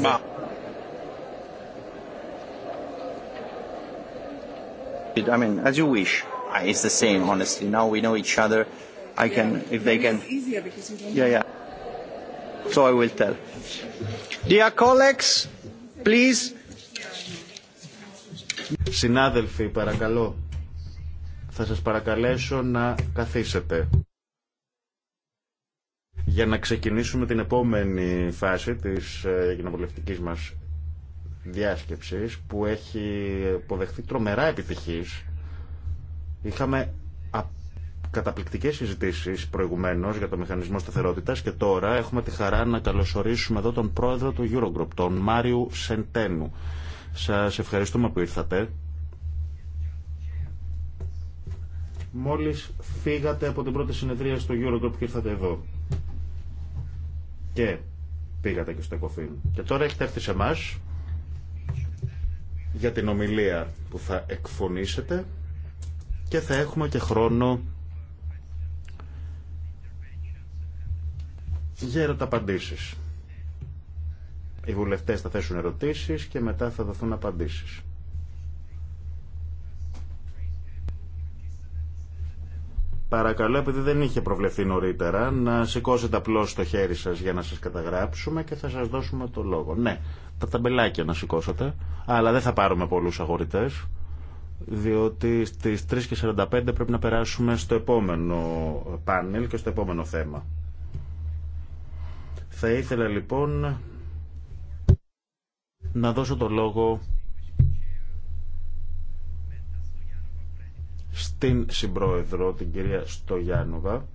Μα. I mean, as you wish. It's the same, honestly. Now we know each other. I can, if they can. easier because you don't. Yeah, yeah. So I will tell. Dear colleagues, please. Συνάδελφοι, παρακαλώ. Θα σας παρακαλέσω να καθίσετε για να ξεκινήσουμε την επόμενη φάση της ε, κοινοβουλευτικής μας διάσκεψης που έχει υποδεχθεί τρομερά επιτυχής. Είχαμε καταπληκτικές συζητήσεις προηγουμένως για το μηχανισμό σταθερότητας και τώρα έχουμε τη χαρά να καλωσορίσουμε εδώ τον πρόεδρο του Eurogroup, τον Μάριου Σεντένου. Σας ευχαριστούμε που ήρθατε. Μόλις φύγατε από την πρώτη συνεδρία στο Eurogroup και ήρθατε εδώ και πήγατε και στο ΕΚΟΦΗΝ. Και τώρα έχετε έρθει σε εμά για την ομιλία που θα εκφωνήσετε και θα έχουμε και χρόνο για ερωταπαντήσεις. Οι βουλευτές θα θέσουν ερωτήσεις και μετά θα δοθούν απαντήσεις. Παρακαλώ, επειδή δεν είχε προβλεφθεί νωρίτερα, να σηκώσετε απλώ το χέρι σα για να σα καταγράψουμε και θα σα δώσουμε το λόγο. Ναι, τα ταμπελάκια να σηκώσετε, αλλά δεν θα πάρουμε πολλού αγορητέ, διότι στι 3.45 πρέπει να περάσουμε στο επόμενο πάνελ και στο επόμενο θέμα. Θα ήθελα λοιπόν να δώσω το λόγο στην συμπρόεδρο, την κυρία Στογιάνοβα,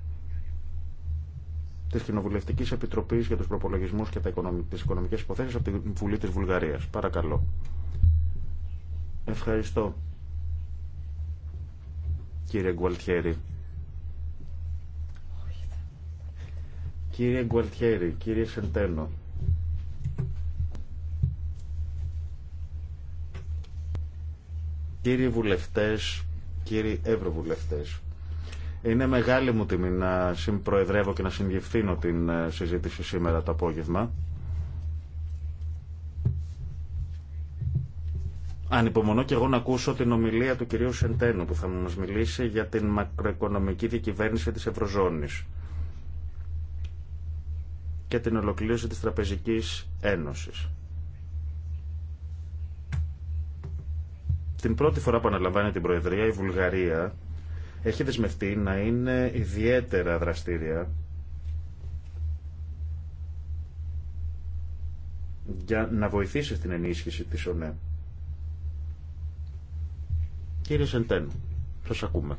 τη Κοινοβουλευτική Επιτροπή για του Προπολογισμού και τι Οικονομικέ Υποθέσει από την Βουλή τη Βουλγαρία. Παρακαλώ. Ευχαριστώ, κύριε Γκουαλτιέρη. Κύριε Γκουαλτιέρη, κύριε Σεντένο. Κύριοι βουλευτές, κύριοι Ευρωβουλευτές. Είναι μεγάλη μου τιμή να συμπροεδρεύω και να συνδιευθύνω την ε, συζήτηση σήμερα το απόγευμα. Ανυπομονώ και εγώ να ακούσω την ομιλία του κυρίου Σεντένου που θα μας μιλήσει για την μακροοικονομική διακυβέρνηση της Ευρωζώνης και την ολοκλήρωση της Τραπεζικής Ένωσης. την πρώτη φορά που αναλαμβάνει την Προεδρία, η Βουλγαρία έχει δεσμευτεί να είναι ιδιαίτερα δραστήρια για να βοηθήσει στην ενίσχυση της ΟΝΕ. Κύριε Σεντέν, σας ακούμε.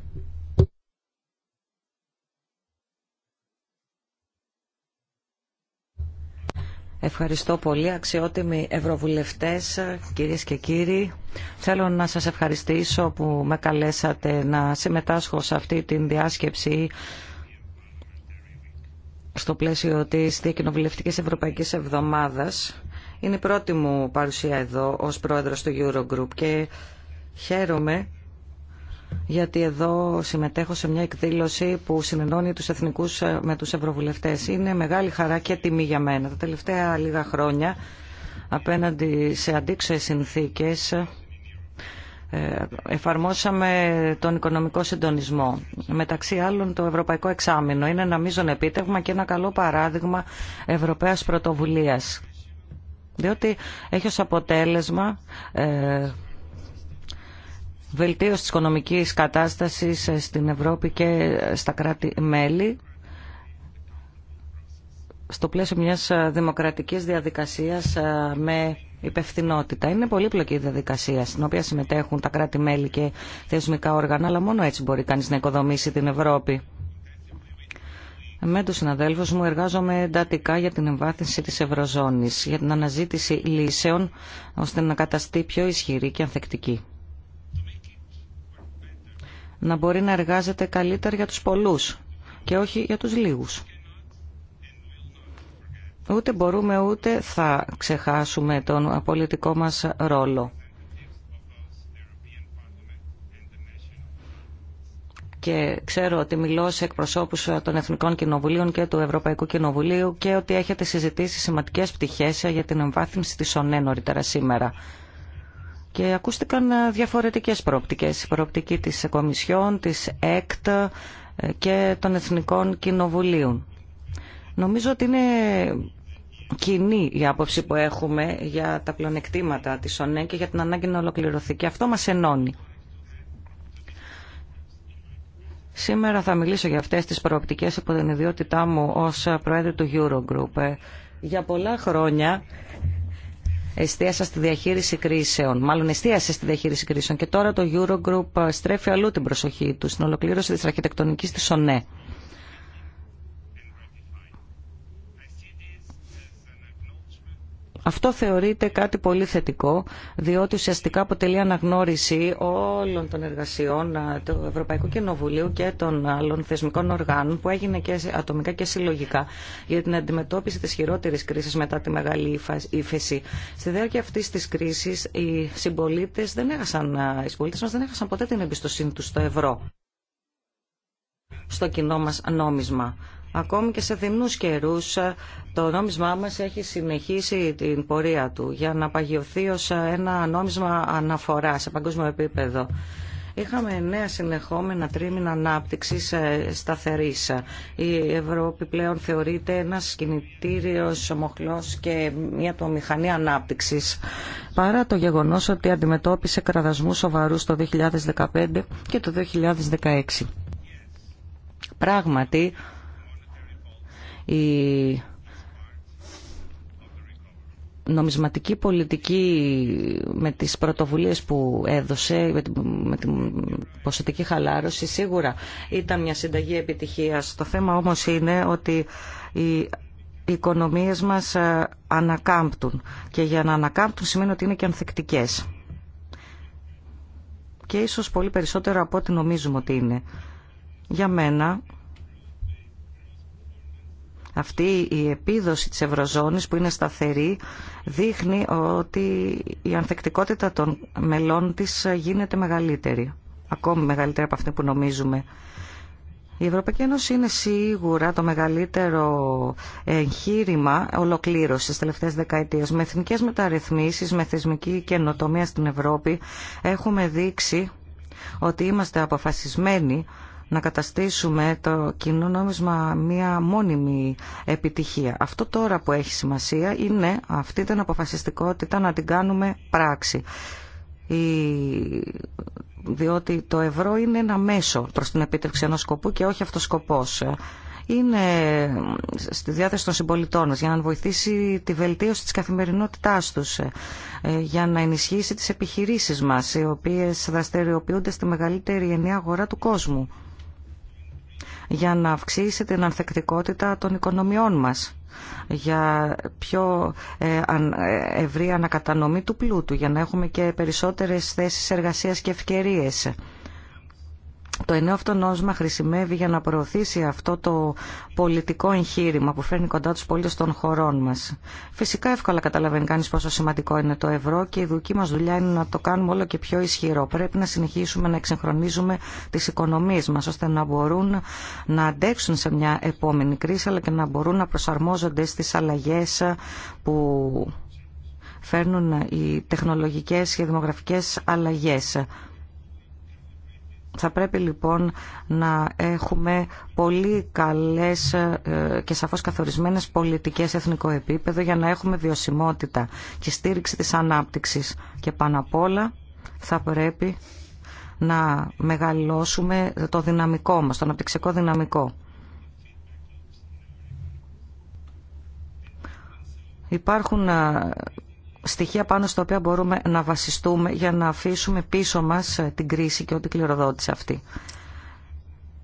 Ευχαριστώ πολύ αξιότιμοι ευρωβουλευτές, κυρίες και κύριοι. Θέλω να σας ευχαριστήσω που με καλέσατε να συμμετάσχω σε αυτή την διάσκεψη στο πλαίσιο της Διακοινοβουλευτικής Ευρωπαϊκής Εβδομάδας. Είναι η πρώτη μου παρουσία εδώ ως πρόεδρος του Eurogroup και χαίρομαι γιατί εδώ συμμετέχω σε μια εκδήλωση που συνενώνει τους εθνικούς ε, με τους ευρωβουλευτές. Είναι μεγάλη χαρά και τιμή για μένα. Τα τελευταία λίγα χρόνια, απέναντι σε αντίξωες συνθήκες, ε, εφαρμόσαμε τον οικονομικό συντονισμό. Μεταξύ άλλων το Ευρωπαϊκό Εξάμεινο είναι ένα μείζον επίτευγμα και ένα καλό παράδειγμα Ευρωπαίας Πρωτοβουλίας. Διότι έχει ως αποτέλεσμα ε, βελτίωση της οικονομικής κατάστασης στην Ευρώπη και στα κράτη-μέλη στο πλαίσιο μιας δημοκρατικής διαδικασίας με υπευθυνότητα. Είναι πολύπλοκη η διαδικασία στην οποία συμμετέχουν τα κράτη-μέλη και θεσμικά όργανα, αλλά μόνο έτσι μπορεί κανείς να οικοδομήσει την Ευρώπη. Με τους συναδέλφους μου εργάζομαι εντατικά για την εμβάθυνση της Ευρωζώνης, για την αναζήτηση λύσεων ώστε να καταστεί πιο ισχυρή και ανθεκτική να μπορεί να εργάζεται καλύτερα για τους πολλούς και όχι για τους λίγους. Ούτε μπορούμε ούτε θα ξεχάσουμε τον πολιτικό μας ρόλο. και ξέρω ότι μιλώ σε εκπροσώπους των Εθνικών Κοινοβουλίων και του Ευρωπαϊκού Κοινοβουλίου και ότι έχετε συζητήσει σημαντικές πτυχές για την εμβάθυνση της ΟΝΕ νωρίτερα σήμερα και ακούστηκαν ε, διαφορετικές προοπτικές. Η προοπτική της Κομισιόν, της ΕΚΤ ε, και των Εθνικών Κοινοβουλίων. Νομίζω ότι είναι κοινή η άποψη που έχουμε για τα πλονεκτήματα της ΟΝΕ και για την ανάγκη να ολοκληρωθεί. Και αυτό μας ενώνει. Σήμερα θα μιλήσω για αυτές τις προοπτικές από την ιδιότητά μου ως πρόεδρο του Eurogroup. Ε, για πολλά χρόνια εστίασα στη διαχείριση κρίσεων, μάλλον εστίασε στη διαχείριση κρίσεων και τώρα το Eurogroup στρέφει αλλού την προσοχή του στην ολοκλήρωση τη αρχιτεκτονική τη ΩΝΕ. Αυτό θεωρείται κάτι πολύ θετικό, διότι ουσιαστικά αποτελεί αναγνώριση όλων των εργασιών του Ευρωπαϊκού Κοινοβουλίου και των άλλων θεσμικών οργάνων που έγινε και ατομικά και συλλογικά για την αντιμετώπιση της χειρότερης κρίσης μετά τη μεγάλη ύφεση. Στη διάρκεια αυτή τη κρίση οι συμπολίτε δεν δεν έχασαν ποτέ την εμπιστοσύνη του στο ευρώ στο κοινό μας νόμισμα. Ακόμη και σε δειμνούς καιρούς το νόμισμά μας έχει συνεχίσει την πορεία του για να παγιωθεί ως ένα νόμισμα αναφορά σε παγκόσμιο επίπεδο. Είχαμε νέα συνεχόμενα τρίμηνα ανάπτυξη ε, σταθερή. Η Ευρώπη πλέον θεωρείται ένα κινητήριο μοχλό και μια το μηχανή ανάπτυξη. Παρά το γεγονό ότι αντιμετώπισε κραδασμού σοβαρού το 2015 και το 2016. Πράγματι, η νομισματική πολιτική με τις πρωτοβουλίες που έδωσε, με την, ποσοτική χαλάρωση, σίγουρα ήταν μια συνταγή επιτυχίας. Το θέμα όμως είναι ότι οι οι οικονομίες μας ε, ανακάμπτουν και για να ανακάμπτουν σημαίνει ότι είναι και ανθεκτικές και ίσως πολύ περισσότερο από ό,τι νομίζουμε ότι είναι. Για μένα αυτή η επίδοση της Ευρωζώνης που είναι σταθερή δείχνει ότι η ανθεκτικότητα των μελών της γίνεται μεγαλύτερη. Ακόμη μεγαλύτερη από αυτή που νομίζουμε. Η Ευρωπαϊκή Ένωση είναι σίγουρα το μεγαλύτερο εγχείρημα ολοκλήρωση στι τελευταίε δεκαετίε. Με εθνικέ μεταρρυθμίσει, με θεσμική καινοτομία στην Ευρώπη, έχουμε δείξει ότι είμαστε αποφασισμένοι να καταστήσουμε το κοινό νόμισμα μία μόνιμη επιτυχία. Αυτό τώρα που έχει σημασία είναι αυτή την αποφασιστικότητα να την κάνουμε πράξη. Η... Διότι το ευρώ είναι ένα μέσο προς την επίτευξη ενός σκοπού και όχι αυτός σκοπός είναι στη διάθεση των συμπολιτών μας για να βοηθήσει τη βελτίωση της καθημερινότητάς τους, ε, για να ενισχύσει τις επιχειρήσεις μας, οι οποίες δραστηριοποιούνται στη μεγαλύτερη ενιαία αγορά του κόσμου για να αυξήσει την ανθεκτικότητα των οικονομιών μας για πιο ε, ε, ευρύ ανακατανομή του πλούτου, για να έχουμε και περισσότερες θέσεις εργασίας και ευκαιρίες το ενέο αυτό νόσμα χρησιμεύει για να προωθήσει αυτό το πολιτικό εγχείρημα που φέρνει κοντά τους πολίτες των χωρών μας. Φυσικά εύκολα καταλαβαίνει κανείς πόσο σημαντικό είναι το ευρώ και η δική μας δουλειά είναι να το κάνουμε όλο και πιο ισχυρό. Πρέπει να συνεχίσουμε να εξυγχρονίζουμε τις οικονομίες μας ώστε να μπορούν να αντέξουν σε μια επόμενη κρίση αλλά και να μπορούν να προσαρμόζονται στις αλλαγές που φέρνουν οι τεχνολογικές και δημογραφικές αλλαγέ. Θα πρέπει λοιπόν να έχουμε πολύ καλές ε, και σαφώς καθορισμένες πολιτικές σε εθνικό επίπεδο για να έχουμε βιωσιμότητα και στήριξη της ανάπτυξης. Και πάνω απ' όλα θα πρέπει να μεγαλώσουμε το δυναμικό μας, το αναπτυξικό δυναμικό. Υπάρχουν ε, στοιχεία πάνω στα οποία μπορούμε να βασιστούμε για να αφήσουμε πίσω μας ε, την κρίση και ό,τι κληροδότησε αυτή.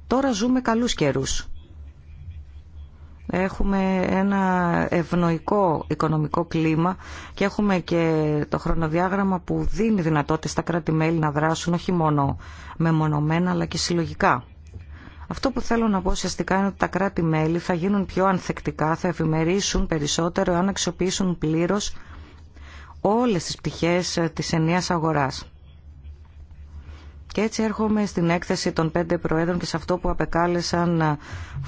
Τώρα ζούμε καλούς καιρούς. Έχουμε ένα ευνοϊκό οικονομικό κλίμα και έχουμε και το χρονοδιάγραμμα που δίνει δυνατότητα στα κράτη-μέλη να δράσουν όχι μόνο μεμονωμένα αλλά και συλλογικά. Αυτό που θέλω να πω ουσιαστικά είναι ότι τα κράτη-μέλη θα γίνουν πιο ανθεκτικά, θα ευημερίσουν περισσότερο αν αξιοποιήσουν πλήρως όλες τις πτυχές ε, της ενιαίας αγοράς. Και έτσι έρχομαι στην έκθεση των πέντε προέδρων και σε αυτό που απεκάλεσαν ε,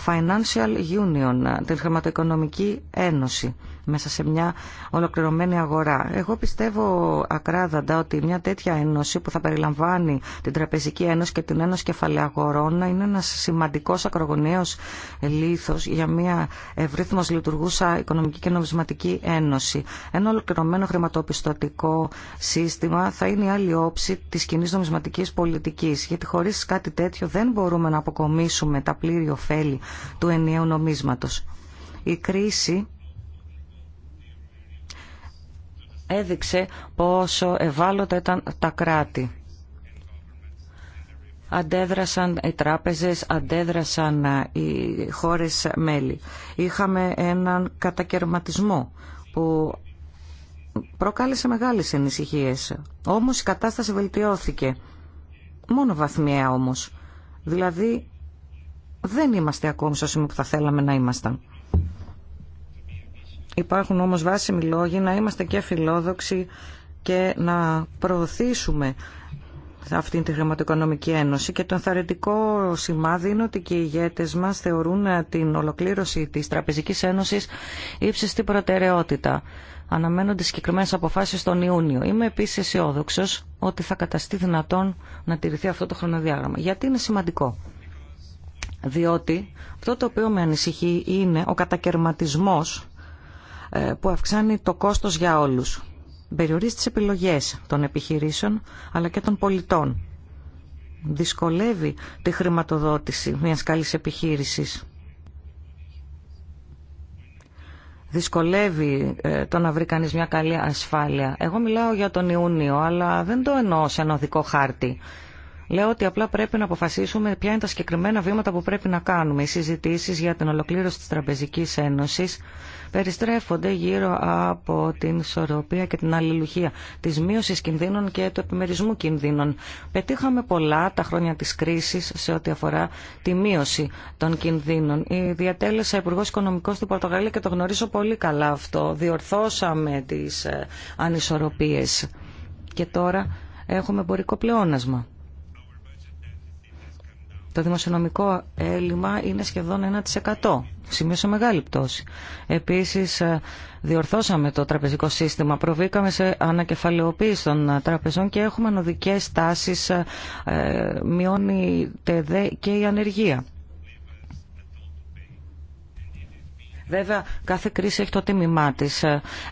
Financial Union, ε, την Χρηματοοικονομική Ένωση μέσα σε μια ολοκληρωμένη αγορά. Εγώ πιστεύω ακράδαντα ότι μια τέτοια ένωση που θα περιλαμβάνει την Τραπεζική Ένωση και την Ένωση Κεφαλαίου Αγορών είναι ένας σημαντικός ακρογωνιαίος λήθος για μια ευρύθμως λειτουργούσα οικονομική και νομισματική ένωση. Ένα ολοκληρωμένο χρηματοπιστωτικό σύστημα θα είναι η άλλη όψη της κοινή νομισματικής πολιτικής, γιατί χωρίς κάτι τέτοιο δεν μπορούμε να αποκομίσουμε τα πλήρη ωφέλη του ενιαίου νομίσματος. Η κρίση έδειξε πόσο ευάλωτα ήταν τα κράτη. Αντέδρασαν οι τράπεζες, αντέδρασαν οι χώρες μέλη. Είχαμε έναν κατακαιρματισμό που προκάλεσε μεγάλες ενησυχίες. Όμως η κατάσταση βελτιώθηκε. Μόνο βαθμιαία όμως. Δηλαδή δεν είμαστε ακόμη στο σημείο που θα θέλαμε να ήμασταν. Υπάρχουν όμως βάσιμοι λόγοι να είμαστε και φιλόδοξοι και να προωθήσουμε αυτή τη χρηματοοικονομική ένωση και το ενθαρρυντικό σημάδι είναι ότι και οι ηγέτες μας θεωρούν την ολοκλήρωση της Τραπεζικής Ένωσης ύψιστη προτεραιότητα. Αναμένονται συγκεκριμένε αποφάσει τον Ιούνιο. Είμαι επίση αισιόδοξο ότι θα καταστεί δυνατόν να τηρηθεί αυτό το χρονοδιάγραμμα. Γιατί είναι σημαντικό. Διότι αυτό το οποίο με ανησυχεί είναι ο κατακαιρματισμός ε, που αυξάνει το κόστος για όλους. Περιορίζει τις επιλογές των επιχειρήσεων αλλά και των πολιτών. Δυσκολεύει τη χρηματοδότηση μιας καλής επιχείρησης. δυσκολεύει ε, το να βρει κανείς μια καλή ασφάλεια. Εγώ μιλάω για τον Ιούνιο, αλλά δεν το εννοώ σε ένα οδικό χάρτη. Λέω ότι απλά πρέπει να αποφασίσουμε ποια είναι τα συγκεκριμένα βήματα που πρέπει να κάνουμε. Οι συζητήσει για την ολοκλήρωση της Τραπεζικής Ένωσης περιστρέφονται γύρω από την ισορροπία και την αλληλουχία τη μείωση κινδύνων και του επιμερισμού κινδύνων. Πετύχαμε πολλά τα χρόνια της κρίσης σε ό,τι αφορά τη μείωση των κινδύνων. Η διατέλεσα Υπουργό Οικονομικών στην Πορτογαλία και το γνωρίζω πολύ καλά αυτό. Διορθώσαμε τις ε, ανισορροπίες και τώρα έχουμε εμπορικό πλεόνασμα. Το δημοσιονομικό έλλειμμα είναι σχεδόν 1%. Σημείωσε μεγάλη πτώση. Επίσης, ε, διορθώσαμε το τραπεζικό σύστημα, προβήκαμε σε ανακεφαλαιοποίηση των ε, τραπεζών και έχουμε νοδικές τάσεις, ε, μειώνεται και η ανεργία. Βέβαια, κάθε κρίση έχει το τίμημά τη.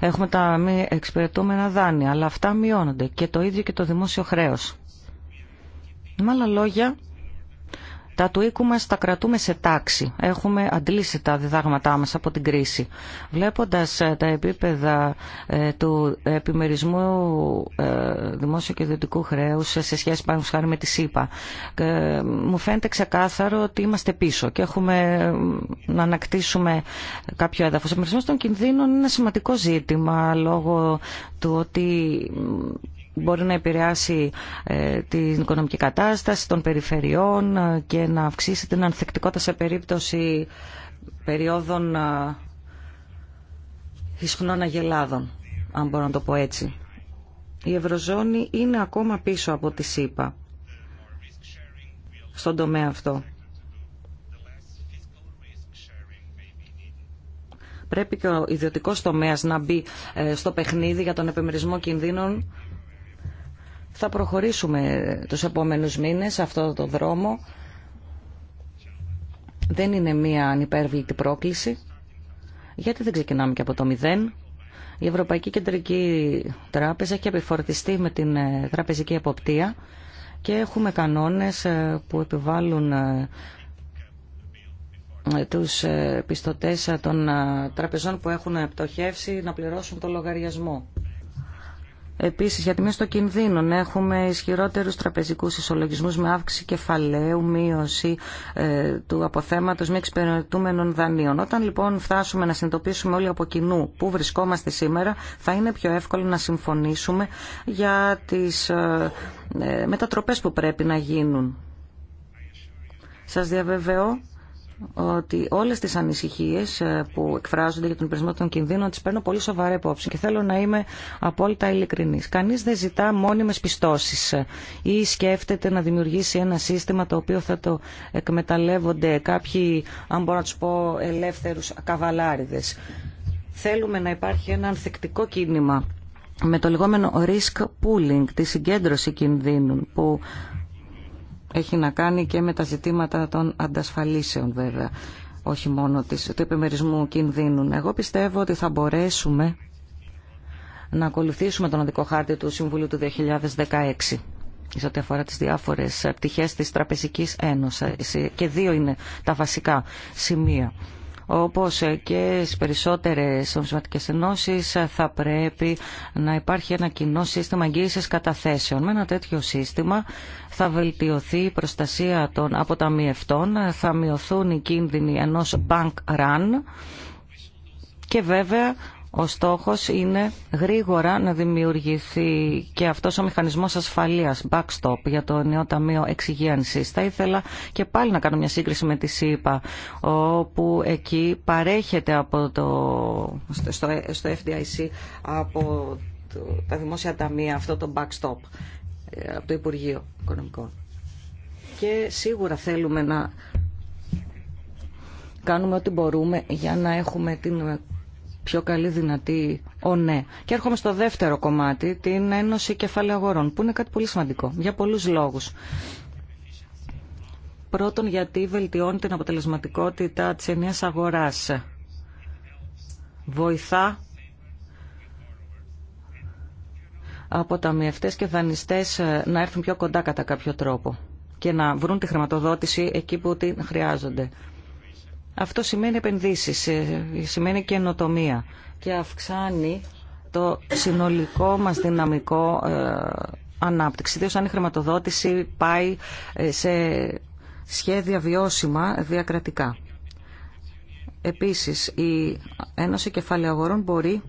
Έχουμε τα μη εξυπηρετούμενα δάνεια, αλλά αυτά μειώνονται και το ίδιο και το δημόσιο χρέο. Με άλλα λόγια, τα του οίκου μας τα κρατούμε σε τάξη. Έχουμε αντλήσει τα διδάγματά μας από την κρίση. Βλέποντας ε, τα επίπεδα ε, του επιμερισμού ε, δημόσιο και ιδιωτικού χρέους σε σχέση χάρη με τη ΣΥΠΑ, μου φαίνεται ξεκάθαρο ότι είμαστε πίσω και έχουμε να ανακτήσουμε κάποιο έδαφος. Ο των κινδύνων είναι ένα σημαντικό ζήτημα λόγω του ότι μπορεί να επηρεάσει ε, την οικονομική κατάσταση των περιφερειών ε, και να αυξήσει την ανθεκτικότητα σε περίπτωση περίοδων ε, ισχνών αγελάδων, αν μπορώ να το πω έτσι. Η Ευρωζώνη είναι ακόμα πίσω από τη ΣΥΠΑ στον τομέα αυτό. Πρέπει και ο ιδιωτικός τομέας να μπει στο παιχνίδι για τον επιμερισμό κινδύνων θα προχωρήσουμε τους επόμενους μήνες σε αυτό το δρόμο. Δεν είναι μία ανυπέρβλητη πρόκληση. Γιατί δεν ξεκινάμε και από το μηδέν. Η Ευρωπαϊκή Κεντρική Τράπεζα έχει επιφορτιστεί με την ε, τραπεζική εποπτεία και έχουμε κανόνες ε, που επιβάλλουν ε, τους πιστωτές των τραπεζών που έχουν πτωχεύσει να πληρώσουν το λογαριασμό. Επίσης, για τη μείωση των κινδύνων έχουμε ισχυρότερους τραπεζικούς ισολογισμούς με αύξηση κεφαλαίου, μείωση ε, του αποθέματος μη εξυπηρετούμενων δανείων. Όταν λοιπόν φτάσουμε να συνειδητοποιήσουμε όλοι από κοινού που βρισκόμαστε σήμερα, θα είναι πιο εύκολο να συμφωνήσουμε για τις ε, ε μετατροπές που πρέπει να γίνουν. Σας διαβεβαιώ ότι όλες τις ανησυχίες ε, που εκφράζονται για τον υπηρεσμό των κινδύνων τι παίρνω πολύ σοβαρά υπόψη και θέλω να είμαι απόλυτα ειλικρινής. Κανείς δεν ζητά μόνιμες πιστώσεις ε, ή σκέφτεται να δημιουργήσει ένα σύστημα το οποίο θα το εκμεταλλεύονται κάποιοι, αν μπορώ να του πω, ελεύθερους καβαλάριδες. Θέλουμε να υπάρχει ένα ανθεκτικό κίνημα με το λεγόμενο risk pooling, τη συγκέντρωση κινδύνων που έχει να κάνει και με τα ζητήματα των αντασφαλίσεων βέβαια, όχι μόνο της, του επιμερισμού κινδύνου. Εγώ πιστεύω ότι θα μπορέσουμε να ακολουθήσουμε τον οδικό χάρτη του Συμβουλίου του 2016 σε ό,τι αφορά τις διάφορες πτυχές της Τραπεζικής Ένωσης και δύο είναι τα βασικά σημεία. Όπως και στις περισσότερες ομισματικές ενώσεις θα πρέπει να υπάρχει ένα κοινό σύστημα εγγύησης καταθέσεων. Με ένα τέτοιο σύστημα θα βελτιωθεί η προστασία των αποταμιευτών, θα μειωθούν οι κίνδυνοι ενός bank run και βέβαια ο στόχος είναι γρήγορα να δημιουργηθεί και αυτός ο μηχανισμός ασφαλείας, backstop, για το νέο Ταμείο Εξυγένσης. Θα ήθελα και πάλι να κάνω μια σύγκριση με τη ΣΥΠΑ, όπου εκεί παρέχεται από το, στο, στο FDIC από τα δημόσια ταμεία αυτό το backstop ε, από το Υπουργείο Οικονομικών. Και σίγουρα θέλουμε να κάνουμε ό,τι μπορούμε για να έχουμε την πιο καλή δυνατή ο ναι. Και έρχομαι στο δεύτερο κομμάτι, την Ένωση κεφαλαίου Αγορών, που είναι κάτι πολύ σημαντικό, για πολλούς λόγους. Πρώτον, γιατί βελτιώνει την αποτελεσματικότητα της ενίας αγοράς. Βοηθά από και δανειστές ε, να έρθουν πιο κοντά κατά κάποιο τρόπο και να βρουν τη χρηματοδότηση εκεί που την χρειάζονται. Αυτό σημαίνει επενδύσεις, ε, σημαίνει καινοτομία και αυξάνει το συνολικό μας δυναμικό ε, ανάπτυξη. διότι αν η χρηματοδότηση πάει ε, σε σχέδια βιώσιμα διακρατικά. Επίσης, η Ένωση Κεφαλαίου μπορεί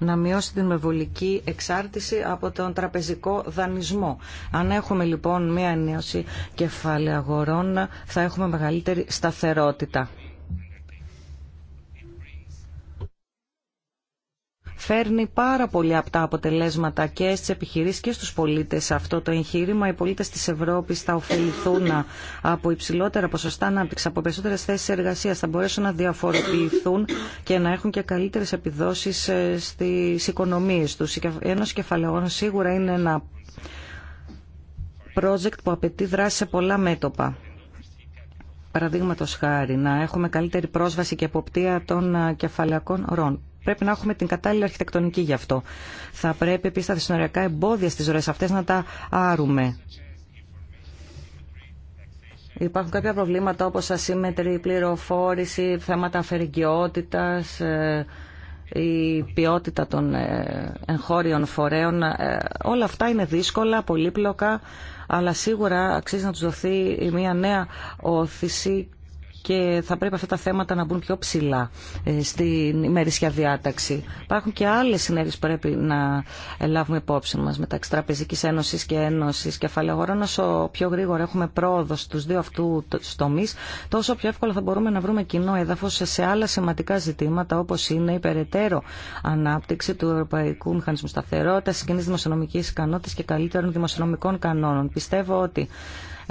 να μειώσει την μεβολική εξάρτηση από τον τραπεζικό δανεισμό. Αν έχουμε λοιπόν μία ενίωση κεφάλαια αγορών θα έχουμε μεγαλύτερη σταθερότητα. φέρνει πάρα πολύ από τα αποτελέσματα και στι επιχειρήσει και στου πολίτε αυτό το εγχείρημα. Οι πολίτε τη Ευρώπη θα ωφεληθούν από υψηλότερα ποσοστά ανάπτυξη, από περισσότερε θέσει εργασία. θα μπορέσουν να διαφοροποιηθούν και να έχουν και καλύτερε επιδόσεις ε, στι οικονομίε του Ένωση κεφαλαιών σίγουρα είναι ένα project που απαιτεί δράση σε πολλά μέτωπα. Παραδείγματο χάρη, να έχουμε καλύτερη πρόσβαση και εποπτεία των ε, κεφαλαιακών ορών πρέπει να έχουμε την κατάλληλη αρχιτεκτονική γι' αυτό. Θα πρέπει επίση τα δυσυνοριακά εμπόδια στι ζωέ αυτέ να τα άρουμε. Υπάρχουν κάποια προβλήματα όπως ασύμμετρη πληροφόρηση, θέματα αφαιρεγγιότητας, ε, η ποιότητα των ε, εγχώριων φορέων. Ε, όλα αυτά είναι δύσκολα, πολύπλοκα, αλλά σίγουρα αξίζει να τους δοθεί μια νέα όθηση και θα πρέπει αυτά τα θέματα να μπουν πιο ψηλά ε, στην ημερήσια διάταξη. Υπάρχουν και άλλε συνέπειε που πρέπει να ε, λάβουμε υπόψη μα μεταξύ Τραπεζική Ένωση και Ένωση Αγορών Όσο πιο γρήγορα έχουμε πρόοδο στου δύο αυτού τομεί, τόσο πιο εύκολα θα μπορούμε να βρούμε κοινό έδαφο σε άλλα σημαντικά ζητήματα, όπω είναι η περαιτέρω ανάπτυξη του Ευρωπαϊκού Μηχανισμού Σταθερότητα, κοινή δημοσιονομική ικανότητα και καλύτερων δημοσιονομικών κανόνων. Πιστεύω ότι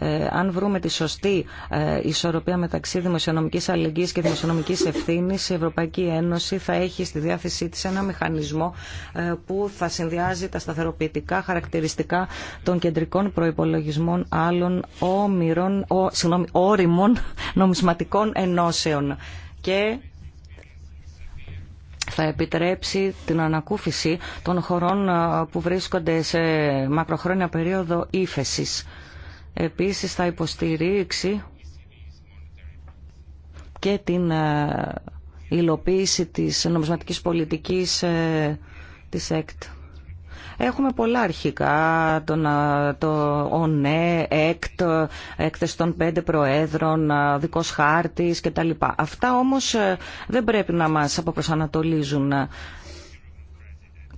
ε, αν βρούμε τη σωστή ε, ισορροπία μεταξύ δημοσιονομικής αλληλεγγύης και δημοσιονομικής ευθύνης, η Ευρωπαϊκή Ένωση θα έχει στη διάθεσή της ένα μηχανισμό ε, που θα συνδυάζει τα σταθεροποιητικά χαρακτηριστικά των κεντρικών προϋπολογισμών άλλων όμοιρων, ό, όριμων νομισματικών ενώσεων. Και θα επιτρέψει την ανακούφιση των χωρών που βρίσκονται σε μακροχρόνια περίοδο ύφεσης. Επίσης θα υποστηρίξει και την ε, υλοποίηση της νομισματικής πολιτικής ε, της ΕΚΤ. Έχουμε πολλά αρχικά, το, το ναι, ΕΚΤ, έκθεση των πέντε προέδρων, ε, δικός χάρτης κτλ. Αυτά όμως δεν πρέπει να μας αποπροσανατολίζουν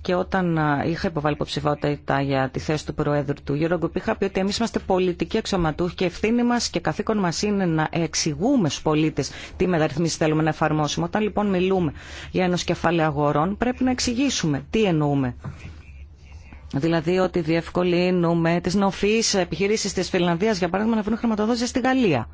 και όταν είχα υποβάλει υποψηφότητα για τη θέση του Προέδρου του Eurogroup, είχα πει ότι εμεί είμαστε πολιτικοί αξιωματούχοι και ευθύνη μα και καθήκον μα είναι να εξηγούμε στου πολίτε τι μεταρρυθμίσει θέλουμε να εφαρμόσουμε. Όταν λοιπόν μιλούμε για κεφάλαιο αγορών, πρέπει να εξηγήσουμε τι εννοούμε. Δηλαδή ότι διευκολύνουμε τι νοφεί επιχειρήσει τη Φιλανδία, για παράδειγμα, να βρουν χρηματοδότηση στη Γαλλία.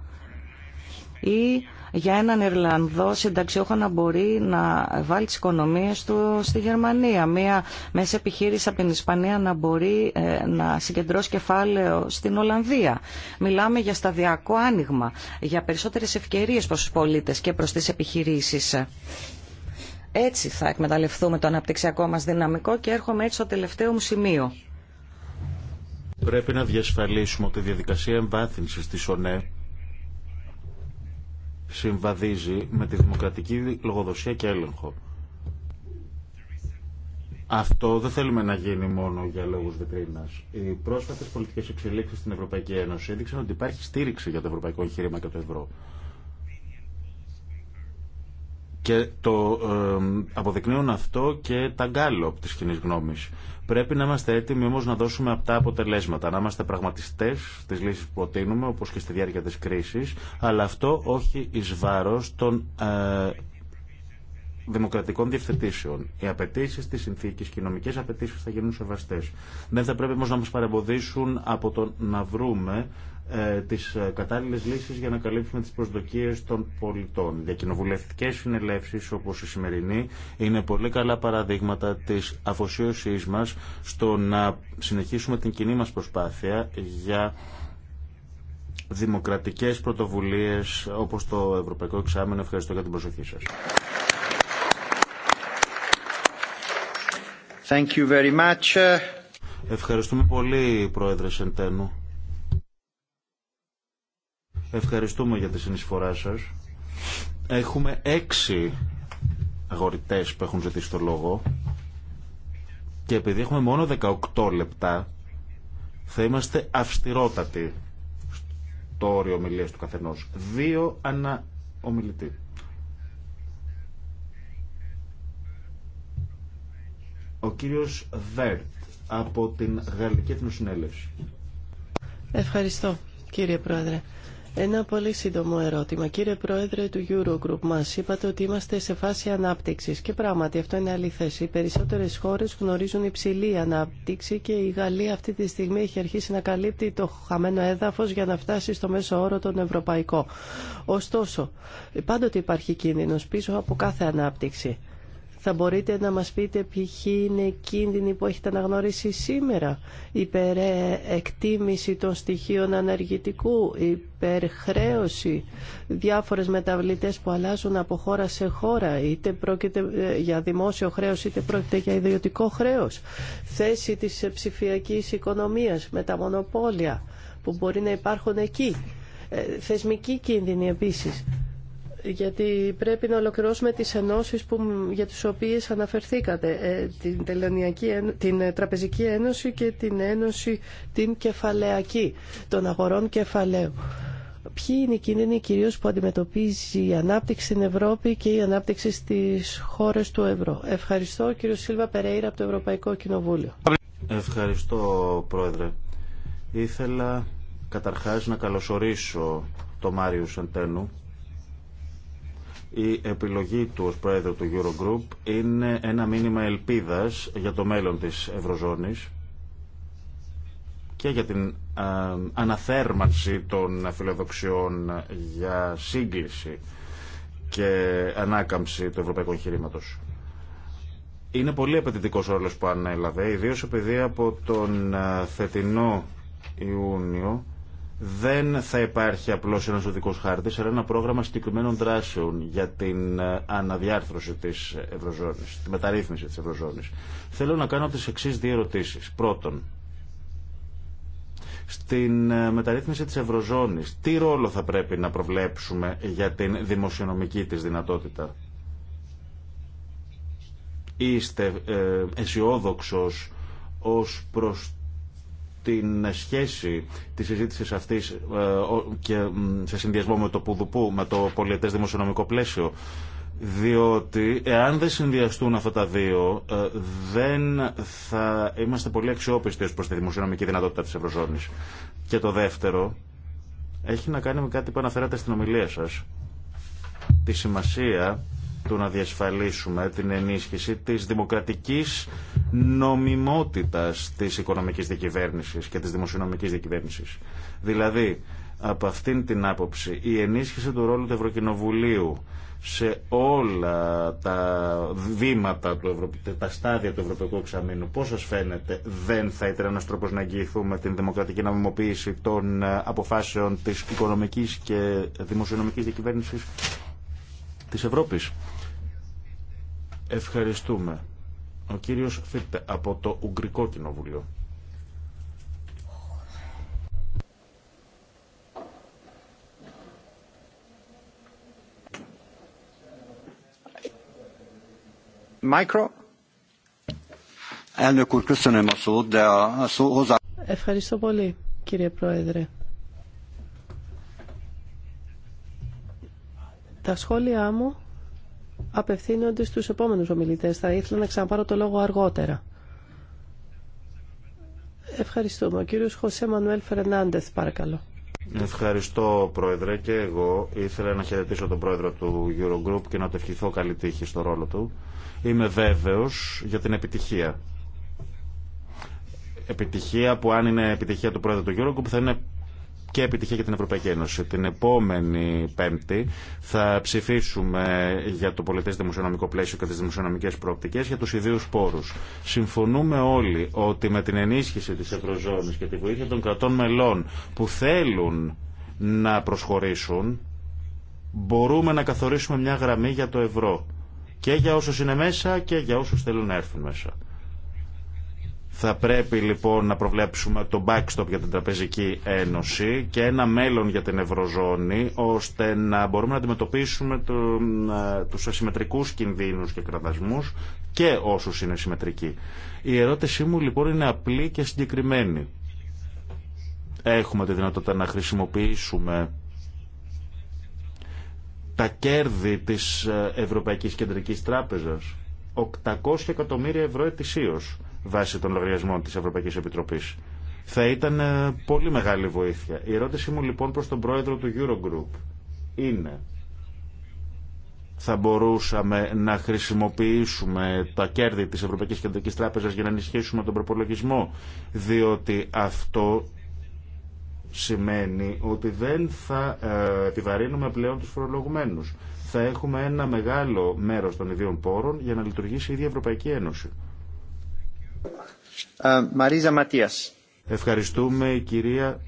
Ή για έναν Ιρλανδό συνταξιούχο να μπορεί να βάλει τι οικονομίε του στη Γερμανία. Μία μέσα επιχείρηση από την Ισπανία να μπορεί ε, να συγκεντρώσει κεφάλαιο στην Ολλανδία. Μιλάμε για σταδιακό άνοιγμα, για περισσότερε ευκαιρίε προ του πολίτε και προ τι επιχειρήσει. Έτσι θα εκμεταλλευτούμε το αναπτυξιακό μας δυναμικό και έρχομαι έτσι στο τελευταίο μου σημείο. Πρέπει να διασφαλίσουμε ότι η διαδικασία εμβάθυνσης της ΩΝΕ συμβαδίζει με τη δημοκρατική λογοδοσία και έλεγχο. Αυτό δεν θέλουμε να γίνει μόνο για λόγους βιτρίνας. Οι πρόσφατες πολιτικές εξελίξεις στην Ευρωπαϊκή Ένωση έδειξαν ότι υπάρχει στήριξη για το ευρωπαϊκό εγχείρημα και το ευρώ. Και το ε, αποδεικνύουν αυτό και τα γκάλωπ της κοινή γνώμη. Πρέπει να είμαστε έτοιμοι όμω να δώσουμε αυτά αποτελέσματα, να είμαστε πραγματιστέ στις λύσεις που προτείνουμε, όπω και στη διάρκεια τη κρίση, αλλά αυτό όχι ει βάρο των ε, δημοκρατικών διευθετήσεων. Οι απαιτήσει τη συνθήκη και οι νομικέ απαιτήσει θα γίνουν σεβαστέ. Δεν θα πρέπει όμω να μα παρεμποδίσουν από το να βρούμε ε, τις ε, κατάλληλες για να καλύψουμε τι προσδοκίες των πολιτών. Οι διακοινοβουλευτικές συνελεύσεις όπως η σημερινή είναι πολύ καλά παραδείγματα της αφοσίωσής μας στο να συνεχίσουμε την κοινή μα προσπάθεια για δημοκρατικές πρωτοβουλίες όπως το Ευρωπαϊκό Εξάμενο. Ευχαριστώ για την προσοχή σας. Ευχαριστούμε πολύ, Πρόεδρε Σεντένου. Ευχαριστούμε για τη συνεισφορά σας. Έχουμε έξι αγορητές που έχουν ζητήσει το λόγο και επειδή έχουμε μόνο 18 λεπτά θα είμαστε αυστηρότατοι στο όριο ομιλίας του καθενός. Δύο ανά ομιλητή. Ο κύριος Βέρτ από την Γαλλική Εθνοσυνέλευση. Ευχαριστώ κύριε Πρόεδρε. Ένα πολύ σύντομο ερώτημα. Κύριε Πρόεδρε του Eurogroup, μα είπατε ότι είμαστε σε φάση ανάπτυξη. Και πράγματι αυτό είναι αληθέ. Οι περισσότερε χώρε γνωρίζουν υψηλή ανάπτυξη και η Γαλλία αυτή τη στιγμή έχει αρχίσει να καλύπτει το χαμένο έδαφο για να φτάσει στο μέσο όρο τον ευρωπαϊκό. Ωστόσο, πάντοτε υπάρχει κίνδυνο πίσω από κάθε ανάπτυξη. Θα μπορείτε να μας πείτε ποιοι είναι οι κίνδυνοι που έχετε αναγνωρίσει σήμερα. Υπερεκτίμηση των στοιχείων ανεργητικού, υπερχρέωση, διάφορες μεταβλητές που αλλάζουν από χώρα σε χώρα, είτε πρόκειται ε, για δημόσιο χρέος, είτε πρόκειται για ιδιωτικό χρέος. Θέση της ψηφιακής οικονομίας με τα μονοπόλια που μπορεί να υπάρχουν εκεί. Ε, Θεσμική κίνδυνη επίσης γιατί πρέπει να ολοκληρώσουμε τις ενώσεις που, για τις οποίες αναφερθήκατε, ε, την, Τελωνιακή, την Τραπεζική Ένωση και την Ένωση την Κεφαλαιακή, των αγορών κεφαλαίου. Ποιοι είναι οι κίνδυνοι κυρίως που αντιμετωπίζει η ανάπτυξη στην Ευρώπη και η ανάπτυξη στις χώρες του ευρώ. Ευχαριστώ κύριο Σίλβα Περέιρα από το Ευρωπαϊκό Κοινοβούλιο. Ευχαριστώ πρόεδρε. Ήθελα καταρχάς να καλωσορίσω το Μάριου Σαντένου η επιλογή του ως πρόεδρο του Eurogroup είναι ένα μήνυμα ελπίδας για το μέλλον της Ευρωζώνης και για την αναθέρμανση των φιλοδοξιών για σύγκληση και ανάκαμψη του ευρωπαϊκού εγχειρήματο. Είναι πολύ απαιτητικό ο ρόλο που ανέλαβε, ιδίω επειδή από τον θετινό Ιούνιο δεν θα υπάρχει απλώς ένας οδικός χάρτης, αλλά ένα πρόγραμμα συγκεκριμένων δράσεων για την ε, αναδιάρθρωση της Ευρωζώνης, τη μεταρρύθμιση της Ευρωζώνης. Θέλω να κάνω τις εξής δύο ερωτήσεις. Πρώτον, στην ε, μεταρρύθμιση της Ευρωζώνης, τι ρόλο θα πρέπει να προβλέψουμε για την δημοσιονομική της δυνατότητα. Είστε ε, αισιόδοξο ως προς την σχέση της συζήτηση αυτής ε, και σε συνδυασμό με το Πουδουπού, με το πολιετές δημοσιονομικό πλαίσιο, διότι εάν δεν συνδυαστούν αυτά τα δύο, ε, δεν θα είμαστε πολύ αξιόπιστοι ως προς τη δημοσιονομική δυνατότητα της Ευρωζώνης. Και το δεύτερο έχει να κάνει με κάτι που αναφέρατε στην ομιλία σας, τη σημασία του να διασφαλίσουμε την ενίσχυση της δημοκρατικής νομιμότητας της οικονομικής διακυβέρνησης και της δημοσιονομικής διακυβέρνησης. Δηλαδή, από αυτήν την άποψη, η ενίσχυση του ρόλου του Ευρωκοινοβουλίου σε όλα τα βήματα, του Ευρω... τα στάδια του Ευρωπαϊκού Εξαμήνου, πώς σας φαίνεται, δεν θα ήταν ένας τρόπος να εγγυηθούμε την δημοκρατική νομιμοποίηση των ε, αποφάσεων της οικονομικής και δημοσιονομικής διακυβέρνησης της Ευρώπης. Ευχαριστούμε. Ο κύριος Φίρτε από το Ουγγρικό Κοινοβουλίο. Ευχαριστώ πολύ, κύριε Πρόεδρε. Τα σχόλιά μου απευθύνονται στους επόμενους ομιλητές. Θα ήθελα να ξαναπάρω το λόγο αργότερα. Ευχαριστούμε. Ο κύριος Χωσέ Μανουέλ Φερνάντεθ, παρακαλώ. Ευχαριστώ Πρόεδρε και εγώ ήθελα να χαιρετήσω τον Πρόεδρο του Eurogroup και να το ευχηθώ καλή τύχη στο ρόλο του. Είμαι βέβαιος για την επιτυχία. Επιτυχία που αν είναι επιτυχία του Πρόεδρου του Eurogroup θα είναι και επιτυχία για την Ευρωπαϊκή Ένωση. Την επόμενη Πέμπτη θα ψηφίσουμε για το πολιτέ δημοσιονομικό πλαίσιο και τι δημοσιονομικέ προοπτικέ για του ιδίου πόρου. Συμφωνούμε όλοι ότι με την ενίσχυση τη Ευρωζώνη και τη βοήθεια των κρατών μελών που θέλουν να προσχωρήσουν, μπορούμε να καθορίσουμε μια γραμμή για το ευρώ. Και για όσους είναι μέσα και για όσους θέλουν να έρθουν μέσα. Θα πρέπει λοιπόν να προβλέψουμε το backstop για την Τραπεζική Ένωση και ένα μέλλον για την Ευρωζώνη, ώστε να μπορούμε να αντιμετωπίσουμε το, ε, τους ασυμμετρικούς κινδύνους και κραδασμούς και όσους είναι συμμετρικοί. Η ερώτησή μου λοιπόν είναι απλή και συγκεκριμένη. Έχουμε τη δυνατότητα να χρησιμοποιήσουμε τα κέρδη της ε, Ευρωπαϊκής Κεντρικής Τράπεζας, 800 εκατομμύρια ευρώ ετησίως βάσει των λογαριασμών της Ευρωπαϊκής Επιτροπής. Θα ήταν ε, πολύ μεγάλη βοήθεια. Η ερώτησή μου λοιπόν προς τον πρόεδρο του Eurogroup είναι θα μπορούσαμε να χρησιμοποιήσουμε τα κέρδη της Ευρωπαϊκής Κεντρικής Τράπεζας για να ενισχύσουμε τον προπολογισμό, διότι αυτό σημαίνει ότι δεν θα ε, επιβαρύνουμε πλέον τους φορολογουμένους. Θα έχουμε ένα μεγάλο μέρος των ιδίων πόρων για να λειτουργήσει η ίδια Ευρωπαϊκή Ένωση. Uh, Ευχαριστούμε η κυρία...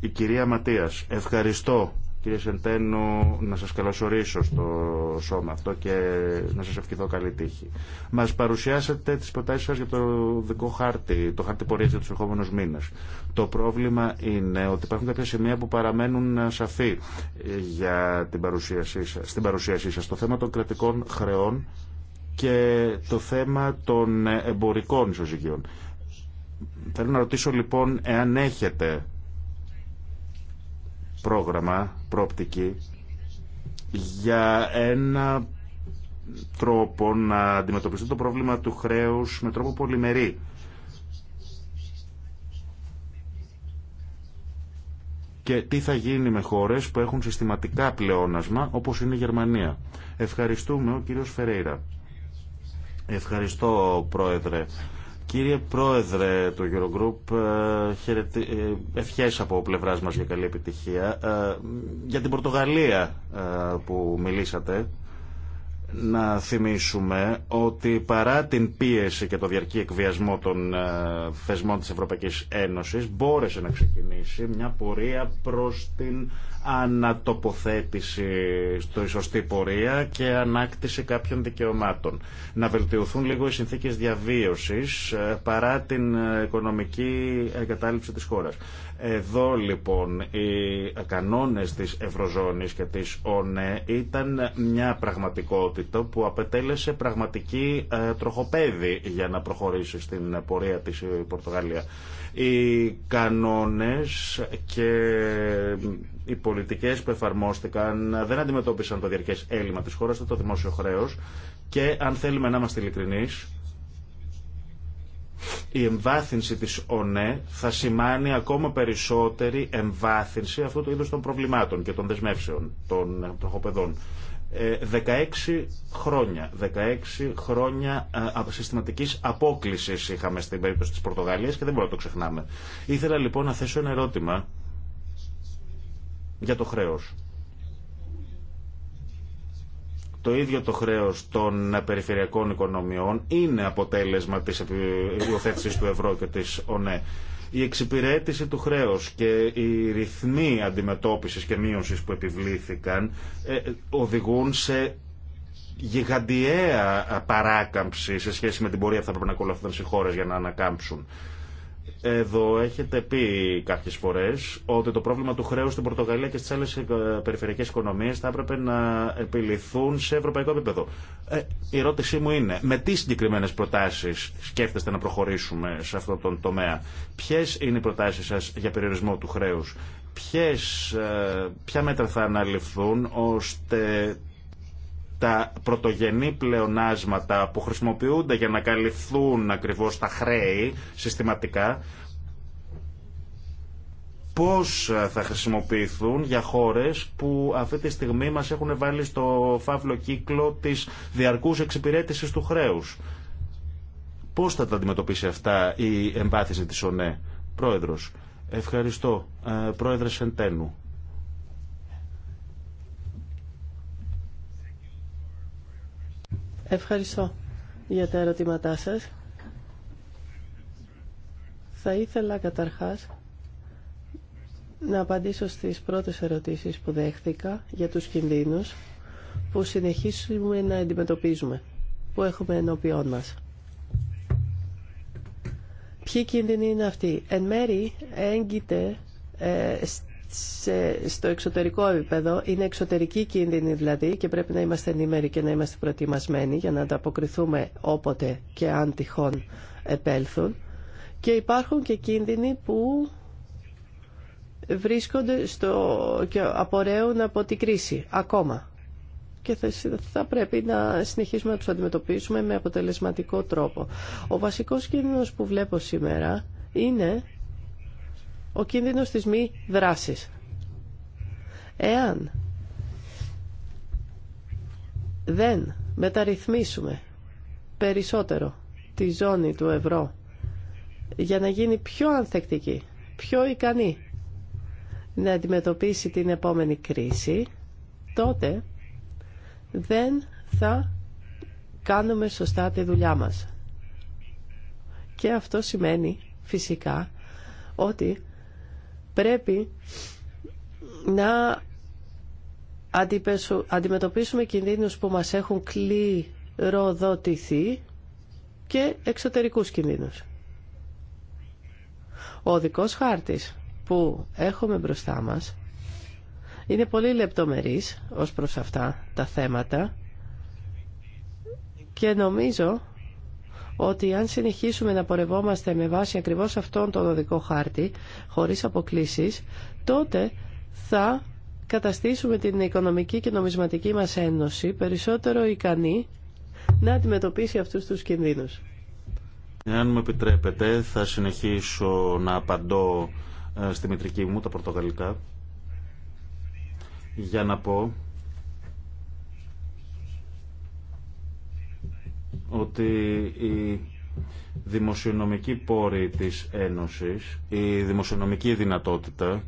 Η κυρία Ματίας. Ευχαριστώ κύριε Σεντένου να σας καλωσορίσω στο σώμα αυτό και να σας ευχηθώ καλή τύχη. Μας παρουσιάσατε τις προτάσεις σας για το δικό χάρτη, το χάρτη πορείας για τους ερχόμενους μήνες. Το πρόβλημα είναι ότι υπάρχουν κάποια σημεία που παραμένουν σαφή για την παρουσίασή σας. Στην παρουσίασή σας, το θέμα των κρατικών χρεών και το θέμα των εμπορικών ισοζυγίων. Θέλω να ρωτήσω λοιπόν εάν έχετε πρόγραμμα, πρόπτικη, για ένα τρόπο να αντιμετωπιστεί το πρόβλημα του χρέους με τρόπο πολυμερή. Και τι θα γίνει με χώρες που έχουν συστηματικά πλεόνασμα, όπως είναι η Γερμανία. Ευχαριστούμε ο κύριος Φερέιρα. Ευχαριστώ, Πρόεδρε. Κύριε Πρόεδρε του Eurogroup, ε, ε, ευχές από πλευράς μας για καλή επιτυχία. Ε, για την Πορτογαλία που μιλήσατε, να θυμίσουμε ότι παρά την πίεση και το διαρκή εκβιασμό των ε, θεσμών της Ευρωπαϊκής Ένωσης μπόρεσε να ξεκινήσει μια πορεία προς την ανατοποθέτηση στο σωστή πορεία και ανάκτηση κάποιων δικαιωμάτων. Να βελτιωθούν λίγο οι συνθήκες διαβίωσης ε, παρά την ε, οικονομική εγκατάλειψη της χώρας. Εδώ λοιπόν οι κανόνες της Ευρωζώνης και της ΟΝΕ ήταν μια πραγματικότητα που απετέλεσε πραγματική ε, τροχοπέδη για να προχωρήσει στην πορεία της η Πορτογαλία. Οι κανόνες και οι πολιτικές που εφαρμόστηκαν δεν αντιμετώπισαν το διαρκές έλλειμμα της χώρας, το δημόσιο χρέος και αν θέλουμε να είμαστε ειλικρινείς, η εμβάθυνση της ΟΝΕ θα σημάνει ακόμα περισσότερη εμβάθυνση αυτού του είδους των προβλημάτων και των δεσμεύσεων των τροχοπεδών. 16 χρόνια, 16 χρόνια ε, συστηματικής απόκλησης είχαμε στην περίπτωση της Πορτογαλίας και δεν μπορούμε να το ξεχνάμε. Ήθελα λοιπόν να θέσω ένα ερώτημα για το χρέος. Το ίδιο το χρέος των περιφερειακών οικονομιών είναι αποτέλεσμα της υιοθέτησης του ευρώ και της ΟΝΕ. Η εξυπηρέτηση του χρέους και οι ρυθμοί αντιμετώπισης και μείωσης που επιβλήθηκαν ε, οδηγούν σε γιγαντιαία παράκαμψη σε σχέση με την πορεία που θα πρέπει να ακολουθούν οι χώρε για να ανακάμψουν. Εδώ έχετε πει κάποιε φορέ ότι το πρόβλημα του χρέου στην Πορτογαλία και στι άλλε περιφερειακέ οικονομίε θα έπρεπε να επιληθούν σε ευρωπαϊκό επίπεδο. Ε, η ερώτησή μου είναι, με τι συγκεκριμένε προτάσει σκέφτεστε να προχωρήσουμε σε αυτόν τον τομέα, Ποιε είναι οι προτάσει σα για περιορισμό του χρέου, ε, ποια μέτρα θα αναλυφθούν ώστε τα πρωτογενή πλεονάσματα που χρησιμοποιούνται για να καλυφθούν ακριβώς τα χρέη συστηματικά, πώς θα χρησιμοποιηθούν για χώρες που αυτή τη στιγμή μας έχουν βάλει στο φαύλο κύκλο της διαρκούς εξυπηρέτησης του χρέους. Πώς θα τα αντιμετωπίσει αυτά η εμπάθηση της ΟΝΕ. Πρόεδρος, ευχαριστώ. Ε, πρόεδρε Σεντένου. Ευχαριστώ για τα ερωτήματά σας. Θα ήθελα καταρχάς να απαντήσω στις πρώτες ερωτήσεις που δέχθηκα για τους κινδύνους που συνεχίσουμε να αντιμετωπίζουμε, που έχουμε ενώπιόν μας. Ποιοι κίνδυνοι είναι αυτοί. Εν μέρη έγκυται ε, σε, στο εξωτερικό επίπεδο, είναι εξωτερική κίνδυνη δηλαδή και πρέπει να είμαστε ενήμεροι και να είμαστε προετοιμασμένοι για να ανταποκριθούμε όποτε και αν τυχόν επέλθουν. Και υπάρχουν και κίνδυνοι που βρίσκονται στο, και απορρέουν από την κρίση ακόμα. Και θα πρέπει να συνεχίσουμε να τους αντιμετωπίσουμε με αποτελεσματικό τρόπο. Ο βασικός κίνδυνος που βλέπω σήμερα είναι ο κίνδυνος της μη δράσης. Εάν δεν μεταρρυθμίσουμε περισσότερο τη ζώνη του ευρώ για να γίνει πιο ανθεκτική, πιο ικανή να αντιμετωπίσει την επόμενη κρίση, τότε δεν θα κάνουμε σωστά τη δουλειά μας. Και αυτό σημαίνει φυσικά ότι Πρέπει να αντιμετωπίσουμε κινδύνους που μας έχουν κληροδοτηθεί και εξωτερικούς κινδύνους. Ο οδικός χάρτης που έχουμε μπροστά μας είναι πολύ λεπτομερής ως προς αυτά τα θέματα και νομίζω ότι αν συνεχίσουμε να πορευόμαστε με βάση ακριβώς αυτόν τον οδικό χάρτη, χωρίς αποκλήσεις, τότε θα καταστήσουμε την οικονομική και νομισματική μας ένωση περισσότερο ικανή να αντιμετωπίσει αυτούς τους κινδύνους. Εάν μου επιτρέπετε, θα συνεχίσω να απαντώ ε, στη μητρική μου, τα πορτογαλικά, για να πω ότι η δημοσιονομική πόρη της Ένωσης, η δημοσιονομική δυνατότητα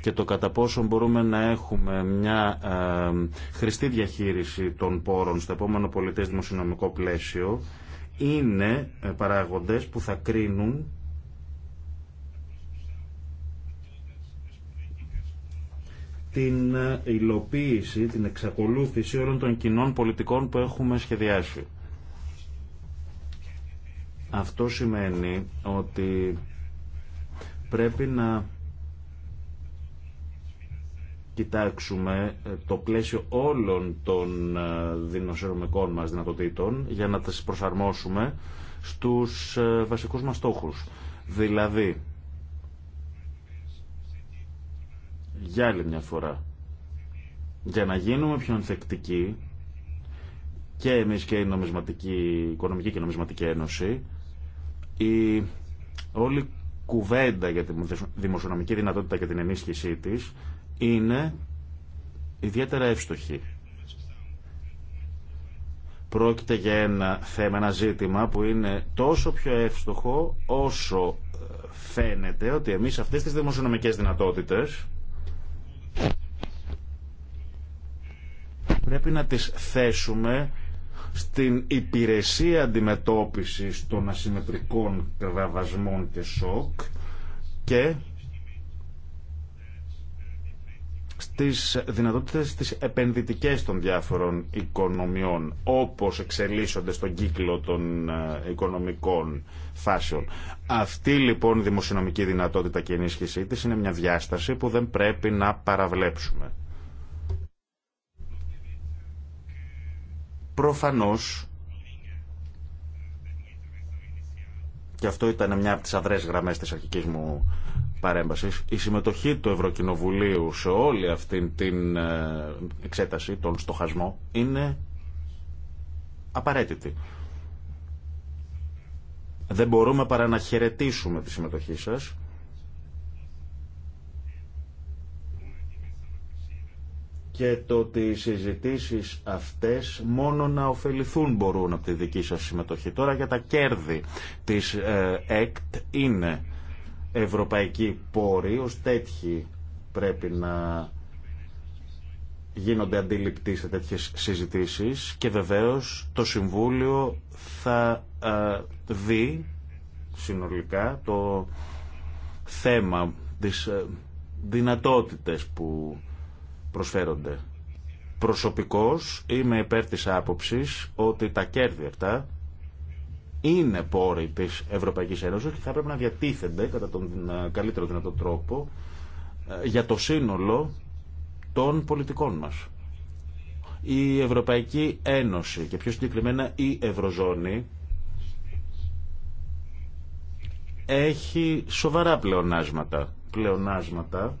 και το κατά πόσο μπορούμε να έχουμε μια χρηστή διαχείριση των πόρων στο επόμενο πολιτές δημοσιονομικό πλαίσιο είναι ε, παράγοντες που θα κρίνουν την ε, υλοποίηση, την εξακολούθηση όλων των κοινών πολιτικών που έχουμε σχεδιάσει. Αυτό σημαίνει ότι πρέπει να κοιτάξουμε ε, το πλαίσιο όλων των ε, δημοσιονομικών μας δυνατοτήτων για να τις προσαρμόσουμε στους βασικούς μας στόχους. Δηλαδή, για άλλη μια φορά. Για να γίνουμε πιο ανθεκτικοί και εμείς και η νομισματική, Οικονομική και Νομισματική Ένωση η όλη κουβέντα για τη δημοσιονομική δυνατότητα και την ενίσχυσή της είναι ιδιαίτερα εύστοχη. Πρόκειται για ένα θέμα, ένα ζήτημα που είναι τόσο πιο εύστοχο όσο ε, φαίνεται ότι εμείς αυτές τις δημοσιονομικές δυνατότητες πρέπει να τις θέσουμε στην υπηρεσία αντιμετώπισης των ασυμμετρικών κραβασμών και σοκ και στις δυνατότητες της επενδυτικές των διάφορων οικονομιών όπως εξελίσσονται στον κύκλο των ε, οικονομικών φάσεων. Αυτή λοιπόν η δημοσιονομική δυνατότητα και ενίσχυσή της είναι μια διάσταση που δεν πρέπει να παραβλέψουμε. Προφανώς και αυτό ήταν μια από τις αδρές γραμμές της αρχικής μου παρέμβασης, η συμμετοχή του Ευρωκοινοβουλίου σε όλη αυτή την ε, εξέταση, τον στοχασμό, είναι απαραίτητη. Δεν μπορούμε παρά να χαιρετήσουμε τη συμμετοχή σας και το ότι οι συζητήσεις αυτές μόνο να ωφεληθούν μπορούν από τη δική σας συμμετοχή. Τώρα για τα κέρδη της ε, ΕΚΤ είναι ευρωπαϊκή πόροι, ως τέτοιοι πρέπει να γίνονται αντιληπτοί σε τέτοιες συζητήσεις και βεβαίως το Συμβούλιο θα ε, δει συνολικά το θέμα, τις ε, δυνατότητες που προσφέρονται. Προσωπικώς είμαι υπέρ της άποψης ότι τα κέρδη αυτά είναι πόροι της Ευρωπαϊκής Ένωσης και θα πρέπει να διατίθενται κατά τον ε, καλύτερο δυνατό τρόπο ε, για το σύνολο των πολιτικών μας. Η Ευρωπαϊκή Ένωση και πιο συγκεκριμένα η Ευρωζώνη έχει σοβαρά πλεονάσματα. Πλεονάσματα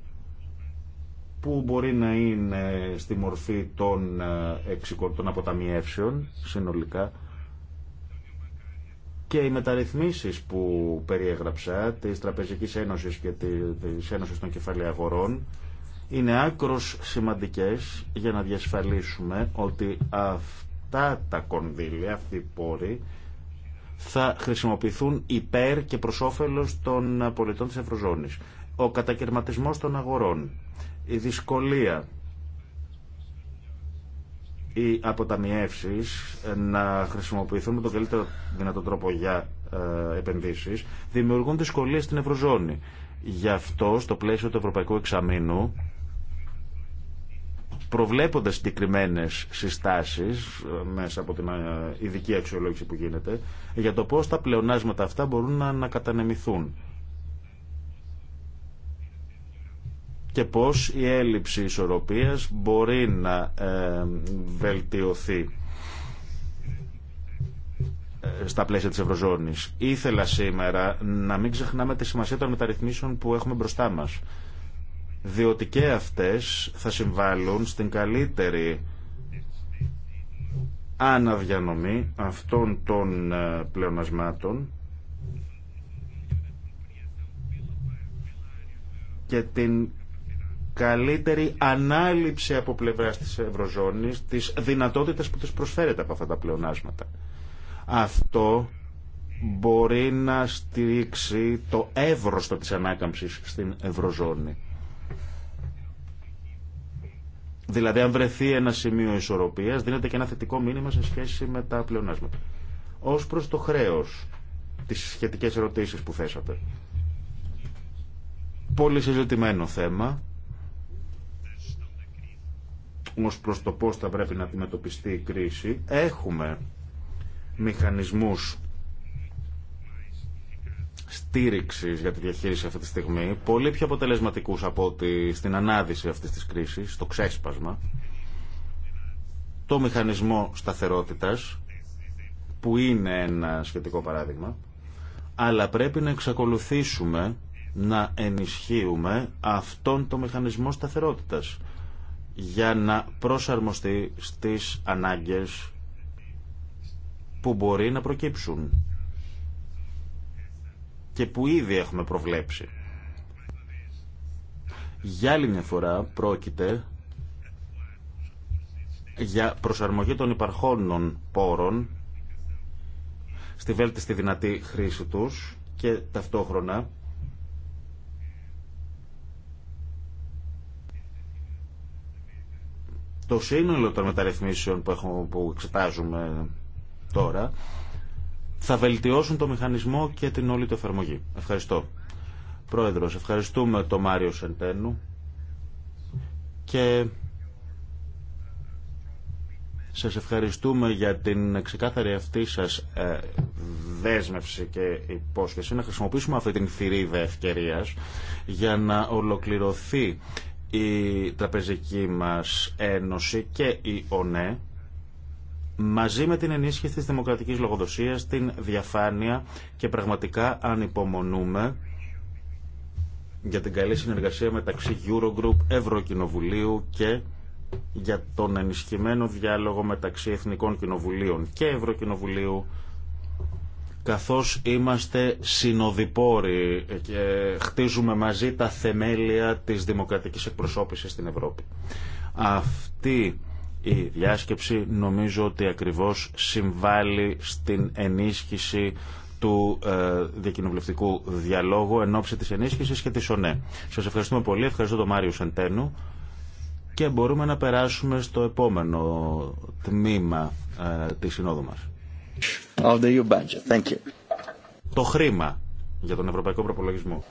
που μπορεί να είναι στη μορφή των, ε, των αποταμιεύσεων συνολικά και οι μεταρρυθμίσεις που περιέγραψα της Τραπεζικής Ένωσης και της Ένωσης των Κεφαλαίων Αγορών είναι άκρος σημαντικές για να διασφαλίσουμε ότι αυτά τα κονδύλια, αυτοί οι πόροι θα χρησιμοποιηθούν υπέρ και προς όφελος των πολιτών της Ευρωζώνης. Ο κατακαιρματισμός των αγορών η δυσκολία ή αποταμιεύσεις ε, να χρησιμοποιηθούν με τον καλύτερο δυνατό τρόπο για ε, επενδύσεις δημιουργούν δυσκολίες στην Ευρωζώνη. Γι' αυτό στο πλαίσιο του Ευρωπαϊκού Εξαμήνου προβλέπονται συγκεκριμένε συστάσεις ε, μέσα από την ειδική αξιολόγηση που γίνεται για το πώς τα πλεονάσματα αυτά μπορούν να ανακατανεμηθούν και πώς η έλλειψη ισορροπίας μπορεί να ε, βελτιωθεί ε, στα πλαίσια της Ευρωζώνης. Ήθελα σήμερα να μην ξεχνάμε τη σημασία των μεταρρυθμίσεων που έχουμε μπροστά μας. Διότι και αυτές θα συμβάλλουν στην καλύτερη αναδιανομή αυτών των ε, πλεονασμάτων και την καλύτερη ανάληψη από πλευρά τη Ευρωζώνη τη δυνατότητα που τη προσφέρεται από αυτά τα πλεονάσματα. Αυτό μπορεί να στηρίξει το εύρωστο της ανάκαμψης στην Ευρωζώνη. Δηλαδή, αν βρεθεί ένα σημείο ισορροπίας, δίνεται και ένα θετικό μήνυμα σε σχέση με τα πλεονάσματα. Ως προς το χρέος, τις σχετικές ερωτήσεις που θέσατε. Πολύ συζητημένο θέμα, ως προς το πώς θα πρέπει να αντιμετωπιστεί η κρίση, έχουμε μηχανισμούς στήριξης για τη διαχείριση αυτή τη στιγμή, πολύ πιο αποτελεσματικούς από ότι στην ανάδυση αυτής της κρίσης, στο ξέσπασμα, το μηχανισμό σταθερότητας, που είναι ένα σχετικό παράδειγμα, αλλά πρέπει να εξακολουθήσουμε να ενισχύουμε αυτόν τον μηχανισμό σταθερότητας για να προσαρμοστεί στις ανάγκες που μπορεί να προκύψουν και που ήδη έχουμε προβλέψει. Για άλλη μια φορά πρόκειται για προσαρμογή των υπαρχόνων πόρων στη βέλτιστη δυνατή χρήση τους και ταυτόχρονα το σύνολο των μεταρρυθμίσεων που, έχουμε, που εξετάζουμε τώρα θα βελτιώσουν το μηχανισμό και την όλη του εφαρμογή. Ευχαριστώ. Πρόεδρος, ευχαριστούμε τον Μάριο Σεντένου και σας ευχαριστούμε για την ξεκάθαρη αυτή σας ε, δέσμευση και υπόσχεση να χρησιμοποιήσουμε αυτή την θηρίδα ευκαιρίας για να ολοκληρωθεί η τραπεζική μας ένωση και η ΟΝΕ μαζί με την ενίσχυση της δημοκρατικής λογοδοσίας, την διαφάνεια και πραγματικά ανυπομονούμε για την καλή συνεργασία μεταξύ Eurogroup, Ευρωκοινοβουλίου και για τον ενισχυμένο διάλογο μεταξύ Εθνικών Κοινοβουλίων και Ευρωκοινοβουλίου καθώς είμαστε συνοδοιπόροι και χτίζουμε μαζί τα θεμέλια της δημοκρατικής εκπροσώπησης στην Ευρώπη. Αυτή η διάσκεψη νομίζω ότι ακριβώς συμβάλλει στην ενίσχυση του ε, διακοινοβουλευτικού διαλόγου εν ώψη της ενίσχυσης και της ΟΝΕ. Σας ευχαριστούμε πολύ, ευχαριστώ τον Μάριο Σεντένου και μπορούμε να περάσουμε στο επόμενο τμήμα ε, της συνόδου μας. Το χρήμα για τον ευρωπαϊκό προπολογισμό.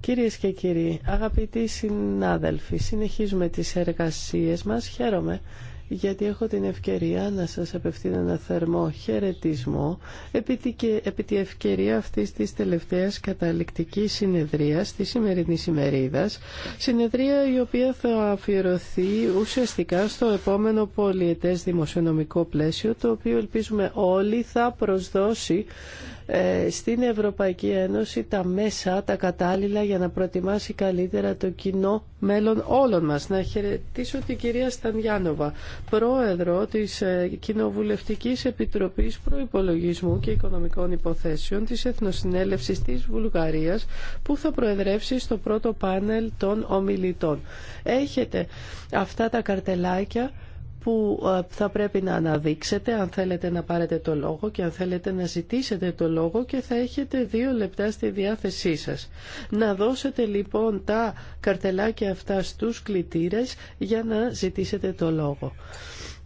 Κυρίες και κύριοι, αγαπητοί συνάδελφοι, συνεχίζουμε τις εργασίες μας. Χαίρομαι γιατί έχω την ευκαιρία να σας απευθύνω ένα θερμό χαιρετισμό επί τη, επί ευκαιρία αυτής της τελευταίας καταληκτικής συνεδρίας της σημερινής ημερίδας συνεδρία η οποία θα αφιερωθεί ουσιαστικά στο επόμενο πολιετές δημοσιονομικό πλαίσιο το οποίο ελπίζουμε όλοι θα προσδώσει ε, στην Ευρωπαϊκή Ένωση τα μέσα, τα κατάλληλα για να προετοιμάσει καλύτερα το κοινό μέλλον όλων μας. Να χαιρετήσω την κυρία Στανιάνοβα, πρόεδρο της ε, Κοινοβουλευτικής Επιτροπής Προϋπολογισμού και Οικονομικών Υποθέσεων της Εθνοσυνέλευσης της Βουλγαρίας, που θα προεδρεύσει στο πρώτο πάνελ των ομιλητών. Έχετε αυτά τα καρτελάκια που ε, θα πρέπει να αναδείξετε αν θέλετε να πάρετε το λόγο και αν θέλετε να ζητήσετε το λόγο και θα έχετε δύο λεπτά στη διάθεσή σας. Να δώσετε λοιπόν τα καρτελάκια αυτά στους κλητήρες για να ζητήσετε το λόγο.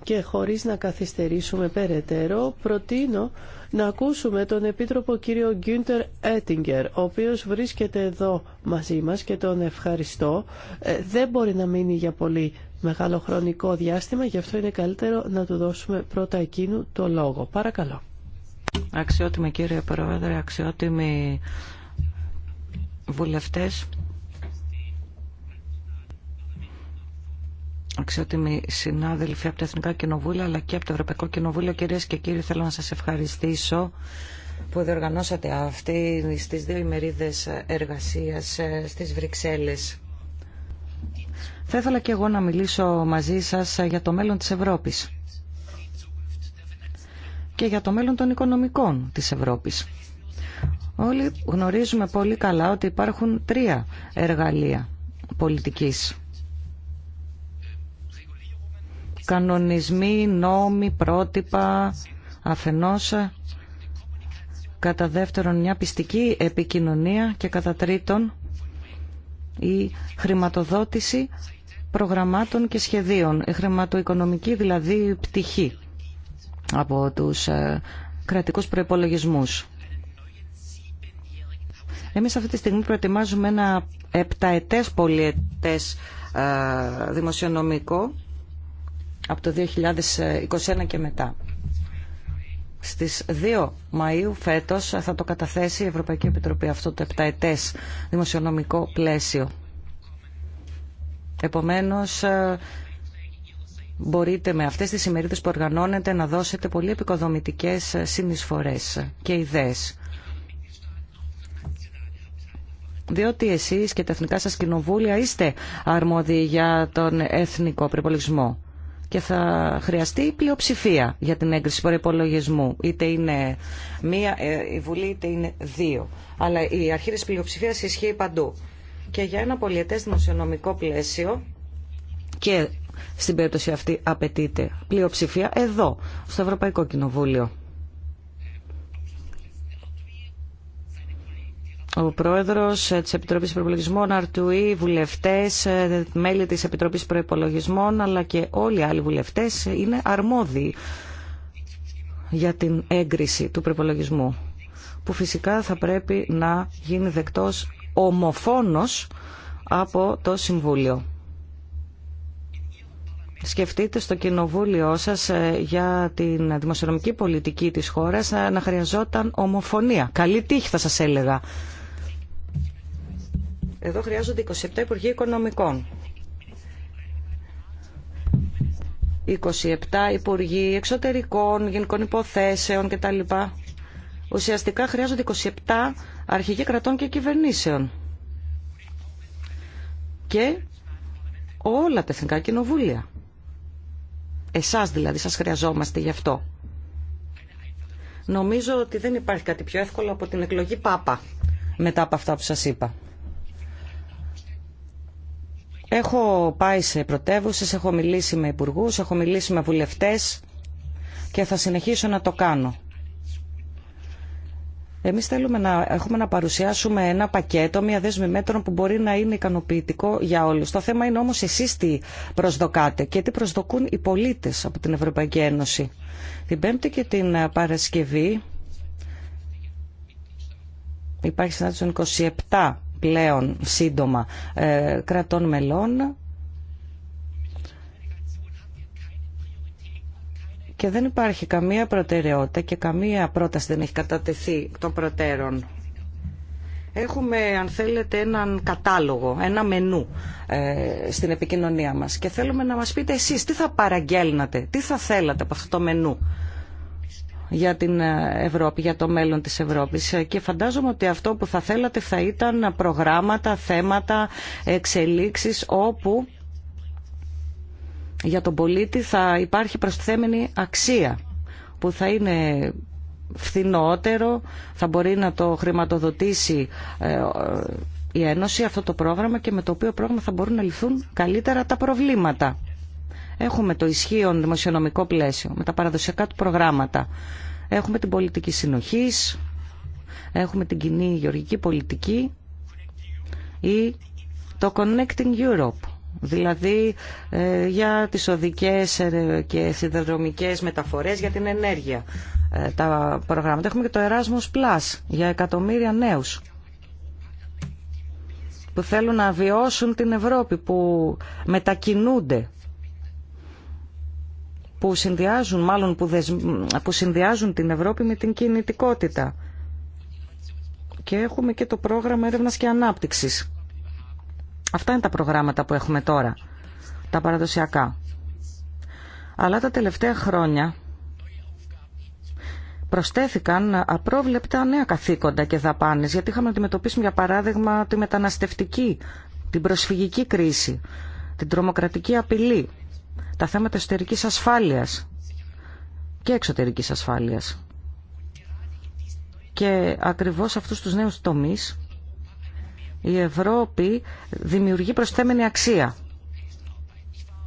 Και χωρίς να καθυστερήσουμε περαιτέρω, προτείνω να ακούσουμε τον Επίτροπο κύριο Γκίντερ Έτιγκερ, ο οποίος βρίσκεται εδώ μαζί μας και τον ευχαριστώ. Ε, δεν μπορεί να μείνει για πολύ μεγάλο χρονικό διάστημα, γι' αυτό είναι καλύτερο να του δώσουμε πρώτα εκείνου το λόγο. Παρακαλώ. Αξιότιμη κύριε Πρόεδρε, αξιότιμοι βουλευτές, αξιότιμοι συνάδελφοι από τα Εθνικά Κοινοβούλια αλλά και από το Ευρωπαϊκό Κοινοβούλιο, κυρίες και κύριοι, θέλω να σας ευχαριστήσω που διοργανώσατε αυτή στις δύο ημερίδες εργασίας ε, στις Βρυξέλλες. Θα ήθελα και εγώ να μιλήσω μαζί σας για το μέλλον της Ευρώπης και για το μέλλον των οικονομικών της Ευρώπης. Όλοι γνωρίζουμε πολύ καλά ότι υπάρχουν τρία εργαλεία πολιτικής. Κανονισμοί, νόμοι, πρότυπα, αφενός κατά δεύτερον μια πιστική επικοινωνία και κατά τρίτον η χρηματοδότηση προγραμμάτων και σχεδίων, χρηματοοικονομική δηλαδή πτυχή από τους ε, κρατικούς προϋπολογισμούς. Εμείς αυτή τη στιγμή προετοιμάζουμε ένα επταετές πολιετές ε, δημοσιονομικό από το 2021 και μετά. Στις 2 Μαΐου φέτος θα το καταθέσει η Ευρωπαϊκή Επιτροπή αυτό το επταετές δημοσιονομικό πλαίσιο Επομένως, ε, μπορείτε με αυτές τις ημερίδες που οργανώνετε να δώσετε πολύ επικοδομητικές ε, συνεισφορές και ιδέες. Διότι εσείς και τα εθνικά σας κοινοβούλια είστε αρμόδιοι για τον εθνικό προπολογισμό και θα χρειαστεί πλειοψηφία για την έγκριση προπολογισμού. Είτε είναι μία ε, η Βουλή είτε είναι δύο. Αλλά η αρχή της πλειοψηφίας ισχύει παντού και για ένα πολιετές δημοσιονομικό πλαίσιο και στην περίπτωση αυτή απαιτείται πλειοψηφία εδώ, στο Ευρωπαϊκό Κοινοβούλιο. Ο πρόεδρος ε, της Επιτροπής Προπολογισμών, Αρτουή, βουλευτές, ε, μέλη της Επιτροπής Προπολογισμών, αλλά και όλοι οι άλλοι βουλευτές είναι αρμόδιοι για την έγκριση του προπολογισμού που φυσικά θα πρέπει να γίνει δεκτός ομοφόνος από το Συμβούλιο. Σκεφτείτε στο κοινοβούλιο σας ε, για την δημοσιονομική πολιτική της χώρας ε, να χρειαζόταν ομοφωνία. Καλή τύχη θα σας έλεγα. Εδώ χρειάζονται 27 Υπουργοί Οικονομικών. 27 Υπουργοί Εξωτερικών, Γενικών Υποθέσεων κτλ. Ουσιαστικά χρειάζονται 27 αρχηγοί κρατών και κυβερνήσεων. Και όλα τα εθνικά κοινοβούλια. Εσάς δηλαδή σας χρειαζόμαστε γι' αυτό. Νομίζω ότι δεν υπάρχει κάτι πιο εύκολο από την εκλογή Πάπα μετά από αυτά που σας είπα. Έχω πάει σε πρωτεύουσε, έχω μιλήσει με υπουργού, έχω μιλήσει με βουλευτές και θα συνεχίσω να το κάνω. Εμείς θέλουμε να έχουμε να παρουσιάσουμε ένα πακέτο, μια δέσμη μέτρων που μπορεί να είναι ικανοποιητικό για όλους. Το θέμα είναι όμως εσείς τι προσδοκάτε και τι προσδοκούν οι πολίτες από την Ευρωπαϊκή Ένωση. Την Πέμπτη και την Παρασκευή υπάρχει συνάντηση των 27 πλέον σύντομα ε, κρατών μελών και δεν υπάρχει καμία προτεραιότητα και καμία πρόταση δεν έχει κατατεθεί των προτέρων. Έχουμε, αν θέλετε, έναν κατάλογο, ένα μενού ε, στην επικοινωνία μας και θέλουμε να μας πείτε εσείς τι θα παραγγέλνατε, τι θα θέλατε από αυτό το μενού για την ε, Ευρώπη, για το μέλλον της Ευρώπης ε, και φαντάζομαι ότι αυτό που θα θέλατε θα ήταν προγράμματα, θέματα, εξελίξεις όπου για τον πολίτη θα υπάρχει προστιθέμενη αξία που θα είναι φθηνότερο, θα μπορεί να το χρηματοδοτήσει ε, η Ένωση αυτό το πρόγραμμα και με το οποίο πρόγραμμα θα μπορούν να λυθούν καλύτερα τα προβλήματα. Έχουμε το ισχύον δημοσιονομικό πλαίσιο με τα παραδοσιακά του προγράμματα. Έχουμε την πολιτική συνοχής, έχουμε την κοινή γεωργική πολιτική ή το Connecting Europe δηλαδή ε, για τις οδικές ε, και σιδεροδρομικές μεταφορές για την ενέργεια ε, τα προγράμματα. Έχουμε και το Erasmus Plus για εκατομμύρια νέους που θέλουν να βιώσουν την Ευρώπη, που μετακινούνται, που συνδυάζουν, μάλλον που, δεσ... που συνδυάζουν την Ευρώπη με την κινητικότητα. Και έχουμε και το πρόγραμμα έρευνας και ανάπτυξης Αυτά είναι τα προγράμματα που έχουμε τώρα, τα παραδοσιακά. Αλλά τα τελευταία χρόνια προστέθηκαν απρόβλεπτα νέα καθήκοντα και δαπάνες, γιατί είχαμε να αντιμετωπίσουμε για παράδειγμα τη μεταναστευτική, την προσφυγική κρίση, την τρομοκρατική απειλή, τα θέματα εσωτερικής ασφάλειας και εξωτερικής ασφάλειας. Και ακριβώς αυτούς τους νέους τομείς η Ευρώπη δημιουργεί προσθέμενη αξία.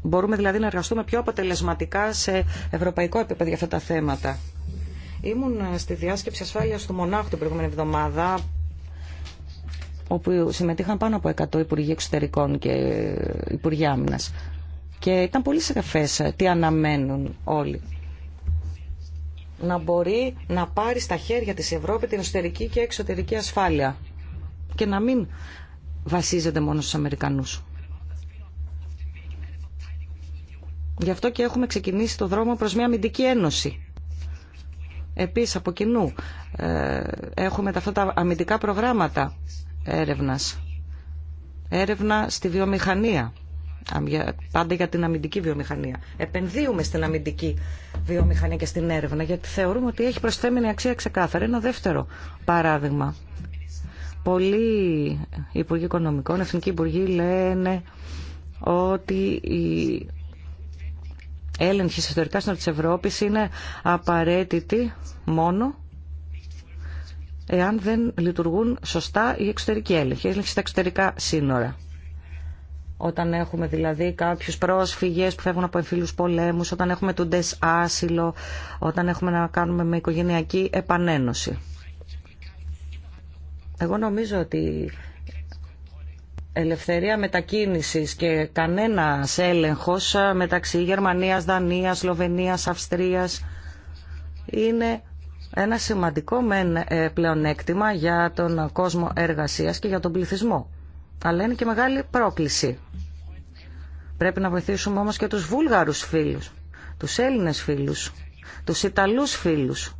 Μπορούμε δηλαδή να εργαστούμε πιο αποτελεσματικά σε ευρωπαϊκό επίπεδο για αυτά τα θέματα. Ήμουν στη διάσκεψη ασφάλειας του Μονάχου την προηγούμενη εβδομάδα όπου συμμετείχαν πάνω από 100 Υπουργοί Εξωτερικών και Υπουργοί Άμυνας. Και ήταν πολύ σαφές τι αναμένουν όλοι. Να μπορεί να πάρει στα χέρια της Ευρώπη την εσωτερική και εξωτερική ασφάλεια και να μην βασίζεται μόνο στους Αμερικανούς. Γι' αυτό και έχουμε ξεκινήσει το δρόμο προς μια αμυντική ένωση. Επίσης από κοινού ε, έχουμε αυτά τα αμυντικά προγράμματα έρευνας. Έρευνα στη βιομηχανία, πάντα για την αμυντική βιομηχανία. Επενδύουμε στην αμυντική βιομηχανία και στην έρευνα γιατί θεωρούμε ότι έχει προσθέμενη αξία ξεκάθαρα. Ένα δεύτερο παράδειγμα Πολλοί Υπουργοί Οικονομικών, Εθνικοί Υπουργοί λένε ότι η έλεγχη εξωτερικά σύνορα της Ευρώπης είναι απαραίτητη μόνο εάν δεν λειτουργούν σωστά οι εξωτερικοί έλεγχοι, έλεγχοι στα εξωτερικά σύνορα. Όταν έχουμε δηλαδή κάποιους πρόσφυγες που φεύγουν από εμφύλους πολέμους, όταν έχουμε τούντες άσυλο, όταν έχουμε να κάνουμε με οικογενειακή επανένωση. Εγώ νομίζω ότι ελευθερία μετακίνησης και κανένας έλεγχος μεταξύ Γερμανίας, Δανίας, Σλοβενίας, Αυστρίας είναι ένα σημαντικό μεν ε, πλεονέκτημα για τον κόσμο εργασίας και για τον πληθυσμό. Αλλά είναι και μεγάλη πρόκληση. Πρέπει να βοηθήσουμε όμως και τους Βούλγαρους φίλους, τους Έλληνες φίλους, τους Ιταλούς φίλους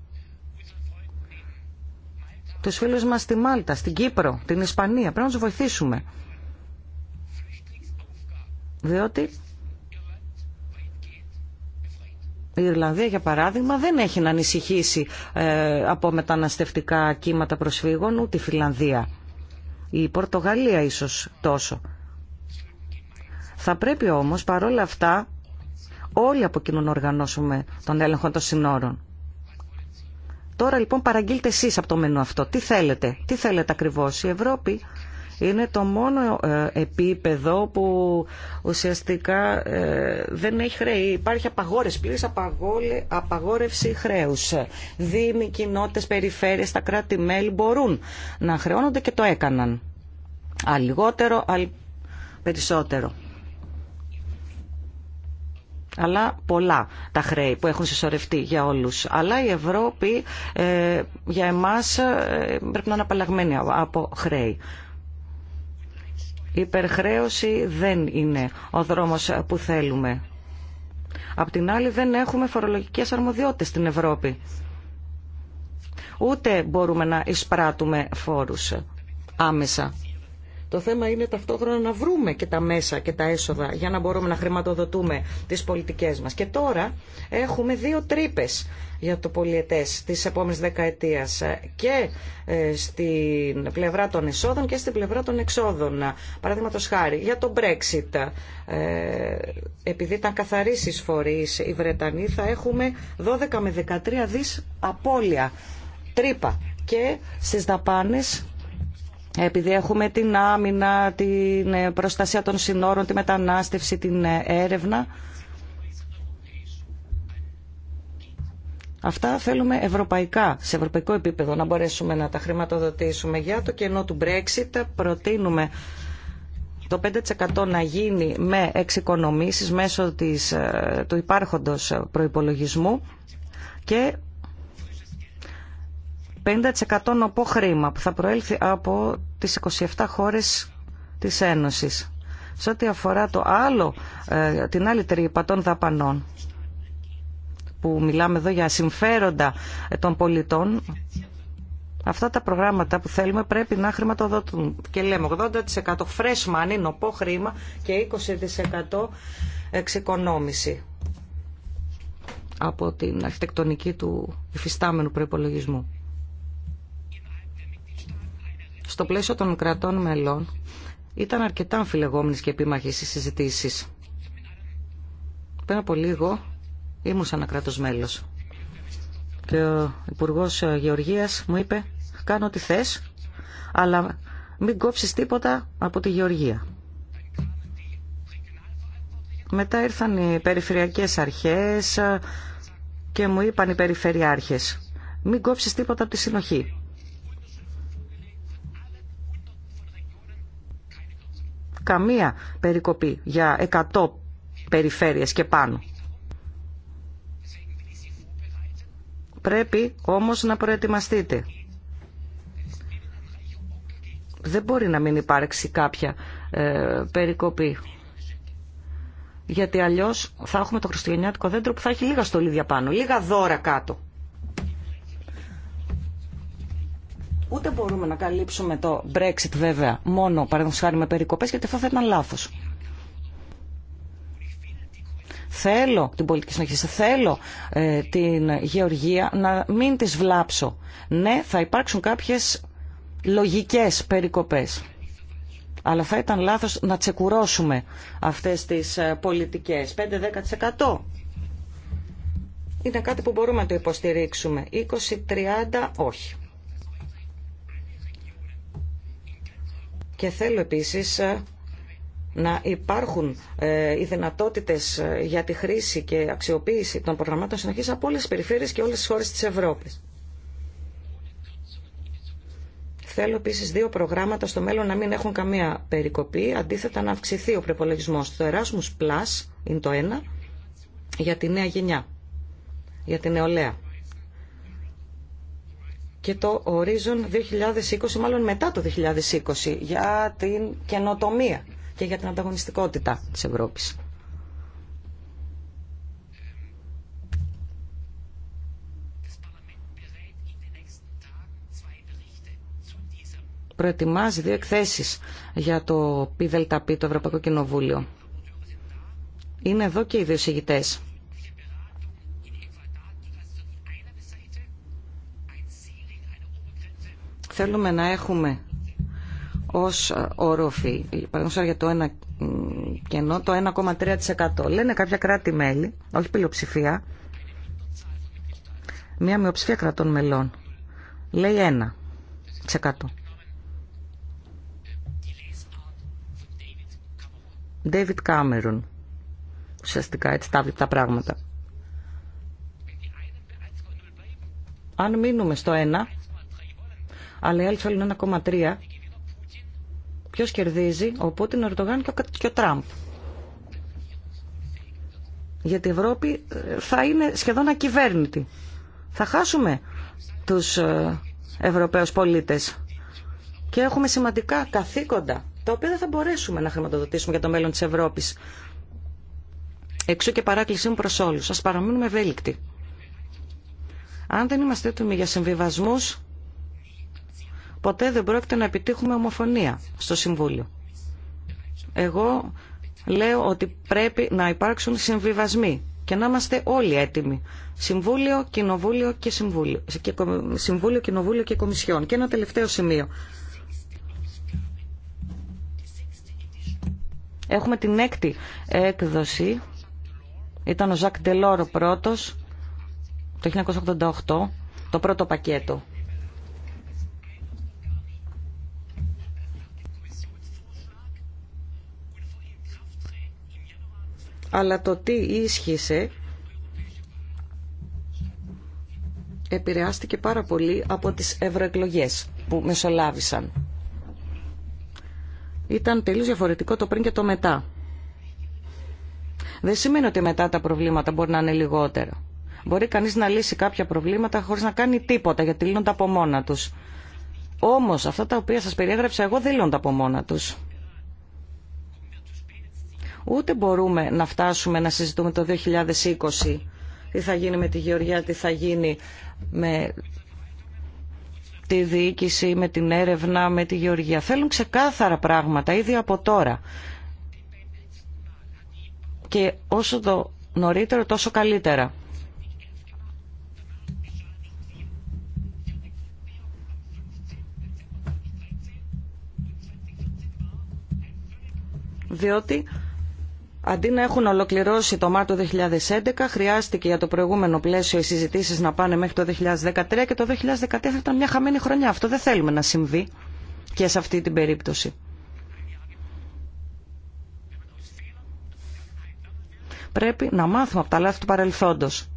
τους φίλους μας στη Μάλτα, στην Κύπρο, την Ισπανία. Πρέπει να τους βοηθήσουμε. Διότι η Ιρλανδία, για παράδειγμα, δεν έχει να ανησυχήσει ε, από μεταναστευτικά κύματα προσφύγων, ούτε η Φιλανδία. Η Πορτογαλία ίσως τόσο. Θα πρέπει όμως, παρόλα αυτά, όλοι από κοινού να οργανώσουμε τον έλεγχο των συνόρων. Τώρα λοιπόν παραγγείλτε εσεί από το μενού αυτό. Τι θέλετε, τι θέλετε ακριβώ. Η Ευρώπη είναι το μόνο ε, επίπεδο που ουσιαστικά ε, δεν έχει χρέη. Υπάρχει απαγόρευση, απαγόλε απαγόρευση χρέους. Δήμοι, κοινότητε, περιφέρειες, τα κράτη-μέλη μπορούν να χρεώνονται και το έκαναν. Αλλιγότερο, αλ... περισσότερο αλλά πολλά τα χρέη που έχουν συσσωρευτεί για όλους. Αλλά η Ευρώπη ε, για εμάς ε, πρέπει να είναι απαλλαγμένη από χρέη. Η υπερχρέωση δεν είναι ο δρόμος που θέλουμε. Απ' την άλλη δεν έχουμε φορολογικές αρμοδιότητες στην Ευρώπη. Ούτε μπορούμε να εισπράττουμε φόρους άμεσα. Το θέμα είναι ταυτόχρονα να βρούμε και τα μέσα και τα έσοδα για να μπορούμε να χρηματοδοτούμε τις πολιτικές μας. Και τώρα έχουμε δύο τρύπε για το πολιετές της επόμενης δεκαετίας και ε, στην πλευρά των εσόδων και στην πλευρά των εξόδων. Παραδείγματο χάρη για το Brexit. Ε, επειδή ήταν καθαρίσεις φορείς οι Βρετανοί θα έχουμε 12 με 13 δις απώλεια τρύπα και στις δαπάνες επειδή έχουμε την άμυνα, την ε, προστασία των συνόρων, τη μετανάστευση, την ε, έρευνα. Αυτά θέλουμε ευρωπαϊκά, σε ευρωπαϊκό επίπεδο, να μπορέσουμε να τα χρηματοδοτήσουμε. Για το κενό του Brexit προτείνουμε το 5% να γίνει με εξοικονομήσεις μέσω ε, του υπάρχοντος προϋπολογισμού και 50% νοπό χρήμα που θα προέλθει από τις 27 χώρες της Ένωσης. Σε ό,τι αφορά το άλλο, ε, την άλλη τρύπα των δαπανών, που μιλάμε εδώ για συμφέροντα ε, των πολιτών, αυτά τα προγράμματα που θέλουμε πρέπει να χρηματοδοτούν. Και λέμε 80% fresh money, νοπό χρήμα και 20% εξοικονόμηση από την αρχιτεκτονική του υφιστάμενου προϋπολογισμού στο πλαίσιο των κρατών μελών ήταν αρκετά αμφιλεγόμενες και επίμαχες οι συζητήσεις. Πέρα από λίγο ήμουν σαν κράτος μέλος και ο υπουργό Γεωργίας μου είπε κάνω ό,τι θες αλλά μην κόψεις τίποτα από τη Γεωργία. Μετά ήρθαν οι περιφερειακές αρχές και μου είπαν οι περιφερειάρχες μην κόψεις τίποτα από τη συνοχή. καμία περικοπή για 100 περιφέρειες και πάνω. Πρέπει όμως να προετοιμαστείτε. Δεν μπορεί να μην υπάρξει κάποια ε, περικοπή. Γιατί αλλιώς θα έχουμε το χριστουγεννιάτικο δέντρο που θα έχει λίγα στολίδια πάνω, λίγα δώρα κάτω. Ούτε μπορούμε να καλύψουμε το Brexit βέβαια μόνο παραδείγματος χάρη με περικοπές γιατί αυτό θα ήταν λάθος. Θέλω την πολιτική συνοχή, θέλω ε, την γεωργία να μην τις βλάψω. Ναι, θα υπάρξουν κάποιες λογικές περικοπές. Αλλά θα ήταν λάθος να τσεκουρώσουμε αυτές τις ε, πολιτικές. 5-10%. Είναι κάτι που μπορούμε να το υποστηρίξουμε. 20-30 όχι. και θέλω επίσης ε, να υπάρχουν ε, οι δυνατότητες ε, για τη χρήση και αξιοποίηση των προγραμμάτων συνοχής από όλες τις περιφέρειες και όλες τις χώρες της Ευρώπης. Θέλω επίσης δύο προγράμματα στο μέλλον να μην έχουν καμία περικοπή, αντίθετα να αυξηθεί ο προπολογισμό. Το Erasmus Plus είναι το ένα για τη νέα γενιά, για την νεολαία και το Horizon 2020, μάλλον μετά το 2020, για την καινοτομία και για την ανταγωνιστικότητα της Ευρώπης. Προετοιμάζει δύο εκθέσεις για το ΠΔΠ, το Ευρωπαϊκό Κοινοβούλιο. Είναι εδώ και οι δύο συγητές. θέλουμε να έχουμε ως όροφη, παραδείγματος για το ένα κενό, το 1,3%. Λένε κάποια κράτη-μέλη, όχι πλειοψηφία, μία μειοψηφία κρατών μελών. Λέει 1%. David Cameron. Ουσιαστικά έτσι τα βλέπει τα πράγματα. Αν μείνουμε στο 1, αλλά οι άλλοι θέλουν 1,3. Ποιος κερδίζει, ο Πούτιν, ο Ερντογάν και ο Τραμπ. Γιατί η Ευρώπη ε, θα είναι σχεδόν ακυβέρνητη. Θα χάσουμε τους ε, Ευρωπαίους πολίτες. Και έχουμε σημαντικά καθήκοντα, τα οποία δεν θα μπορέσουμε να χρηματοδοτήσουμε για το μέλλον της Ευρώπης. Εξού και παράκλησή μου προς όλους. Ας παραμείνουμε ευέλικτοι. Αν δεν είμαστε έτοιμοι για συμβιβασμούς, ποτέ δεν πρόκειται να επιτύχουμε ομοφωνία στο Συμβούλιο. Εγώ λέω ότι πρέπει να υπάρξουν συμβιβασμοί και να είμαστε όλοι έτοιμοι. Συμβούλιο, Κοινοβούλιο και Συμβούλιο. Και Συμβούλιο, Κοινοβούλιο και Κομισιόν. Και ένα τελευταίο σημείο. Έχουμε την έκτη έκδοση. Ήταν ο Ζακ Ντελόρο πρώτος το 1988, το πρώτο πακέτο. αλλά το τι ίσχυσε επηρεάστηκε πάρα πολύ από τις ευρωεκλογέ που μεσολάβησαν. Ήταν τελείως διαφορετικό το πριν και το μετά. Δεν σημαίνει ότι μετά τα προβλήματα μπορεί να είναι λιγότερα. Μπορεί κανείς να λύσει κάποια προβλήματα χωρίς να κάνει τίποτα γιατί λύνονται από μόνα τους. Όμως αυτά τα οποία σας περιέγραψα εγώ δεν λύνονται από μόνα τους. Ούτε μπορούμε να φτάσουμε να συζητούμε το 2020 τι θα γίνει με τη Γεωργία, τι θα γίνει με τη διοίκηση, με την έρευνα, με τη Γεωργία. Θέλουν ξεκάθαρα πράγματα ήδη από τώρα. Και όσο το νωρίτερο τόσο καλύτερα. διότι Αντί να έχουν ολοκληρώσει το Μάρτιο 2011, χρειάστηκε για το προηγούμενο πλαίσιο οι συζητήσεις να πάνε μέχρι το 2013 και το 2014 ήταν μια χαμένη χρονιά. Αυτό δεν θέλουμε να συμβεί και σε αυτή την περίπτωση. Πρέπει να μάθουμε από τα λάθη του παρελθόντος.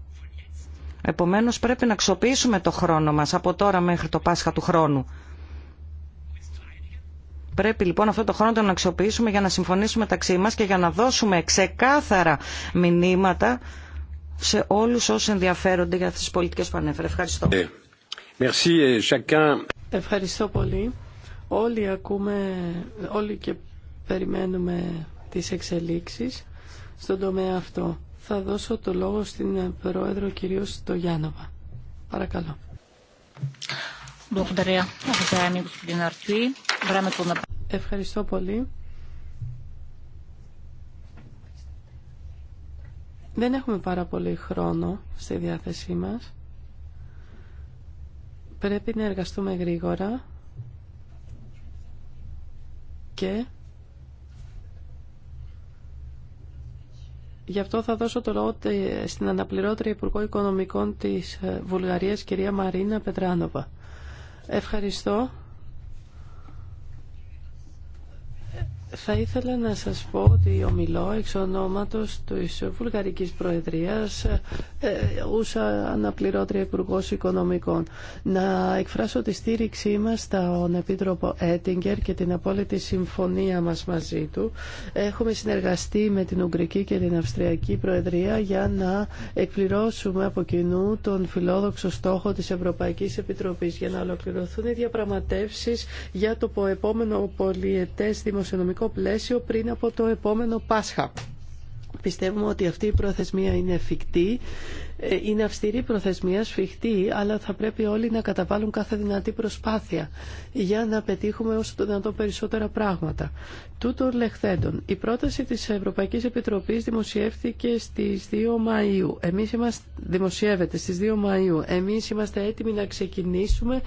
Επομένως πρέπει να αξιοποιήσουμε το χρόνο μας από τώρα μέχρι το Πάσχα του χρόνου Πρέπει λοιπόν αυτό το χρόνο τον να αξιοποιήσουμε για να συμφωνήσουμε μεταξύ μα και για να δώσουμε ξεκάθαρα μηνύματα σε όλους όσοι ενδιαφέρονται για τις πολιτικές που ανέφερε. Ευχαριστώ. Ε, ε, Ευχαριστώ πολύ. Όλοι ακούμε, όλοι και περιμένουμε τις εξελίξεις στον τομέα αυτό. Θα δώσω το λόγο στην Πρόεδρο κυρίως Γιάννοβα. Παρακαλώ. Ευχαριστώ πολύ. Δεν έχουμε πάρα πολύ χρόνο στη διάθεσή μας. Πρέπει να εργαστούμε γρήγορα και Γι' αυτό θα δώσω το λόγο στην αναπληρώτρια Υπουργό Οικονομικών της ε, Βουλγαρίας, κυρία Μαρίνα Πετράνοβα. Ευχαριστώ. Θα ήθελα να σας πω ότι ομιλώ εξ ονόματος της Βουλγαρικής Προεδρίας ε, ούσα αναπληρώτρια υπουργό Οικονομικών. Να εκφράσω τη στήριξή μας στον Επίτροπο Έτιγκερ και την απόλυτη συμφωνία μας μαζί του. Έχουμε συνεργαστεί με την Ουγγρική και την Αυστριακή Προεδρία για να εκπληρώσουμε από κοινού τον φιλόδοξο στόχο της Ευρωπαϊκής Επιτροπής για να ολοκληρωθούν οι διαπραγματεύσεις για το επόμενο πολιετές δημοσιονομικό πλαίσιο πριν από το επόμενο Πάσχα. Πιστεύουμε ότι αυτή η προθεσμία είναι εφικτή είναι αυστηρή προθεσμία, σφιχτή, αλλά θα πρέπει όλοι να καταβάλουν κάθε δυνατή προσπάθεια για να πετύχουμε όσο το δυνατόν περισσότερα πράγματα. Τούτων λεχθέντων. Η πρόταση της Ευρωπαϊκής Επιτροπής δημοσιεύθηκε στις 2 Μαΐου. Εμείς είμαστε, δημοσιεύεται στις 2 Μαΐου. Εμείς είμαστε έτοιμοι να ξεκινήσουμε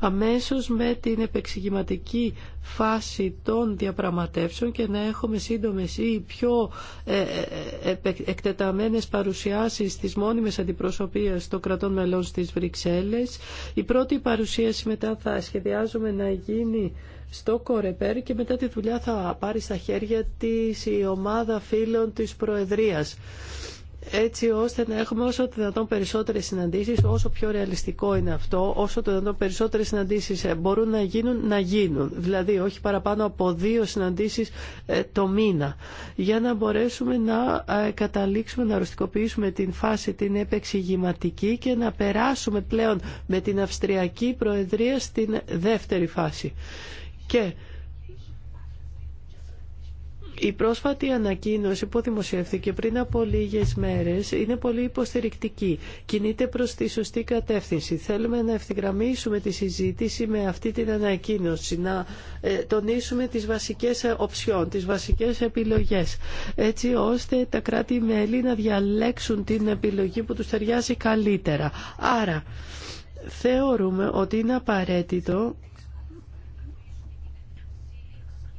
αμέσως με την επεξηγηματική φάση των διαπραγματεύσεων και να έχουμε σύντομες ή πιο ε, ε, ε, εκτεταμένες παρουσιάσεις στις μόνιμες αντιπροσωπεία αντιπροσωπείας των κρατών μελών στις Βρυξέλλες. Η πρώτη παρουσίαση μετά θα σχεδιάζουμε να γίνει στο Κορεπέρ και μετά τη δουλειά θα πάρει στα χέρια της ομάδα φίλων της Προεδρίας έτσι ώστε να έχουμε όσο το δυνατόν περισσότερες συναντήσεις, όσο πιο ρεαλιστικό είναι αυτό, όσο το δυνατόν περισσότερες συναντήσεις ε, μπορούν να γίνουν, να γίνουν. Δηλαδή όχι παραπάνω από δύο συναντήσεις ε, το μήνα, για να μπορέσουμε να ε, καταλήξουμε, να αρρωστικοποιήσουμε την φάση την επεξηγηματική και να περάσουμε πλέον με την Αυστριακή Προεδρία στην δεύτερη φάση. Και η πρόσφατη ανακοίνωση που δημοσιεύθηκε πριν από λίγες μέρες είναι πολύ υποστηρικτική. Κινείται προς τη σωστή κατεύθυνση. Θέλουμε να ευθυγραμμίσουμε τη συζήτηση με αυτή την ανακοίνωση, να ε, τονίσουμε τις βασικές ε, οψιών, τις βασικές επιλογές, έτσι ώστε τα κράτη-μέλη να διαλέξουν την επιλογή που τους ταιριάζει καλύτερα. Άρα, θεωρούμε ότι είναι απαραίτητο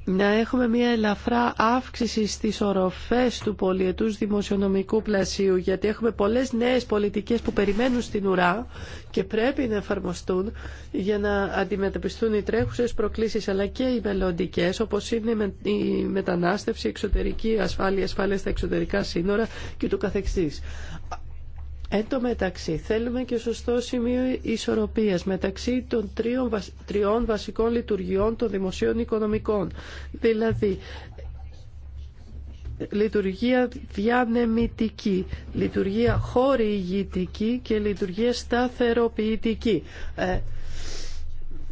να έχουμε μια ελαφρά αύξηση στις οροφές του πολιετούς δημοσιονομικού πλασίου γιατί έχουμε πολλές νέες πολιτικές που περιμένουν στην ουρά και πρέπει να εφαρμοστούν για να αντιμετωπιστούν οι τρέχουσες προκλήσεις αλλά και οι μελλοντικέ, όπως είναι η μετανάστευση, η εξωτερική ασφάλεια, ασφάλεια στα εξωτερικά σύνορα και του καθεξής. Εν τω μεταξύ, θέλουμε και σωστό σημείο ισορροπίας μεταξύ των τριών, τριών βασικών λειτουργιών των δημοσίων οικονομικών. Δηλαδή, λειτουργία διανεμητική, λειτουργία χορηγητική και λειτουργία σταθεροποιητική. Ε,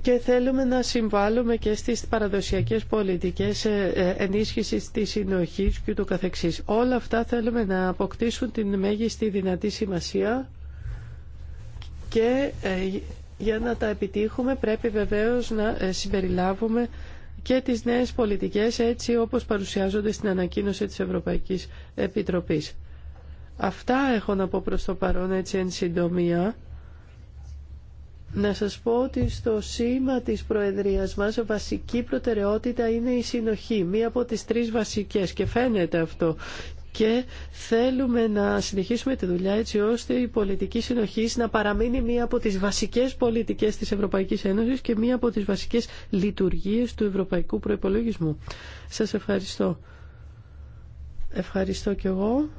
και θέλουμε να συμβάλλουμε και στις παραδοσιακές πολιτικές ε, ε, ενίσχυσης της συνοχής και του καθεξής. Όλα αυτά θέλουμε να αποκτήσουν την μέγιστη δυνατή σημασία και ε, για να τα επιτύχουμε πρέπει βεβαίως να συμπεριλάβουμε και τις νέες πολιτικές έτσι όπως παρουσιάζονται στην ανακοίνωση της Ευρωπαϊκής Επιτροπής. Αυτά έχω να πω προς το παρόν έτσι εν συντομία. Να σας πω ότι στο σήμα της Προεδρίας μας βασική προτεραιότητα είναι η συνοχή, μία από τις τρεις βασικές και φαίνεται αυτό και θέλουμε να συνεχίσουμε τη δουλειά έτσι ώστε η πολιτική συνοχή να παραμείνει μία από τις βασικές πολιτικές της Ευρωπαϊκής Ένωσης και μία από τις βασικές λειτουργίες του Ευρωπαϊκού Προϋπολογισμού. Σας ευχαριστώ. Ευχαριστώ και εγώ.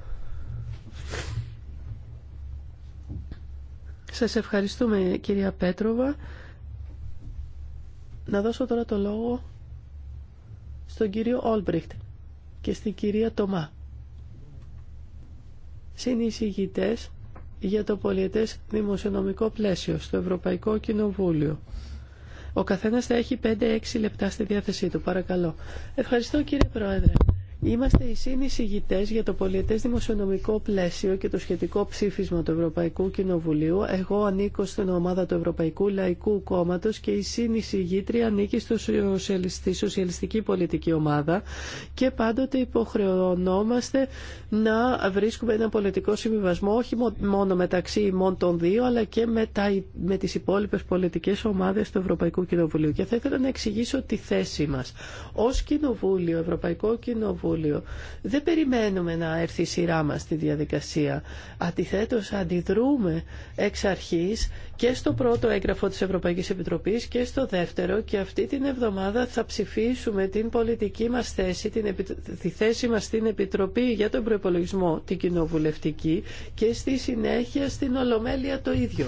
Σας ευχαριστούμε κυρία Πέτροβα. Να δώσω τώρα το λόγο στον κύριο Όλμπριχτ και στην κυρία Τομά. Συνεισηγητές για το πολιετές δημοσιονομικό πλαίσιο στο Ευρωπαϊκό Κοινοβούλιο. Ο καθένας θα έχει 5-6 λεπτά στη διάθεσή του. Παρακαλώ. Ευχαριστώ κύριε Πρόεδρε. Είμαστε οι συνεισηγητέ για το πολιτέ δημοσιονομικό πλαίσιο και το σχετικό ψήφισμα του Ευρωπαϊκού Κοινοβουλίου. Εγώ ανήκω στην ομάδα του Ευρωπαϊκού Λαϊκού Κόμματο και η συνεισηγήτρια ανήκει στο στη Σοσιαλιστική Πολιτική Ομάδα και πάντοτε υποχρεωνόμαστε να βρίσκουμε ένα πολιτικό συμβιβασμό όχι μόνο μεταξύ ημών των δύο αλλά και με, με τις υπόλοιπες πολιτικές ομάδες του Ευρωπαϊκού Κοινοβουλίου. Και θα ήθελα να εξηγήσω τη θέση μας. Ως Κοινοβούλιο, Ευρωπαϊκό Κοινοβούλιο, δεν περιμένουμε να έρθει η σειρά μας στη διαδικασία. Αντιθέτως αντιδρούμε εξ αρχής και στο πρώτο έγγραφο της Ευρωπαϊκής Επιτροπής και στο δεύτερο και αυτή την εβδομάδα θα ψηφίσουμε την πολιτική μας θέση, την, τη θέση μας στην Επιτροπή για τον Προπολογισμό, την Κοινοβουλευτική και στη συνέχεια στην Ολομέλεια το ίδιο.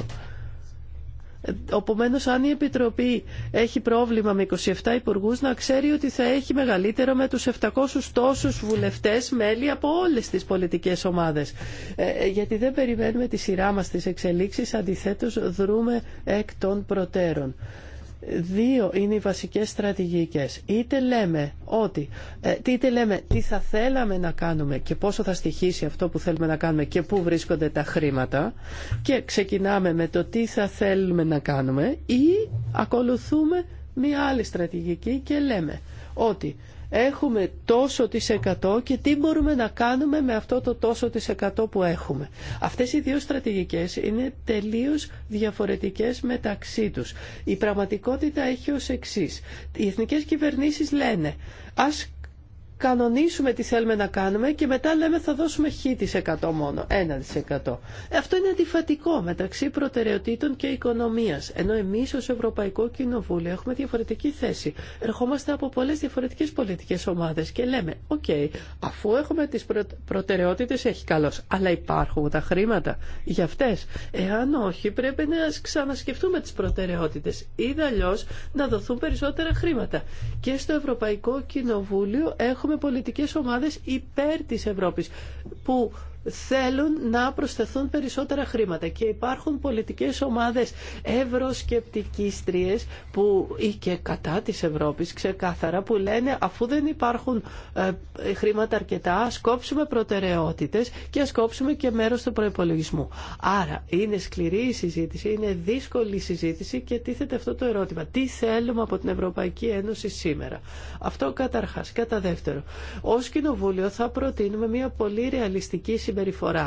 Οπομένως αν η Επιτροπή έχει πρόβλημα με 27 υπουργού να ξέρει ότι θα έχει μεγαλύτερο με τους 700 τόσους βουλευτές μέλη από όλες τις πολιτικές ομάδες. Ε, ε, γιατί δεν περιμένουμε τη σειρά μας τις εξελίξεις, αντιθέτως δρούμε εκ των προτέρων. Δύο είναι οι βασικές στρατηγικές. Είτε λέμε ότι, ε, είτε λέμε τι θα θέλαμε να κάνουμε και πόσο θα στοιχήσει αυτό που θέλουμε να κάνουμε και πού βρίσκονται τα χρήματα και ξεκινάμε με το τι θα θέλουμε να κάνουμε ή ακολουθούμε μία άλλη στρατηγική και λέμε ότι έχουμε τόσο τις εκατό και τι μπορούμε να κάνουμε με αυτό το τόσο τις εκατό που έχουμε. Αυτές οι δύο στρατηγικές είναι τελείως διαφορετικές μεταξύ τους. Η πραγματικότητα έχει ως εξής. Οι εθνικές κυβερνήσεις λένε ας κανονίσουμε τι θέλουμε να κάνουμε και μετά λέμε θα δώσουμε χ τη 100 μόνο, 1%. Αυτό είναι αντιφατικό μεταξύ προτεραιοτήτων και οικονομίας, ενώ εμείς ως Ευρωπαϊκό Κοινοβούλιο έχουμε διαφορετική θέση. Ερχόμαστε από πολλές διαφορετικές πολιτικές ομάδες και λέμε, οκ, αφού έχουμε τις προτεραιότητες έχει καλώς, αλλά υπάρχουν τα χρήματα για αυτές. Εάν όχι, πρέπει να ξανασκεφτούμε τις προτεραιότητες ή αλλιώ να δοθούν περισσότερα χρήματα. Και στο Ευρωπαϊκό Κοινοβούλιο έχουμε έχουμε πολιτικές ομάδες υπέρ της Ευρώπης που θέλουν να προσθεθούν περισσότερα χρήματα και υπάρχουν πολιτικές ομάδες ευρωσκεπτικίστριες που ή και κατά της Ευρώπης ξεκάθαρα που λένε αφού δεν υπάρχουν ε, χρήματα αρκετά ας κόψουμε προτεραιότητες και ας κόψουμε και μέρος του προϋπολογισμού. Άρα είναι σκληρή η συζήτηση, είναι δύσκολη η συζήτηση και τίθεται αυτό το ερώτημα. Τι θέλουμε από την Ευρωπαϊκή Ένωση σήμερα. Αυτό καταρχάς. Κατά δεύτερο, ως Κοινοβούλιο θα προτείνουμε μια πολύ ρεαλιστική συμπεριφορά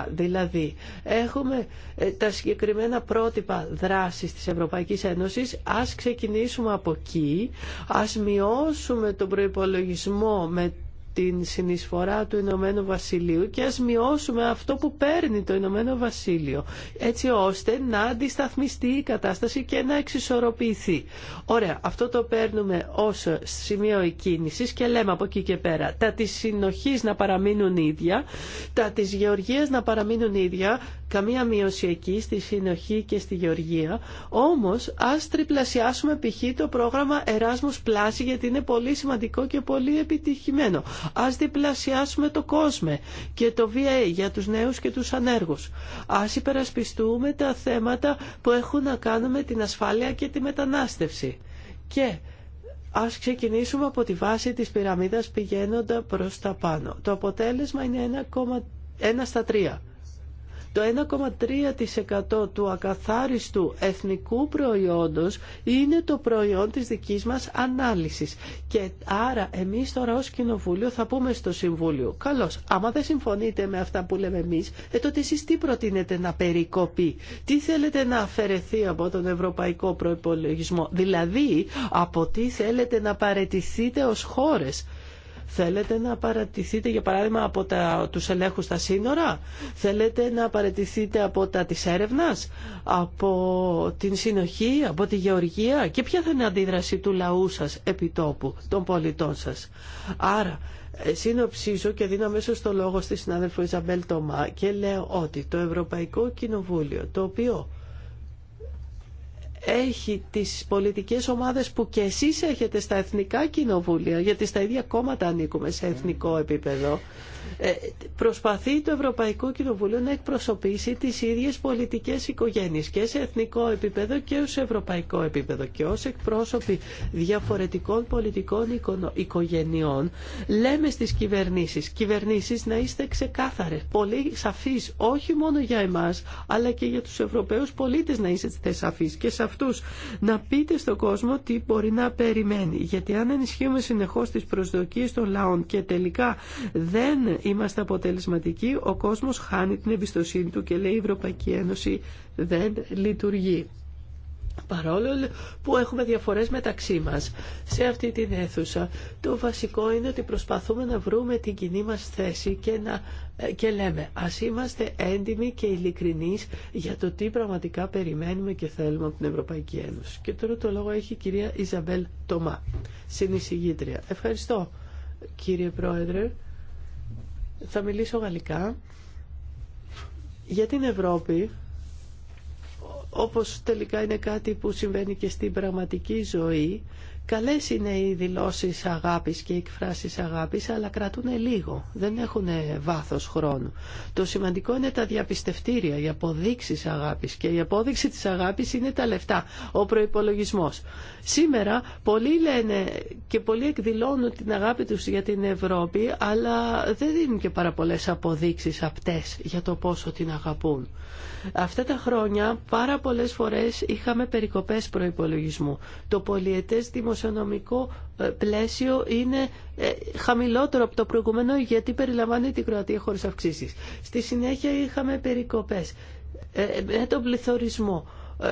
Δηλαδή, έχουμε ε, τα συγκεκριμένα πρότυπα δράσης της Ευρωπαϊκής Ένωσης. Ας ξεκινήσουμε από εκεί, ας μειώσουμε τον προϋπολογισμό με την συνεισφορά του Ηνωμένου Βασιλείου και ας μειώσουμε αυτό που παίρνει το Ηνωμένο Βασίλειο έτσι ώστε να αντισταθμιστεί η κατάσταση και να εξισορροπηθεί. Ωραία, αυτό το παίρνουμε ως σημείο εκκίνησης και λέμε από εκεί και πέρα τα της συνοχής να παραμείνουν ίδια, τα της γεωργίας να παραμείνουν ίδια, καμία μείωση εκεί στη συνοχή και στη γεωργία. Όμως ας τριπλασιάσουμε π.χ. το πρόγραμμα Erasmus Plus γιατί είναι πολύ σημαντικό και πολύ επιτυχημένο. Ας διπλασιάσουμε το COSME και το VA για τους νέους και τους ανέργους. Ας υπερασπιστούμε τα θέματα που έχουν να κάνουν με την ασφάλεια και τη μετανάστευση. Και Ας ξεκινήσουμε από τη βάση της πυραμίδας πηγαίνοντα προς τα πάνω. Το αποτέλεσμα είναι 1,1 στα 3. Το 1,3% του ακαθάριστου εθνικού προϊόντος είναι το προϊόν της δικής μας ανάλυσης. Και άρα εμείς τώρα ως Κοινοβούλιο θα πούμε στο Συμβούλιο «Καλώς, άμα δεν συμφωνείτε με αυτά που λέμε εμείς, ε, τότε εσείς τι προτείνετε να περικοπεί, τι θέλετε να αφαιρεθεί από τον ευρωπαϊκό προϋπολογισμό, δηλαδή από τι θέλετε να παρετηθείτε ως χώρες». Θέλετε να παρατηθείτε για παράδειγμα από τα, τους ελέγχους στα σύνορα. Θέλετε να παρατηθείτε από τα της έρευνας, από την συνοχή, από τη γεωργία και ποια θα είναι η αντίδραση του λαού σας τόπου, των πολιτών σας. Άρα ε, συνοψίζω και δίνω αμέσως το λόγο στη συνάδελφο Ιζαμπέλ Τομά και λέω ότι το Ευρωπαϊκό Κοινοβούλιο, το οποίο έχει τις πολιτικές ομάδες που και εσείς έχετε στα εθνικά κοινοβούλια, γιατί στα ίδια κόμματα ανήκουμε σε εθνικό επίπεδο. Ε, προσπαθεί το Ευρωπαϊκό Κοινοβούλιο να εκπροσωπήσει τις ίδιες πολιτικές οικογένειες και σε εθνικό επίπεδο και σε ευρωπαϊκό επίπεδο και ως εκπρόσωποι διαφορετικών πολιτικών οικογενειών λέμε στις κυβερνήσεις κυβερνήσεις να είστε ξεκάθαρε, πολύ σαφείς όχι μόνο για εμάς αλλά και για τους Ευρωπαίους πολίτες να είστε σαφείς και σε αυτούς να πείτε στον κόσμο τι μπορεί να περιμένει γιατί αν ενισχύουμε συνεχώς τις προσδοκίες των λαών και τελικά δεν είμαστε αποτελεσματικοί, ο κόσμος χάνει την εμπιστοσύνη του και λέει η Ευρωπαϊκή Ένωση δεν λειτουργεί. Παρόλο που έχουμε διαφορές μεταξύ μας σε αυτή την αίθουσα, το βασικό είναι ότι προσπαθούμε να βρούμε την κοινή μας θέση και, να, ε, και λέμε ας είμαστε έντιμοι και ειλικρινεί για το τι πραγματικά περιμένουμε και θέλουμε από την Ευρωπαϊκή Ένωση. Και τώρα το λόγο έχει η κυρία Ιζαμπέλ Τομά, συνεισηγήτρια. Ευχαριστώ κύριε Πρόεδρε. Θα μιλήσω γαλλικά. Για την Ευρώπη, όπως τελικά είναι κάτι που συμβαίνει και στην πραγματική ζωή, Καλές είναι οι δηλώσεις αγάπης και οι εκφράσεις αγάπης, αλλά κρατούν λίγο, δεν έχουν βάθος χρόνου. Το σημαντικό είναι τα διαπιστευτήρια, οι αποδείξεις αγάπης και η απόδειξη της αγάπης είναι τα λεφτά, ο προϋπολογισμός. Σήμερα πολλοί λένε και πολλοί εκδηλώνουν την αγάπη τους για την Ευρώπη, αλλά δεν δίνουν και πάρα πολλές αποδείξεις απτές για το πόσο την αγαπούν. Αυτά τα χρόνια πάρα πολλές φορές είχαμε περικοπές προϋπολογισμού. Το πολιετές δημοσιονομικό ε, πλαίσιο είναι ε, χαμηλότερο από το προηγούμενο γιατί περιλαμβάνει την Κροατία χωρίς αυξήσεις. Στη συνέχεια είχαμε περικοπές ε, με τον πληθωρισμό.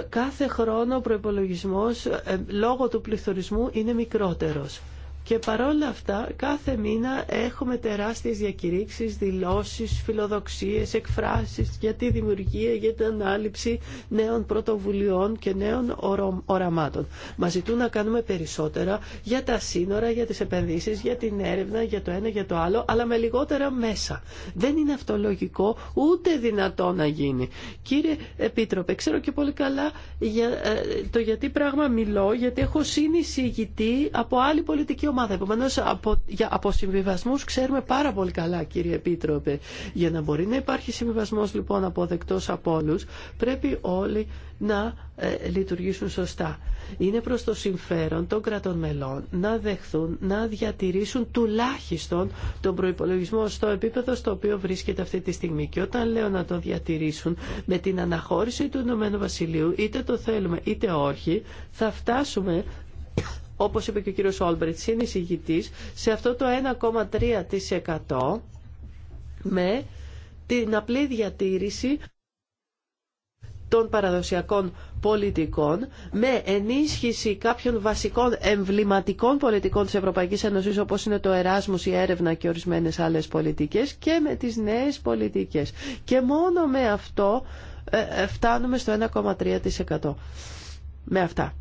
Κάθε χρόνο ο προϋπολογισμός λόγω του πληθωρισμού είναι μικρότερος. Και παρόλα αυτά κάθε μήνα έχουμε τεράστιες διακηρύξεις, δηλώσεις, φιλοδοξίες, εκφράσεις για τη δημιουργία, για την ανάληψη νέων πρωτοβουλειών και νέων οραμάτων. Μα ζητούν να κάνουμε περισσότερα για τα σύνορα, για τις επενδύσεις, για την έρευνα, για το ένα, για το άλλο, αλλά με λιγότερα μέσα. Δεν είναι αυτό λογικό, ούτε δυνατό να γίνει. Κύριε Επίτροπε, ξέρω και πολύ καλά ε, το γιατί πράγμα μιλώ, γιατί έχω ηγητή από άλλη πολιτική ομάδα ομάδα. Επομένω, από, για, από συμβιβασμού ξέρουμε πάρα πολύ καλά, κύριε Επίτροπε. Για να μπορεί να υπάρχει συμβιβασμό λοιπόν αποδεκτό από όλου, πρέπει όλοι να ε, λειτουργήσουν σωστά. Είναι προ το συμφέρον των κρατών μελών να δεχθούν, να διατηρήσουν τουλάχιστον τον προπολογισμό στο επίπεδο στο οποίο βρίσκεται αυτή τη στιγμή. Και όταν λέω να τον διατηρήσουν, με την αναχώρηση του Ηνωμένου Βασιλείου, είτε το θέλουμε είτε όχι, θα φτάσουμε όπως είπε και ο κύριος Όλμπριτς, είναι εισηγητής σε αυτό το 1,3% με την απλή διατήρηση των παραδοσιακών πολιτικών με ενίσχυση κάποιων βασικών εμβληματικών πολιτικών της Ευρωπαϊκής Ένωσης όπως είναι το Εράσμος, η έρευνα και ορισμένες άλλες πολιτικές και με τις νέες πολιτικές. Και μόνο με αυτό ε, ε, φτάνουμε στο 1,3%. Με αυτά.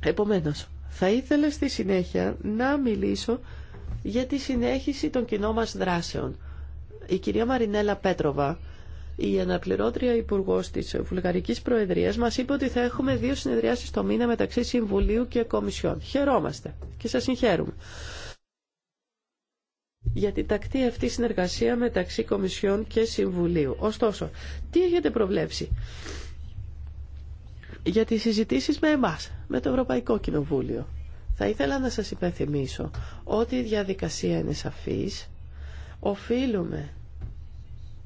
Επομένως, θα ήθελα στη συνέχεια να μιλήσω για τη συνέχιση των κοινών μας δράσεων. Η κυρία Μαρινέλα Πέτροβα, η αναπληρώτρια υπουργό τη Βουλγαρική Προεδρία, μα είπε ότι θα έχουμε δύο συνεδριάσει το μήνα μεταξύ Συμβουλίου και Κομισιόν. Χαιρόμαστε και σα συγχαίρουμε. Για την τακτή αυτή συνεργασία μεταξύ Κομισιόν και Συμβουλίου. Ωστόσο, τι έχετε προβλέψει για τις συζητήσεις με εμάς, με το Ευρωπαϊκό Κοινοβούλιο. Θα ήθελα να σας υπενθυμίσω ότι η διαδικασία είναι σαφής. Οφείλουμε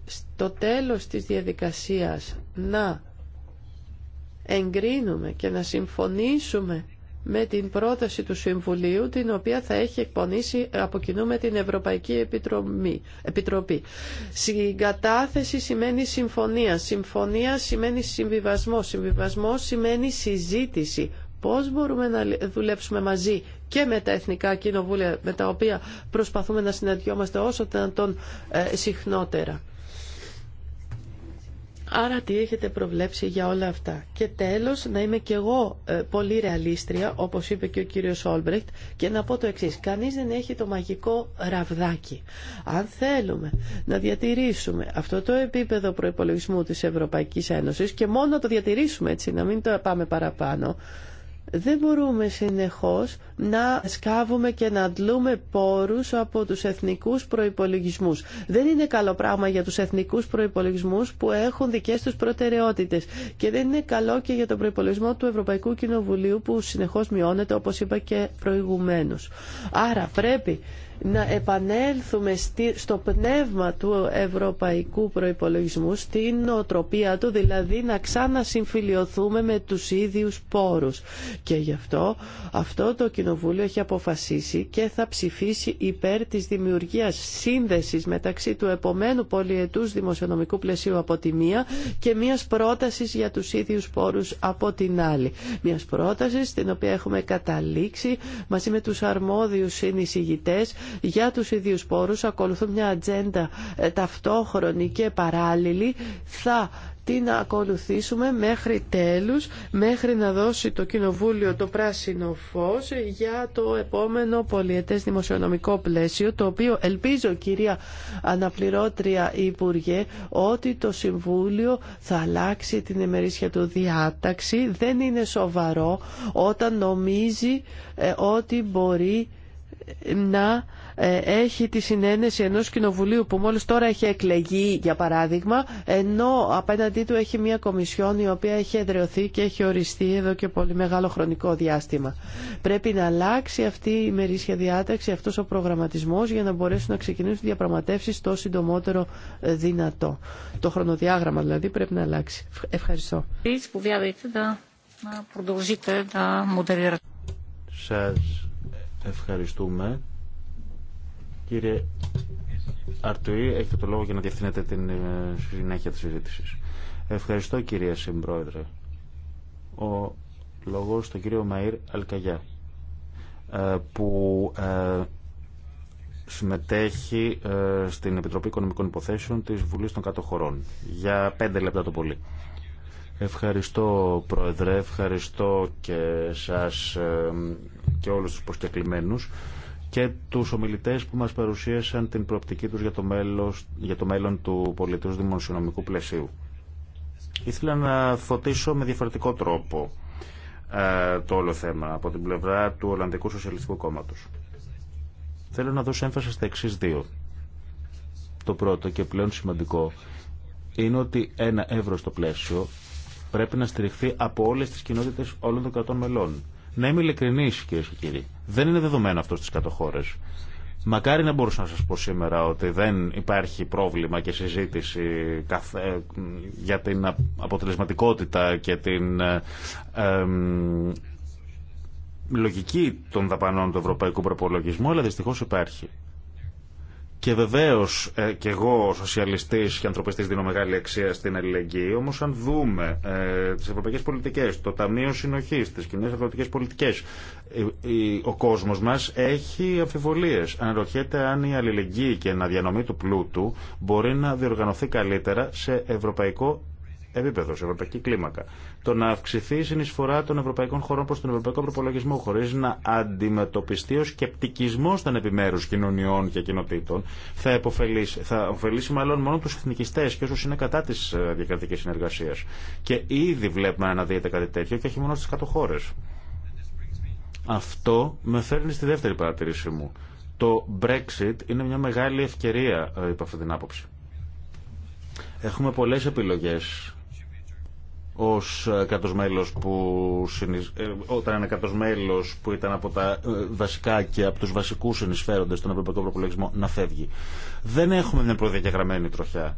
στο τέλος της διαδικασίας να εγκρίνουμε και να συμφωνήσουμε με την πρόταση του Συμβουλίου την οποία θα έχει εκπονήσει από κοινού με την Ευρωπαϊκή Επιτροπή. Συγκατάθεση σημαίνει συμφωνία. Συμφωνία σημαίνει συμβιβασμό. Συμβιβασμό σημαίνει συζήτηση. Πώς μπορούμε να δουλέψουμε μαζί και με τα εθνικά κοινοβούλια με τα οποία προσπαθούμε να συναντιόμαστε όσο τον ε, συχνότερα. Άρα τι έχετε προβλέψει για όλα αυτά. Και τέλος να είμαι και εγώ ε, πολύ ρεαλίστρια όπως είπε και ο κύριος Όλμπρεχτ και να πω το εξής. Κανείς δεν έχει το μαγικό ραβδάκι. Αν θέλουμε να διατηρήσουμε αυτό το επίπεδο προϋπολογισμού της Ευρωπαϊκής Ένωσης και μόνο να το διατηρήσουμε έτσι να μην το πάμε παραπάνω δεν μπορούμε συνεχώς να σκάβουμε και να αντλούμε πόρους από τους εθνικούς προϋπολογισμούς. Δεν είναι καλό πράγμα για τους εθνικούς προϋπολογισμούς που έχουν δικές τους προτεραιότητες και δεν είναι καλό και για τον προϋπολογισμό του Ευρωπαϊκού Κοινοβουλίου που συνεχώς μειώνεται όπως είπα και προηγουμένως. Άρα πρέπει να επανέλθουμε στο πνεύμα του ευρωπαϊκού προϋπολογισμού, στην νοοτροπία του, δηλαδή να ξανασυμφιλειωθούμε με τους ίδιους πόρους. Και γι' αυτό αυτό το Κοινοβούλιο έχει αποφασίσει και θα ψηφίσει υπέρ της δημιουργίας σύνδεσης μεταξύ του επομένου πολιετούς δημοσιονομικού πλαισίου από τη μία και μιας πρότασης για τους ίδιους πόρους από την άλλη. Μιας πρότασης στην οποία έχουμε καταλήξει μαζί με τους αρμόδιους συνεισηγητές για τους ιδίους πόρους ακολουθούν μια ατζέντα ε, ταυτόχρονη και παράλληλη θα την ακολουθήσουμε μέχρι τέλους, μέχρι να δώσει το Κοινοβούλιο το πράσινο φως για το επόμενο πολιετές δημοσιονομικό πλαίσιο, το οποίο ελπίζω κυρία Αναπληρώτρια Υπουργέ ότι το Συμβούλιο θα αλλάξει την ημερησία του διάταξη. Δεν είναι σοβαρό όταν νομίζει ε, ότι μπορεί να ε, έχει τη συνένεση ενός κοινοβουλίου που μόλις τώρα έχει εκλεγεί για παράδειγμα ενώ απέναντί του έχει μια κομισιόν η οποία έχει εδρεωθεί και έχει οριστεί εδώ και πολύ μεγάλο χρονικό διάστημα. Πρέπει να αλλάξει αυτή η μερίσια διάταξη, αυτός ο προγραμματισμός για να μπορέσουν να ξεκινήσουν διαπραγματεύσεις το συντομότερο ε, δυνατό. Το χρονοδιάγραμμα δηλαδή πρέπει να αλλάξει. Ευχαριστώ. Σας ευχαριστούμε. Κύριε Αρτουή, έχετε το λόγο για να διευθύνετε την ε, συνέχεια της συζήτησης. Ευχαριστώ κυρία Συμπρόεδρε. Ο λόγος στον κύριο Μαΐρ Αλκαγιά ε, που ε, συμμετέχει στην Επιτροπή Οικονομικών Υποθέσεων της Βουλής των Κατοχωρών. για πέντε λεπτά το πολύ. Ευχαριστώ Πρόεδρε, ευχαριστώ και σας και όλους τους προσκεκλημένους και τους ομιλητές που μας παρουσίασαν την προοπτική τους για το, για το μέλλον του πολιτικού δημοσιονομικού πλαισίου. Ήθελα να φωτίσω με διαφορετικό τρόπο ε, το όλο θέμα από την πλευρά του Ολλανδικού Σοσιαλιστικού κόμματο. Θέλω να δώσω έμφαση στα εξή δύο. Το πρώτο και πλέον σημαντικό είναι ότι ένα ευρώ στο πλαίσιο πρέπει να στηριχθεί από όλες τις κοινότητες όλων των κρατών μελών. Να είμαι ειλικρινή, κυρίε και κύριοι. Δεν είναι δεδομένο αυτό στι κατοχώρε. Μακάρι να μπορούσα να σας πω σήμερα ότι δεν υπάρχει πρόβλημα και συζήτηση ε, για την αποτελεσματικότητα και την ε, λογική των δαπανών του ευρωπαϊκού προπολογισμού, αλλά δυστυχώ υπάρχει. Και βεβαίω ε, και εγώ, σοσιαλιστή και ανθρωπιστή, δίνω μεγάλη αξία στην αλληλεγγύη. Όμω, αν δούμε ε, τι ευρωπαϊκέ πολιτικέ, το Ταμείο Συνοχή, τι κοινέ ευρωπαϊκέ πολιτικέ, ο κόσμο μα έχει αμφιβολίε. Αναρωτιέται αν η αλληλεγγύη και η αναδιανομή του πλούτου μπορεί να διοργανωθεί καλύτερα σε ευρωπαϊκό επίπεδο, σε ευρωπαϊκή κλίμακα. Το να αυξηθεί η συνεισφορά των ευρωπαϊκών χωρών προ τον ευρωπαϊκό προπολογισμό χωρί να αντιμετωπιστεί ο σκεπτικισμό των επιμέρου κοινωνιών και κοινοτήτων θα, θα ωφελήσει μάλλον μόνο του εθνικιστέ και όσου είναι κατά τη ε, διακρατική συνεργασία. Και ήδη βλέπουμε να αναδύεται κάτι τέτοιο και όχι μόνο στι κάτω χώρε. Αυτό με φέρνει στη δεύτερη παρατηρήση μου. Το Brexit είναι μια μεγάλη ευκαιρία ε, υπό αυτή την άποψη. Έχουμε πολλές επιλογές ως ε, μέλος που, ε, όταν ένα κράτος μέλος που ήταν από τα ε, βασικά και από τους βασικούς συνεισφέροντες στον ευρωπαϊκό προπολογισμό να φεύγει. Δεν έχουμε μια προδιαγεγραμμένη τροχιά.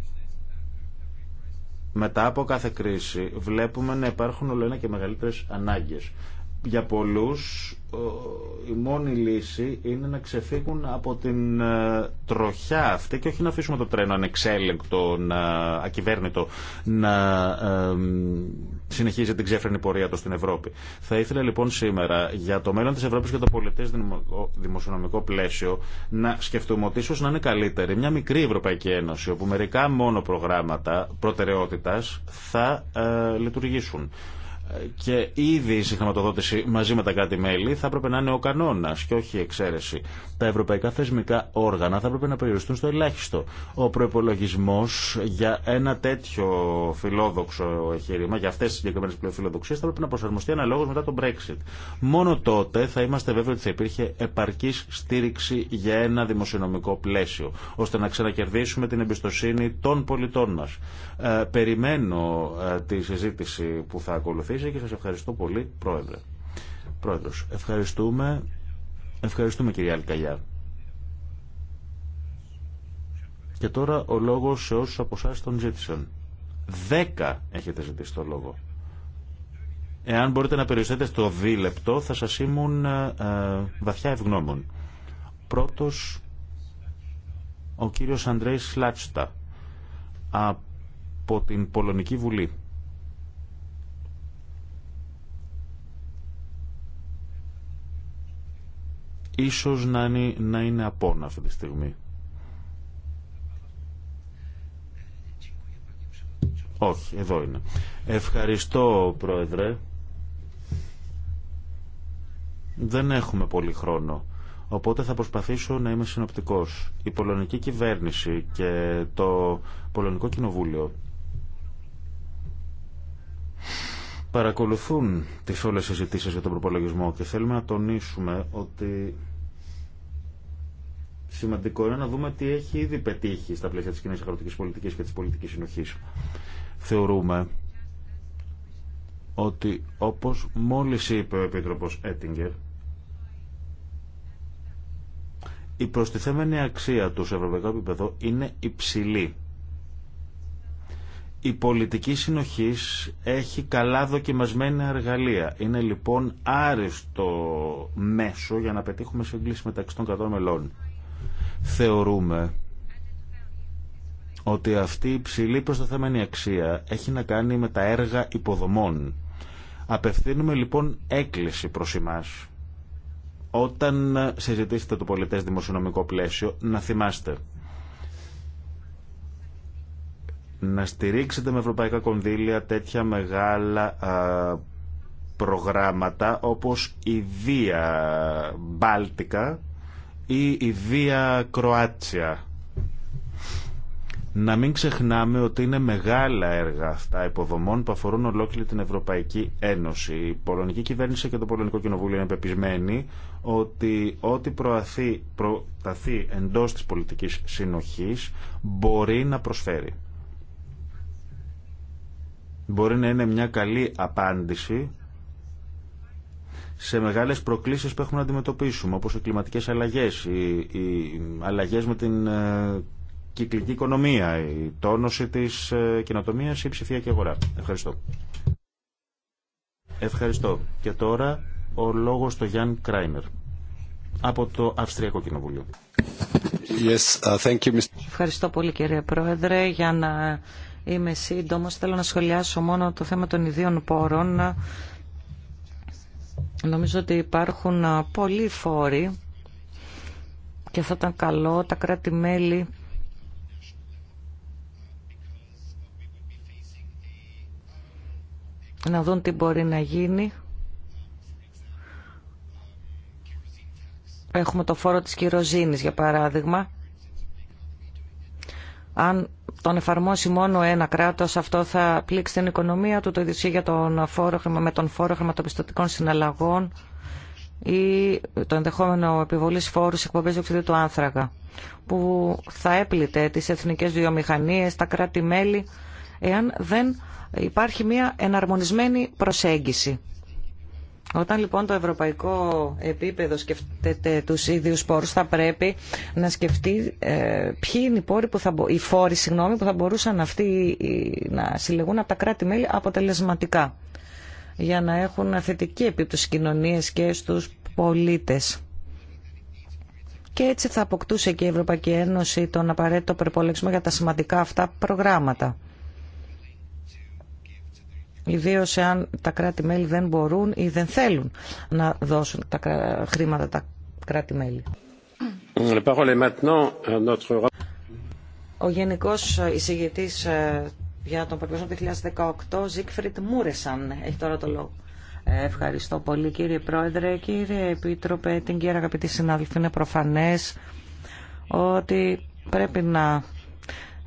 Μετά από κάθε κρίση βλέπουμε να υπάρχουν όλο ένα και μεγαλύτερες ανάγκες για πολλούς η μόνη λύση είναι να ξεφύγουν από την ε, τροχιά αυτή και όχι να αφήσουμε το τρένο ανεξέλεγκτο, να, ακυβέρνητο, να συνεχίζει την ξέφρενη πορεία του στην Ευρώπη. Θα ήθελα λοιπόν σήμερα για το μέλλον της Ευρώπης και το πολιτές δημοσιονομικό πλαίσιο να σκεφτούμε ότι ίσως να είναι καλύτερη μια μικρή Ευρωπαϊκή Ένωση όπου μερικά μόνο προγράμματα προτεραιότητας θα ε, λειτουργήσουν και ήδη η συγχρηματοδότηση μαζί με τα κράτη-μέλη θα έπρεπε να είναι ο κανόνα και όχι η εξαίρεση. Τα ευρωπαϊκά θεσμικά όργανα θα έπρεπε να περιοριστούν στο ελάχιστο. Ο προπολογισμό για ένα τέτοιο φιλόδοξο εγχείρημα, για αυτέ τι συγκεκριμένε φιλοδοξίε, θα έπρεπε να προσαρμοστεί αναλόγω μετά τον Brexit. Μόνο τότε θα είμαστε βέβαιοι ότι θα υπήρχε επαρκή στήριξη για ένα δημοσιονομικό πλαίσιο, ώστε να ξανακερδίσουμε την εμπιστοσύνη των πολιτών μα. Ε, περιμένω ε, τη συζήτηση που θα ακολουθήσει και σας ευχαριστώ πολύ, Πρόεδρε. Πρόεδρος, ευχαριστούμε. Ευχαριστούμε, κυρία Αλκαλιά. Και τώρα ο λόγος σε όσους από εσάς τον ζήτησαν. Δέκα έχετε ζητήσει το λόγο. Εάν μπορείτε να περιοριστείτε στο δίλεπτο, θα σας ήμουν ε, ε, βαθιά ευγνώμων. Πρώτος, ο κύριος Αντρέης Σλάτστα από την Πολωνική Βουλή. ίσως να είναι, να απόν αυτή τη στιγμή. Όχι, εδώ είναι. Ευχαριστώ, Πρόεδρε. Δεν έχουμε πολύ χρόνο, οπότε θα προσπαθήσω να είμαι συνοπτικός. Η πολωνική κυβέρνηση και το πολωνικό κοινοβούλιο παρακολουθούν τις όλες συζητήσεις για τον προπολογισμό και θέλουμε να τονίσουμε ότι σημαντικό είναι να δούμε τι έχει ήδη πετύχει στα πλαίσια της κοινή αγροτικής πολιτικής και της πολιτικής συνοχής. Θεωρούμε ότι όπως μόλις είπε ο Επίτροπος Έτιγκερ, η προστιθέμενη αξία του σε ευρωπαϊκό επίπεδο είναι υψηλή. Η πολιτική συνοχής έχει καλά δοκιμασμένα εργαλεία. Είναι λοιπόν άριστο μέσο για να πετύχουμε σύγκληση μεταξύ των κρατών μελών. Θεωρούμε ότι αυτή η ψηλή προσταθέμενη αξία έχει να κάνει με τα έργα υποδομών. Απευθύνουμε λοιπόν έκκληση προς εμάς. Όταν συζητήσετε το πολιτές δημοσιονομικό πλαίσιο, να θυμάστε να στηρίξετε με ευρωπαϊκά κονδύλια τέτοια μεγάλα προγράμματα όπως η Δία Μπάλτικα ή η Βία Κροάτσια. Να μην ξεχνάμε ότι είναι μεγάλα έργα αυτά υποδομών που αφορούν ολόκληρη την Ευρωπαϊκή Ένωση. Η πολωνική κυβέρνηση και το πολωνικό κοινοβούλιο είναι πεπισμένοι ότι ό,τι προαθεί, προταθεί εντός της πολιτικής συνοχής μπορεί να προσφέρει. Μπορεί να είναι μια καλή απάντηση σε μεγάλες προκλήσεις που έχουμε να αντιμετωπίσουμε, όπως οι κλιματικές αλλαγές, οι, οι αλλαγές με την ε, κυκλική οικονομία, η τόνωση της ε, κοινοτομίας, η ψηφιακή αγορά. Ευχαριστώ. Ευχαριστώ. Και τώρα ο λόγος του Γιάνν Κράινερ από το Αυστριακό Κοινοβούλιο. Yes, uh, thank you, Mr. Ευχαριστώ πολύ κύριε Πρόεδρε για να είμαι σύντομος. Θέλω να σχολιάσω μόνο το θέμα των ιδίων πόρων Νομίζω ότι υπάρχουν πολλοί φόροι και θα ήταν καλό τα κράτη-μέλη να δουν τι μπορεί να γίνει. Έχουμε το φόρο της κυροζήνης, για παράδειγμα, αν τον εφαρμόσει μόνο ένα κράτος, αυτό θα πλήξει την οικονομία του, το ίδιο για τον φόρο, με τον φόρο χρηματοπιστωτικών συναλλαγών ή το ενδεχόμενο επιβολής φόρου σε εκπομπές του άνθρακα, που θα έπλητε τις εθνικές βιομηχανίε, τα κράτη-μέλη, εάν δεν υπάρχει μια εναρμονισμένη προσέγγιση. Όταν λοιπόν το ευρωπαϊκό επίπεδο σκεφτείτε τους ίδιους πόρους θα πρέπει να σκεφτεί ε, ποιοι είναι οι, που θα, φόροι που θα μπορούσαν αυτοί να συλλεγούν από τα κράτη-μέλη αποτελεσματικά για να έχουν θετική επίπτωση κοινωνίες και στους πολίτες. Και έτσι θα αποκτούσε και η Ευρωπαϊκή Ένωση τον απαραίτητο προπολογισμό για τα σημαντικά αυτά προγράμματα. Ιδίω εάν τα κράτη-μέλη δεν μπορούν ή δεν θέλουν να δώσουν τα χρήματα τα κράτη-μέλη. Ο Γενικό Εισηγητή ε, για τον Παγκόσμιο 2018, Ζίκφριτ Μούρεσαν, έχει τώρα το λόγο. Ε, ευχαριστώ πολύ κύριε Πρόεδρε, κύριε Επίτροπε, την κύριε αγαπητή συνάδελφη, είναι προφανές ότι πρέπει να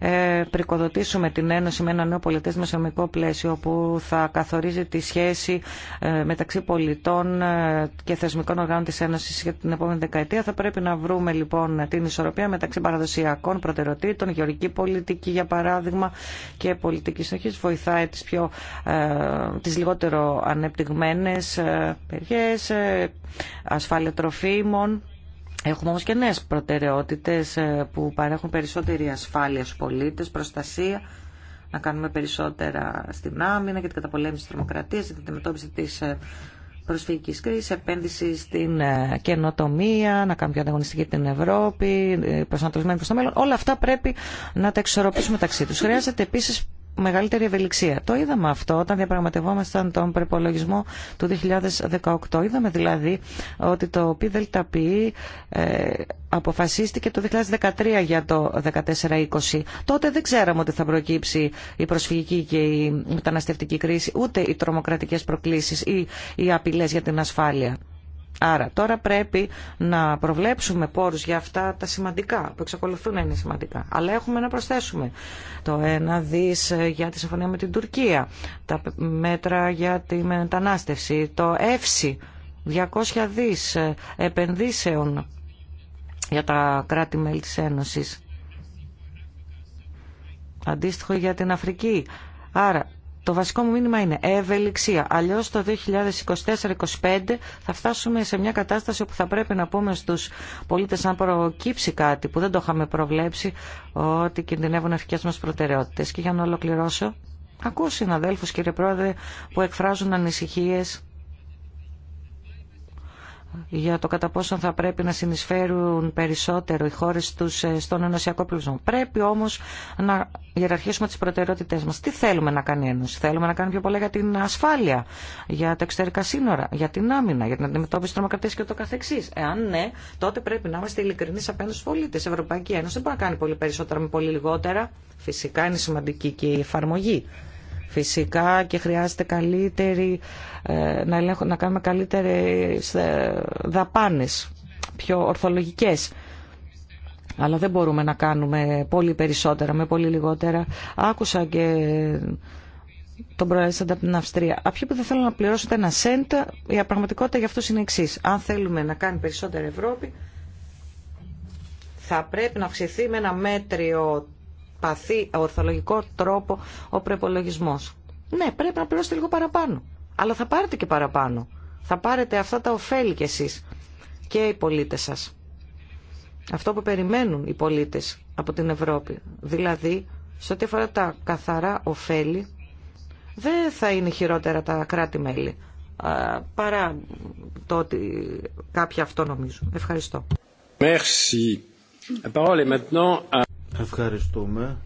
ε, πρικοδοτήσουμε την Ένωση με ένα νέο πολιτές πλαίσιο που θα καθορίζει τη σχέση ε, μεταξύ πολιτών ε, και θεσμικών οργάνων της Ένωσης για την επόμενη δεκαετία. Θα πρέπει να βρούμε λοιπόν την ισορροπία μεταξύ παραδοσιακών προτεραιοτήτων, γεωργική πολιτική για παράδειγμα και πολιτική συνοχή. βοηθάει τις, πιο, ε, τις λιγότερο ανεπτυγμένες περιοχές, ασφάλεια τροφίμων Έχουμε όμως και νέες προτεραιότητες ε, που παρέχουν περισσότερη ασφάλεια στους πολίτες, προστασία, να κάνουμε περισσότερα στην άμυνα και την καταπολέμηση της τρομοκρατίας, την αντιμετώπιση της ε, προσφυγικής κρίσης, επένδυση στην ε, καινοτομία, να κάνουμε πιο ανταγωνιστική την Ευρώπη, προσανατολισμένη προς το μέλλον. Όλα αυτά πρέπει να τα εξορροπήσουμε μεταξύ τους. Χρειάζεται επίσης μεγαλύτερη ευελιξία. Το είδαμε αυτό όταν διαπραγματευόμασταν τον προπολογισμό του 2018. Είδαμε δηλαδή ότι το ΠΔΠ ε, αποφασίστηκε το 2013 για το 14-20. Τότε δεν ξέραμε ότι θα προκύψει η προσφυγική και η μεταναστευτική κρίση, ούτε οι τρομοκρατικές προκλήσεις ή οι απειλές για την ασφάλεια. Άρα τώρα πρέπει να προβλέψουμε πόρους για αυτά τα σημαντικά, που εξακολουθούν να είναι σημαντικά. Αλλά έχουμε να προσθέσουμε το ένα δις για τη συμφωνία με την Τουρκία, τα μέτρα για τη μετανάστευση, το ΕΦΣΙ, 200 δις επενδύσεων για τα κράτη-μέλη της Ένωσης. Αντίστοιχο για την Αφρική. Άρα το βασικό μου μήνυμα είναι ευελιξία. Αλλιώ το 2024-2025 θα φτάσουμε σε μια κατάσταση όπου θα πρέπει να πούμε στου πολίτε, αν προκύψει κάτι που δεν το είχαμε προβλέψει, ότι κινδυνεύουν αρχικέ μα προτεραιότητε. Και για να ολοκληρώσω, ακούω συναδέλφου, κύριε Πρόεδρε, που εκφράζουν ανησυχίε για το κατά πόσο θα πρέπει να συνεισφέρουν περισσότερο οι χώρες τους ε, στον ενωσιακό πλουσμό. Πρέπει όμως να γεραρχήσουμε τις προτεραιότητές μας. Τι θέλουμε να κάνει η Ένωση. Θέλουμε να κάνει πιο πολλά για την ασφάλεια, για τα εξωτερικά σύνορα, για την άμυνα, για την αντιμετώπιση τρομοκρατίας και το καθεξής. Εάν ναι, τότε πρέπει να είμαστε ειλικρινείς απέναντι στους πολίτες. Η Ευρωπαϊκή Ένωση δεν μπορεί να κάνει πολύ περισσότερα με πολύ λιγότερα. Φυσικά είναι σημαντική και η εφαρμογή φυσικά και χρειάζεται καλύτερη, ε, να, να κάνουμε καλύτερες ε, δαπάνες, πιο ορθολογικές. Αλλά δεν μπορούμε να κάνουμε πολύ περισσότερα με πολύ λιγότερα. Άκουσα και τον προέρχεται από την Αυστρία. Αυτοί που δεν θέλουν να πληρώσουν ένα σέντ, η πραγματικότητα για αυτού είναι εξή. Αν θέλουμε να κάνει περισσότερη Ευρώπη, θα πρέπει να αυξηθεί με ένα μέτριο παθεί ορθολογικό τρόπο ο προπολογισμό. Ναι, πρέπει να πληρώσετε λίγο παραπάνω. Αλλά θα πάρετε και παραπάνω. Θα πάρετε αυτά τα ωφέλη κι εσείς και οι πολίτες σας. Αυτό που περιμένουν οι πολίτες από την Ευρώπη. Δηλαδή, σε ό,τι αφορά τα καθαρά ωφέλη, δεν θα είναι χειρότερα τα κράτη-μέλη παρά το ότι κάποιοι αυτό νομίζουν. Ευχαριστώ. Merci. La parole est maintenant à... Ευχαριστούμε.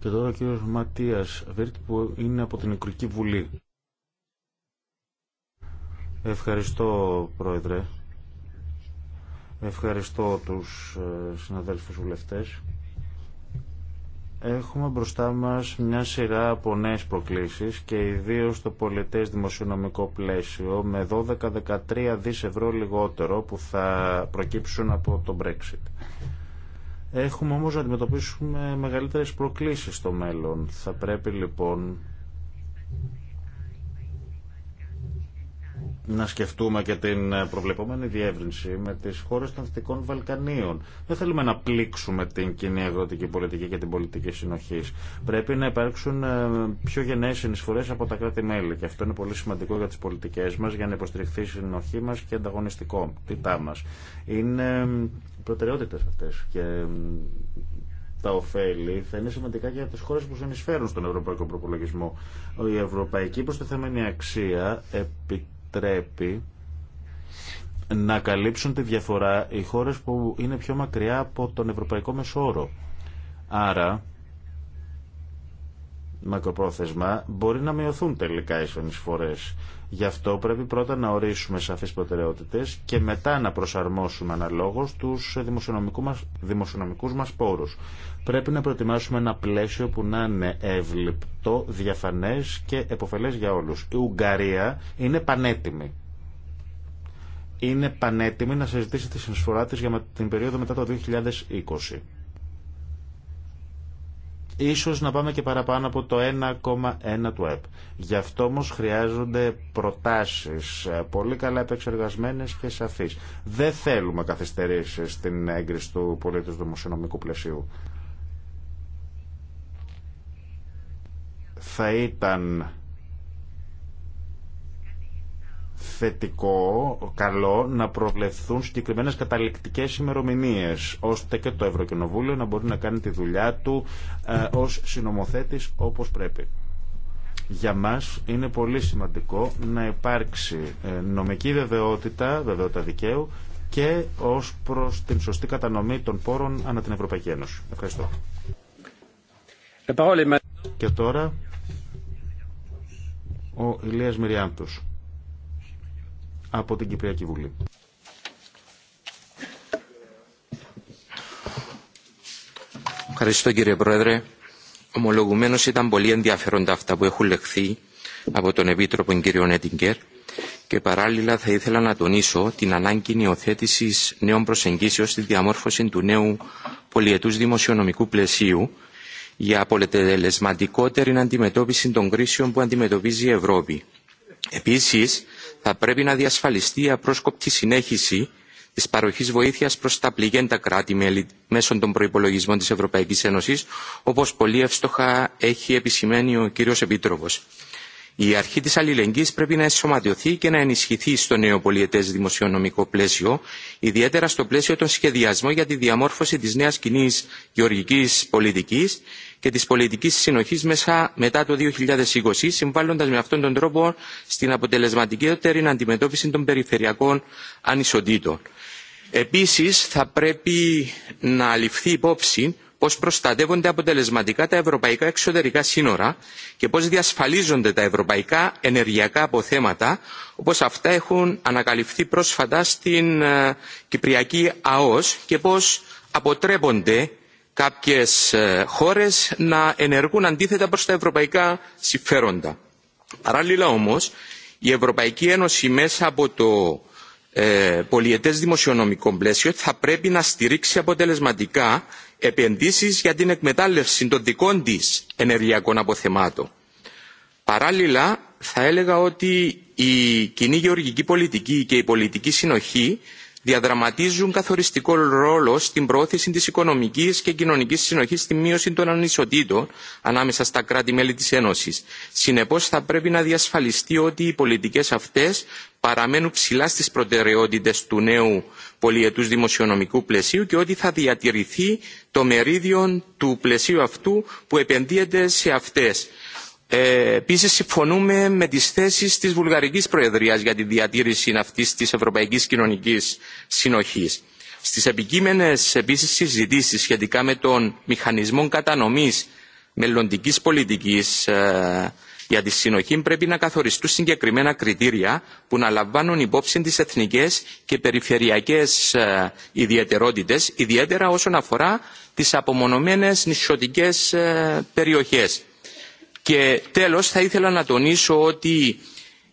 Και τώρα ο κύριος Ματίας Βίρτ που είναι από την Οικρική Βουλή. Ευχαριστώ Πρόεδρε. Ευχαριστώ τους ε, συναδέλφους βουλευτές. Έχουμε μπροστά μας μια σειρά από νέες προκλήσεις και ιδίως το πολιτές δημοσιονομικό πλαίσιο με 12-13 δις ευρώ λιγότερο που θα προκύψουν από το Brexit. Έχουμε όμως να αντιμετωπίσουμε μεγαλύτερες προκλήσεις στο μέλλον. Θα πρέπει λοιπόν να σκεφτούμε και την προβλεπόμενη διεύρυνση με τις χώρες των Δυτικών Βαλκανίων. Δεν θέλουμε να πλήξουμε την κοινή αγροτική πολιτική και την πολιτική συνοχή. Πρέπει να υπάρξουν ε, πιο γενναίες συνεισφορές από τα κράτη-μέλη και αυτό είναι πολύ σημαντικό για τις πολιτικές μας για να υποστηριχθεί η συνοχή μας και η ανταγωνιστικότητά μας. Είναι ε, προτεραιότητες αυτές και ε, τα ωφέλη θα είναι σημαντικά για τις χώρες που συνεισφέρουν στον ευρωπαϊκό προπολογισμό. Η ευρωπαϊκή προστιθέμενη αξία επικοινωνία επιτρέπει να καλύψουν τη διαφορά οι χώρες που είναι πιο μακριά από τον Ευρωπαϊκό Μεσόρο. Άρα, μακροπρόθεσμα, μπορεί να μειωθούν τελικά οι φορές Γι' αυτό πρέπει πρώτα να ορίσουμε σαφείς προτεραιότητες και μετά να προσαρμόσουμε αναλόγως τους δημοσιονομικού μας, δημοσιονομικούς μας πόρους. Πρέπει να προετοιμάσουμε ένα πλαίσιο που να είναι εύληπτο, διαφανές και εποφελές για όλους. Η Ουγγαρία είναι πανέτοιμη είναι πανέτοιμη να συζητήσει τη συνεισφορά της για την περίοδο μετά το 2020. Ίσως να πάμε και παραπάνω από το 1,1 του ΕΠ. Γι' αυτό όμω χρειάζονται προτάσεις ε, πολύ καλά επεξεργασμένες και σαφείς. Δεν θέλουμε καθυστερήσεις στην έγκριση του πολίτης δημοσιονομικού πλαισίου. Θα ήταν θετικό, καλό να προβλεφθούν συγκεκριμένε καταληκτικέ ημερομηνίε, ώστε και το Ευρωκοινοβούλιο να μπορεί να κάνει τη δουλειά του ε, ως συνομοθέτης όπως πρέπει. Για μας είναι πολύ σημαντικό να υπάρξει ε, νομική βεβαιότητα, βεβαιότητα δικαίου και ως προς την σωστή κατανομή των πόρων ανά την Ευρωπαϊκή Ένωση. Ευχαριστώ. Και τώρα ο Ηλίας Μυριάντος από την Κυπριακή Βουλή. Ευχαριστώ κύριε Πρόεδρε. Ομολογουμένως ήταν πολύ ενδιαφέροντα αυτά που έχουν λεχθεί από τον Επίτροπο κύριο Νέτιγκερ και παράλληλα θα ήθελα να τονίσω την ανάγκη υιοθέτηση νέων προσεγγίσεων στη διαμόρφωση του νέου πολιετούς δημοσιονομικού πλαισίου για απολετελεσματικότερη αντιμετώπιση των κρίσεων που αντιμετωπίζει η Ευρώπη. Επίσης, θα πρέπει να διασφαλιστεί η απρόσκοπτη συνέχιση της παροχής βοήθειας προς τα πληγέντα κράτη μέσω των προϋπολογισμών της Ευρωπαϊκής Ένωσης, όπως πολύ εύστοχα έχει επισημαίνει ο κύριος Επίτροπος. Η αρχή της αλληλεγγύης πρέπει να ενσωματωθεί και να ενισχυθεί στο νέο πολιετές δημοσιονομικό πλαίσιο, ιδιαίτερα στο πλαίσιο των σχεδιασμών για τη διαμόρφωση της νέας κοινή γεωργικής πολιτικής και της πολιτικής συνοχής μέσα μετά το 2020, συμβάλλοντας με αυτόν τον τρόπο στην αποτελεσματικότερη αντιμετώπιση των περιφερειακών ανισοτήτων. Επίσης, θα πρέπει να ληφθεί υπόψη πώ προστατεύονται αποτελεσματικά τα ευρωπαϊκά εξωτερικά σύνορα και πώ διασφαλίζονται τα ευρωπαϊκά ενεργειακά αποθέματα όπω αυτά έχουν ανακαλυφθεί πρόσφατα στην ε, κυπριακή αός και πώ αποτρέπονται κάποιε ε, χώρε να ενεργούν αντίθετα προ τα ευρωπαϊκά συμφέροντα. παράλληλα όμω η ευρωπαϊκή ένωση μέσα από το ε, πολιετές δημοσιονομικό πλαίσιο θα πρέπει να στηρίξει αποτελεσματικά επενδύσεις για την εκμετάλλευση των δικών της ενεργειακών αποθεμάτων. Παράλληλα, θα έλεγα ότι η κοινή γεωργική πολιτική και η πολιτική συνοχή διαδραματίζουν καθοριστικό ρόλο στην πρόθεση της οικονομικής και κοινωνικής συνοχής στη μείωση των ανισοτήτων ανάμεσα στα κράτη-μέλη της Ένωσης. Συνεπώς θα πρέπει να διασφαλιστεί ότι οι πολιτικές αυτές παραμένουν ψηλά στις προτεραιότητες του νέου πολιετούς δημοσιονομικού πλαισίου και ότι θα διατηρηθεί το μερίδιο του πλαισίου αυτού που επενδύεται σε αυτές. Ε, Επίση, συμφωνούμε με τις θέσεις της Βουλγαρικής Προεδρίας για τη διατήρηση αυτής της Ευρωπαϊκής Κοινωνικής Συνοχής. Στις επικείμενες επίσης συζητήσεις σχετικά με τον μηχανισμό κατανομής μελλοντικής πολιτικής ε, για τη συνοχή πρέπει να καθοριστούν συγκεκριμένα κριτήρια που να λαμβάνουν υπόψη τις εθνικές και περιφερειακές ε, ιδιαιτερότητες ιδιαίτερα όσον αφορά τις απομονωμένες νησιωτικές ε, περιοχές. και τέλος θα ήθελα να τονίσω ότι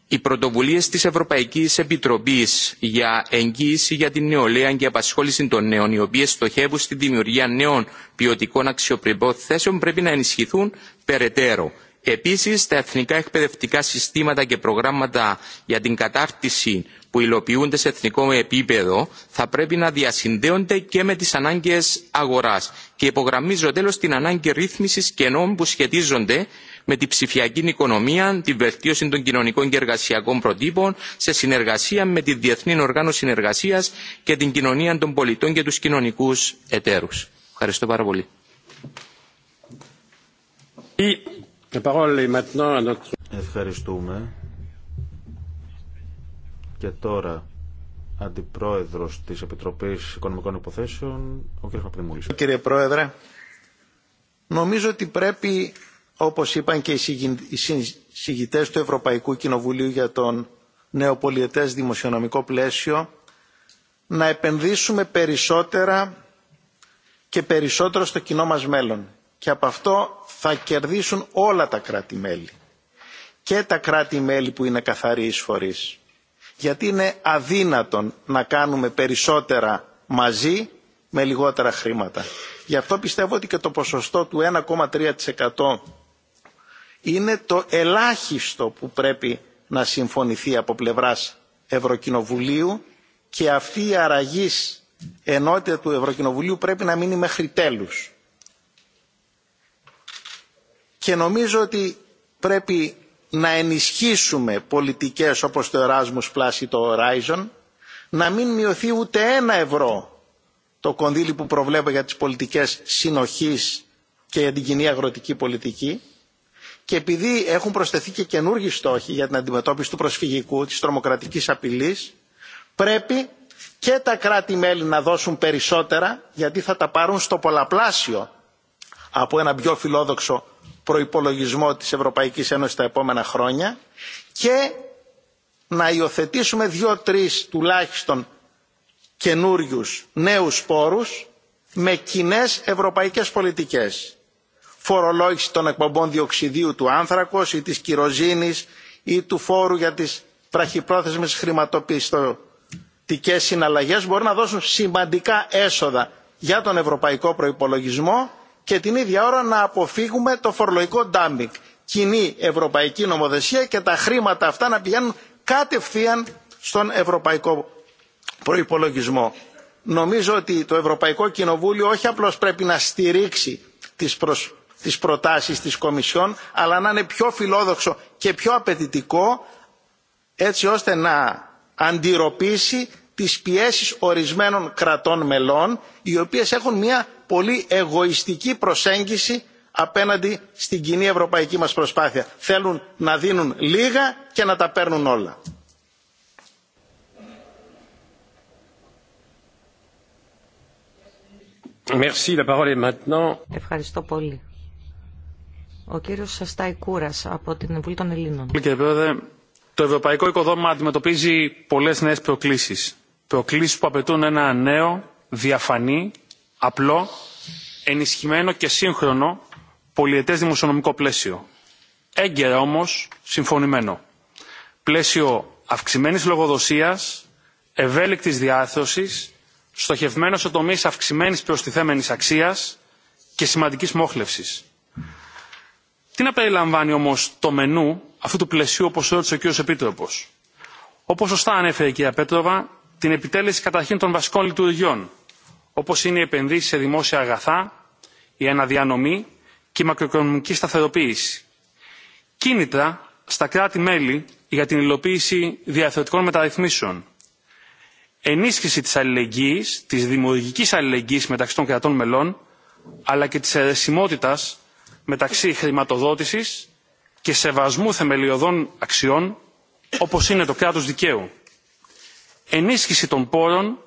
οι πρωτοβουλίες της Ευρωπαϊκής Επιτροπής για εγγύηση για την νεολαία και απασχόληση των νέων, οι οποίες στοχεύουν στη δημιουργία νέων ποιοτικών αξιοπρεπών θέσεων, πρέπει να ενισχυθούν περαιτέρω. Επίσης, τα εθνικά εκπαιδευτικά συστήματα και προγράμματα για την κατάρτιση που υλοποιούνται σε εθνικό επίπεδο θα πρέπει να διασυνδέονται και με τις ανάγκες αγοράς και υπογραμμίζω τέλος την ανάγκη ρύθμισης κενών που σχετίζονται με την ψηφιακή οικονομία, τη βελτίωση των κοινωνικών και εργασιακών προτύπων, σε συνεργασία με τη Διεθνή Οργάνωση Συνεργασία και την κοινωνία των πολιτών και του κοινωνικού Εταίρους. Ευχαριστώ πάρα πολύ. Ευχαριστούμε. Και τώρα, Αντιπρόεδρος της Επιτροπής Οικονομικών Υποθέσεων, ο κ. Παπαδημούλης. Κύριε Πρόεδρε, νομίζω ότι πρέπει, όπως είπαν και οι συγητές του Ευρωπαϊκού Κοινοβουλίου για τον νεοπολιετές δημοσιονομικό πλαίσιο, να επενδύσουμε περισσότερα και περισσότερο στο κοινό μας μέλλον και από αυτό θα κερδίσουν όλα τα κράτη-μέλη. Και τα κράτη-μέλη που είναι καθαροί εισφορείς. Γιατί είναι αδύνατον να κάνουμε περισσότερα μαζί με λιγότερα χρήματα. Γι' αυτό πιστεύω ότι και το ποσοστό του 1,3% είναι το ελάχιστο που πρέπει να συμφωνηθεί από πλευράς Ευρωκοινοβουλίου και αυτή η αραγής ενότητα του Ευρωκοινοβουλίου πρέπει να μείνει μέχρι τέλους και νομίζω ότι πρέπει να ενισχύσουμε πολιτικές όπως το Erasmus Plus ή το Horizon, να μην μειωθεί ούτε ένα ευρώ το κονδύλι που προβλέπω για τις πολιτικές συνοχής και για την κοινή αγροτική πολιτική και επειδή έχουν προσθεθεί και καινούργιοι στόχοι για την αντιμετώπιση του προσφυγικού, της τρομοκρατικής απειλής, πρέπει και τα κράτη-μέλη να δώσουν περισσότερα γιατί θα τα πάρουν στο πολλαπλάσιο από ένα πιο φιλόδοξο προϋπολογισμό της Ευρωπαϊκής Ένωσης τα επόμενα χρόνια και να υιοθετήσουμε δύο-τρεις τουλάχιστον καινούριου νέους πόρους με κοινέ ευρωπαϊκές πολιτικές. Φορολόγηση των εκπομπών διοξιδίου του άνθρακος ή της κυροζίνης ή του φόρου για τις βραχυπρόθεσμες χρηματοπιστωτικές συναλλαγές μπορεί να δώσουν σημαντικά έσοδα για τον ευρωπαϊκό προϋπολογισμό και την ίδια ώρα να αποφύγουμε το φορολογικό ντάμπινγκ. Κοινή ευρωπαϊκή νομοθεσία και τα χρήματα αυτά να πηγαίνουν κατευθείαν στον ευρωπαϊκό προϋπολογισμό. Νομίζω ότι το Ευρωπαϊκό Κοινοβούλιο όχι απλώς πρέπει να στηρίξει τις, τις προτάσεις της Κομισιόν, αλλά να είναι πιο φιλόδοξο και πιο απαιτητικό, έτσι ώστε να αντιρροπήσει τις πιέσεις ορισμένων κρατών μελών οι οποίες έχουν μια πολύ εγωιστική προσέγγιση απέναντι στην κοινή ευρωπαϊκή μας προσπάθεια. Θέλουν να δίνουν λίγα και να τα παίρνουν όλα. Ευχαριστώ πολύ. Ο κύριος Σαστάη Κούρας από την Βουλή των Ελλήνων. Κύριε Πρόεδρε, το ευρωπαϊκό οικοδόμημα αντιμετωπίζει πολλές νέες προκλήσεις προκλήσεις που απαιτούν ένα νέο, διαφανή, απλό, ενισχυμένο και σύγχρονο πολυετές δημοσιονομικό πλαίσιο. Έγκαιρα όμως συμφωνημένο. Πλαίσιο αυξημένης λογοδοσίας, ευέλικτης διάρθρωσης, στοχευμένο σε τομείς αυξημένης προστιθέμενης αξίας και σημαντικής μόχλευσης. Τι να περιλαμβάνει όμως το μενού αυτού του πλαισίου όπως ρώτησε ο κ. Επίτροπος. Όπως σωστά ανέφερε η κυρία Πέτροβα, την επιτέλεση καταρχήν των βασικών λειτουργιών, όπως είναι οι επενδύσεις σε δημόσια αγαθά, η αναδιανομή και η μακροοικονομική σταθεροποίηση. Κίνητρα στα κράτη-μέλη για την υλοποίηση διαθεωτικών μεταρρυθμίσεων. Ενίσχυση της αλληλεγγύης, της δημιουργικής αλληλεγγύης μεταξύ των κρατών μελών, αλλά και της αιρεσιμότητας μεταξύ χρηματοδότησης και σεβασμού θεμελιωδών αξιών, όπως είναι το κράτος δικαίου ενίσχυση των πόρων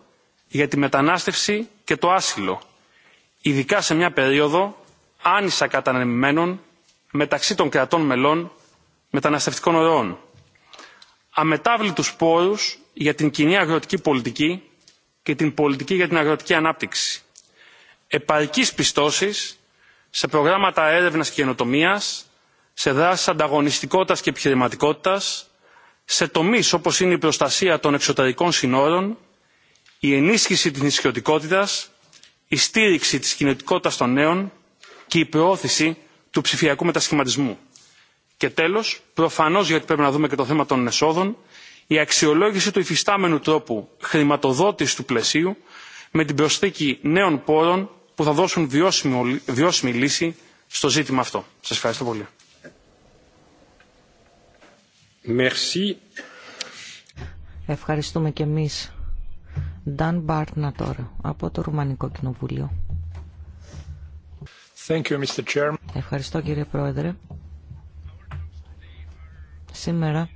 για τη μετανάστευση και το άσυλο, ειδικά σε μια περίοδο άνισα κατανεμημένων μεταξύ των κρατών μελών μεταναστευτικών ροών. Αμετάβλητους πόρους για την κοινή αγροτική πολιτική και την πολιτική για την αγροτική ανάπτυξη. Επαρκείς πιστώσεις σε προγράμματα έρευνας και καινοτομίας, σε δράσεις ανταγωνιστικότητας και επιχειρηματικότητας, σε τομείς όπως είναι η προστασία των εξωτερικών συνόρων, η ενίσχυση της νησιωτικότητας, η στήριξη της κινητικότητας των νέων και η προώθηση του ψηφιακού μετασχηματισμού. Και τέλος, προφανώς γιατί πρέπει να δούμε και το θέμα των εσόδων, η αξιολόγηση του υφιστάμενου τρόπου χρηματοδότησης του πλαισίου με την προσθήκη νέων πόρων που θα δώσουν βιώσιμη λύση στο ζήτημα αυτό. Σας ευχαριστώ πολύ. Ευχαριστούμε και εμείς. Νταν Μπάρτνα τώρα, από το Ρουμανικό Κοινοβούλιο. Ευχαριστώ κύριε Πρόεδρε. Σήμερα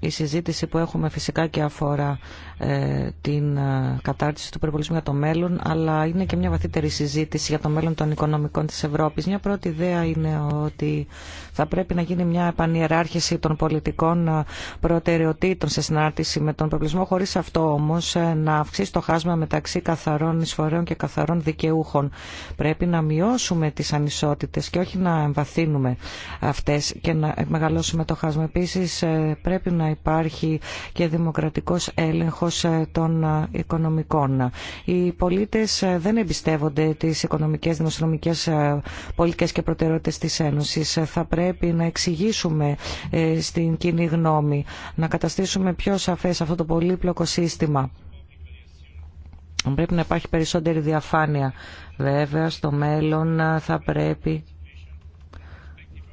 η συζήτηση που έχουμε φυσικά και αφορά ε, την ε, κατάρτιση του περιπολισμού για το μέλλον, αλλά είναι και μια βαθύτερη συζήτηση για το μέλλον των οικονομικών της Ευρώπης. Μια πρώτη ιδέα είναι ότι θα πρέπει να γίνει μια επανειεράρχηση των πολιτικών ε, προτεραιοτήτων σε συνάρτηση με τον περιβολισμό, χωρίς αυτό όμως να αυξήσει το χάσμα μεταξύ καθαρών εισφορέων και καθαρών δικαιούχων. Πρέπει να μειώσουμε τις ανισότητες και όχι να εμβαθύνουμε αυτές και να μεγαλώσουμε το χάσμα. Επίσης πρέπει να υπάρχει και δημοκρατικός έλεγχος ε, των ε, οικονομικών. Οι πολίτες ε, δεν εμπιστεύονται τις οικονομικές, δημοσιονομικές πολιτικές και προτεραιότητες της Ένωσης. Θα πρέπει να εξηγήσουμε στην κοινή γνώμη, να καταστήσουμε πιο σαφές αυτό το πολύπλοκο σύστημα. Πρέπει να υπάρχει περισσότερη διαφάνεια. Βέβαια, στο μέλλον θα πρέπει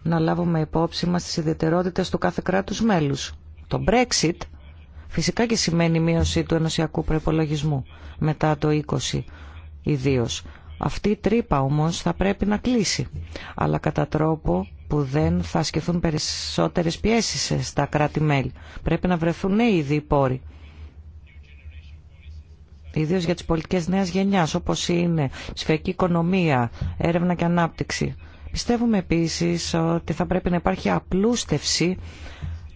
να λάβουμε υπόψη μας τις ιδιαιτερότητες του κάθε κράτους μέλους. Το Brexit Φυσικά και σημαίνει μείωση του ενωσιακού προπολογισμού μετά το 20 ιδίω. Αυτή η τρύπα όμως θα πρέπει να κλείσει, αλλά κατά τρόπο που δεν θα ασκηθούν περισσότερες πιέσεις στα κράτη-μέλη. Πρέπει να βρεθούν νέοι ήδη πόροι. Ιδίως για τις πολιτικές νέας γενιάς, όπως είναι ψηφιακή οικονομία, έρευνα και ανάπτυξη. Πιστεύουμε επίσης ότι θα πρέπει να υπάρχει απλούστευση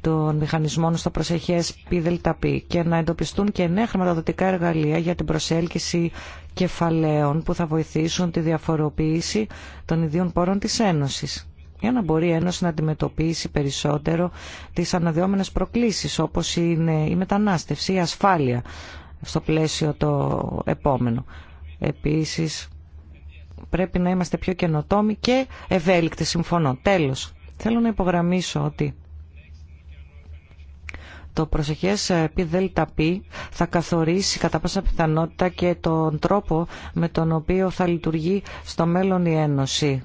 των μηχανισμών στο προσεχές ΠΔΠ και να εντοπιστούν και νέα χρηματοδοτικά εργαλεία για την προσέλκυση κεφαλαίων που θα βοηθήσουν τη διαφοροποίηση των ιδίων πόρων της Ένωσης για να μπορεί η Ένωση να αντιμετωπίσει περισσότερο τις αναδυόμενες προκλήσεις όπως είναι η μετανάστευση, η ασφάλεια στο πλαίσιο το επόμενο. Επίσης πρέπει να είμαστε πιο καινοτόμοι και ευέλικτοι, συμφωνώ. Τέλος, θέλω να υπογραμμίσω ότι το προσεχές ε, πι θα καθορίσει κατά πάσα πιθανότητα και τον τρόπο με τον οποίο θα λειτουργεί στο μέλλον η Ένωση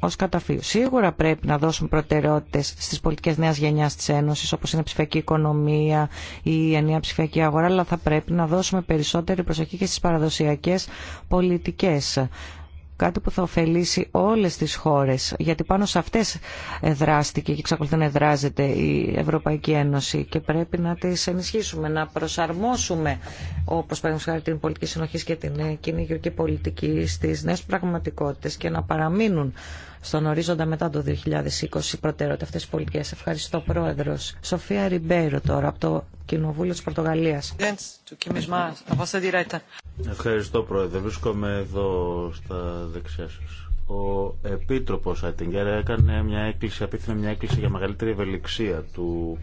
ως καταφύγιο. Σίγουρα πρέπει να δώσουμε προτεραιότητες στις πολιτικές νέας γενιάς της Ένωσης, όπως είναι η ψηφιακή οικονομία ή η ενιαία ψηφιακή αγορά, αλλά θα πρέπει να δώσουμε περισσότερη προσοχή και στις παραδοσιακές πολιτικές κάτι που θα ωφελήσει όλες τις χώρες, γιατί πάνω σε αυτές δράστηκε και εξακολουθεί να δράζεται η Ευρωπαϊκή Ένωση και πρέπει να τις ενισχύσουμε, να προσαρμόσουμε, όπως χάρη την πολιτική συνοχή και την ε, κοινή πολιτική στις νέες πραγματικότητες και να παραμείνουν στον ορίζοντα μετά το 2020 προτεραιότητα αυτές τις πολιτικές. Ευχαριστώ Πρόεδρος. Σοφία Ριμπέιρο τώρα από το Κοινοβούλιο της Πορτογαλίας. Ευχαριστώ Πρόεδρε. Βρίσκομαι εδώ στα δεξιά σας. Ο Επίτροπος Αιτιγκέρα έκανε μια έκκληση, απίθυνε μια έκκληση για μεγαλύτερη ευελιξία του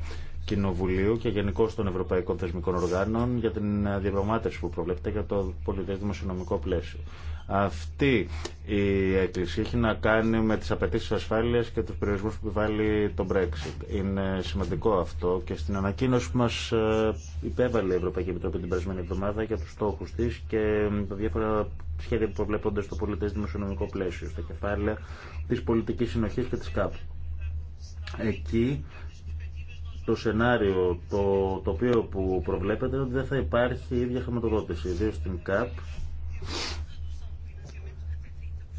Κοινοβουλίου και γενικώ των Ευρωπαϊκών Θεσμικών Οργάνων για την ε, διαπραγμάτευση που προβλέπεται για το πολιτικό δημοσιονομικό πλαίσιο. Αυτή η έκκληση έχει να κάνει με τις απαιτήσει ασφάλειας και τους περιορισμούς που επιβάλλει το Brexit. Είναι σημαντικό αυτό και στην ανακοίνωση που μας ε, υπέβαλε η Ευρωπαϊκή Επιτροπή την περασμένη εβδομάδα για τους στόχους της και τα διάφορα σχέδια που προβλέπονται στο πολιτές δημοσιονομικό πλαίσιο, στα κεφάλαια της πολιτικής συνοχής και της ΚΑΠ. Εκεί το σενάριο, το το οποίο που προβλέπετε, ότι δεν θα υπάρχει η ίδια χρηματοδότηση, ιδίω στην ΚΑΠ.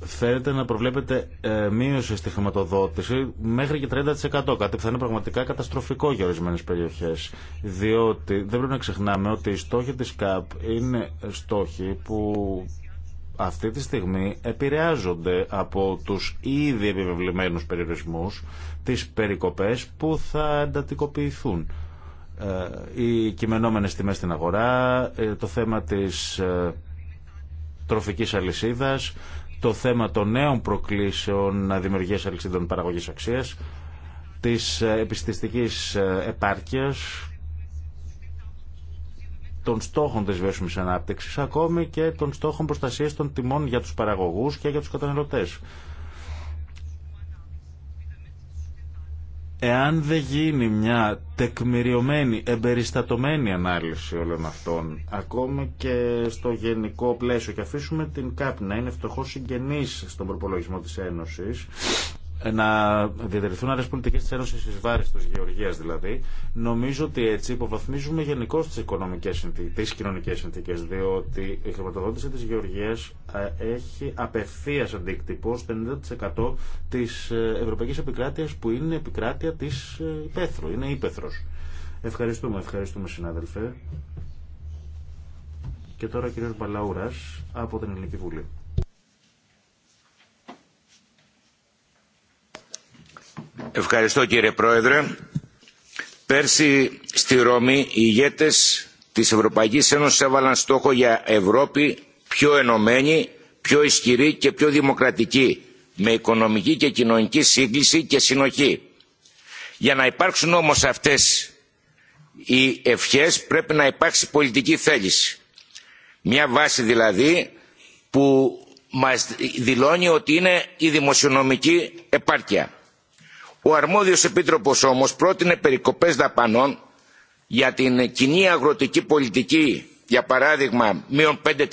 Θέλετε να προβλέπετε ε, μείωση στη χρηματοδότηση μέχρι και 30%, κάτι που θα είναι πραγματικά καταστροφικό για ορισμένε περιοχέ. Διότι δεν πρέπει να ξεχνάμε ότι οι στόχοι τη ΚΑΠ είναι στόχοι που αυτή τη στιγμή επηρεάζονται από τους ήδη επιβεβλημένους περιορισμούς τις περικοπές που θα εντατικοποιηθούν. Ε, οι κειμενόμενες τιμές στην αγορά, ε, το θέμα της ε, τροφικής αλυσίδας, το θέμα των νέων προκλήσεων δημιουργίας αλυσίδων παραγωγής αξίας, της επιστηστικής επάρκειας των στόχων της βιώσιμης ανάπτυξη, ακόμη και των στόχων προστασίας των τιμών για τους παραγωγούς και για τους καταναλωτές. Εάν δεν γίνει μια τεκμηριωμένη, εμπεριστατωμένη ανάλυση όλων αυτών, ακόμη και στο γενικό πλαίσιο, και αφήσουμε την ΚΑΠ να είναι φτωχό συγγενής στον προπολογισμό της Ένωσης, να διατηρηθούν άλλε πολιτικέ τη Ένωση ει βάρη τη γεωργία δηλαδή, νομίζω ότι έτσι υποβαθμίζουμε γενικώ τι οικονομικέ συνθήκε, τι κοινωνικέ συνθήκε, διότι η χρηματοδότηση τη γεωργία ε, έχει απευθεία αντίκτυπο στο 90% τη ε, ευρωπαϊκή επικράτεια που είναι επικράτεια τη ε, υπαίθρου, είναι ύπεθρο. Ευχαριστούμε, ευχαριστούμε συνάδελφε. Και τώρα ο κύριο Μπαλαούρας από την Ελληνική Βουλή. Ευχαριστώ κύριε Πρόεδρε. Πέρσι στη Ρώμη οι ηγέτες της Ευρωπαϊκής Ένωσης έβαλαν στόχο για Ευρώπη πιο ενωμένη, πιο ισχυρή και πιο δημοκρατική, με οικονομική και κοινωνική σύγκληση και συνοχή. Για να υπάρξουν όμως αυτές οι ευχές πρέπει να υπάρξει πολιτική θέληση. Μια βάση δηλαδή που μας δηλώνει ότι είναι η δημοσιονομική επάρκεια. Ο αρμόδιος επίτροπος όμως πρότεινε περικοπές δαπανών για την κοινή αγροτική πολιτική, για παράδειγμα μείον 5%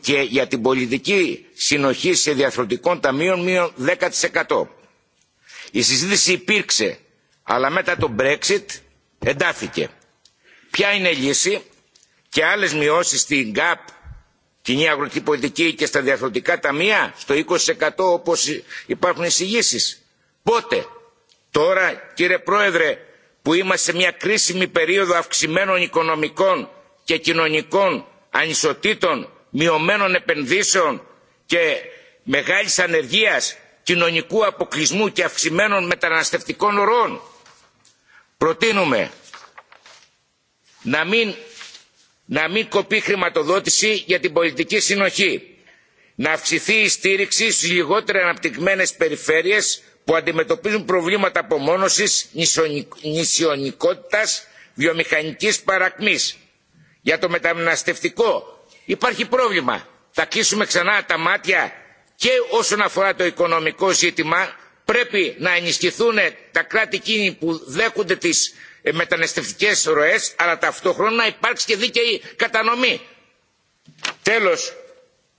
και, για την πολιτική συνοχή σε διαθροτικών ταμείων μείον 10%. Η συζήτηση υπήρξε, αλλά μετά το Brexit εντάθηκε. Ποια είναι η λύση και άλλες μειώσεις στην ΚΑΠ κοινή αγροτική πολιτική και στα διαφροντικά ταμεία στο 20% όπως υπάρχουν εισηγήσει. Πότε, τώρα κύριε Πρόεδρε που είμαστε σε μια κρίσιμη περίοδο αυξημένων οικονομικών και κοινωνικών ανισοτήτων, μειωμένων επενδύσεων και μεγάλης ανεργίας, κοινωνικού αποκλεισμού και αυξημένων μεταναστευτικών ορών. Προτείνουμε να μην να μην κοπεί χρηματοδότηση για την πολιτική συνοχή να αυξηθεί η στήριξη στις λιγότερα αναπτυγμένες περιφέρειες που αντιμετωπίζουν προβλήματα απομόνωσης νησιωνικότητα βιομηχανικής παρακμής. για το μεταναστευτικό υπάρχει πρόβλημα θα κλείσουμε ξανά τα μάτια και όσον αφορά το οικονομικό ζήτημα πρέπει να ενισχυθούν τα κράτη εκείνη που δέχονται τις ε, μεταναστευτικέ ροέ, αλλά ταυτόχρονα να υπάρξει και δίκαιη κατανομή. Τέλος,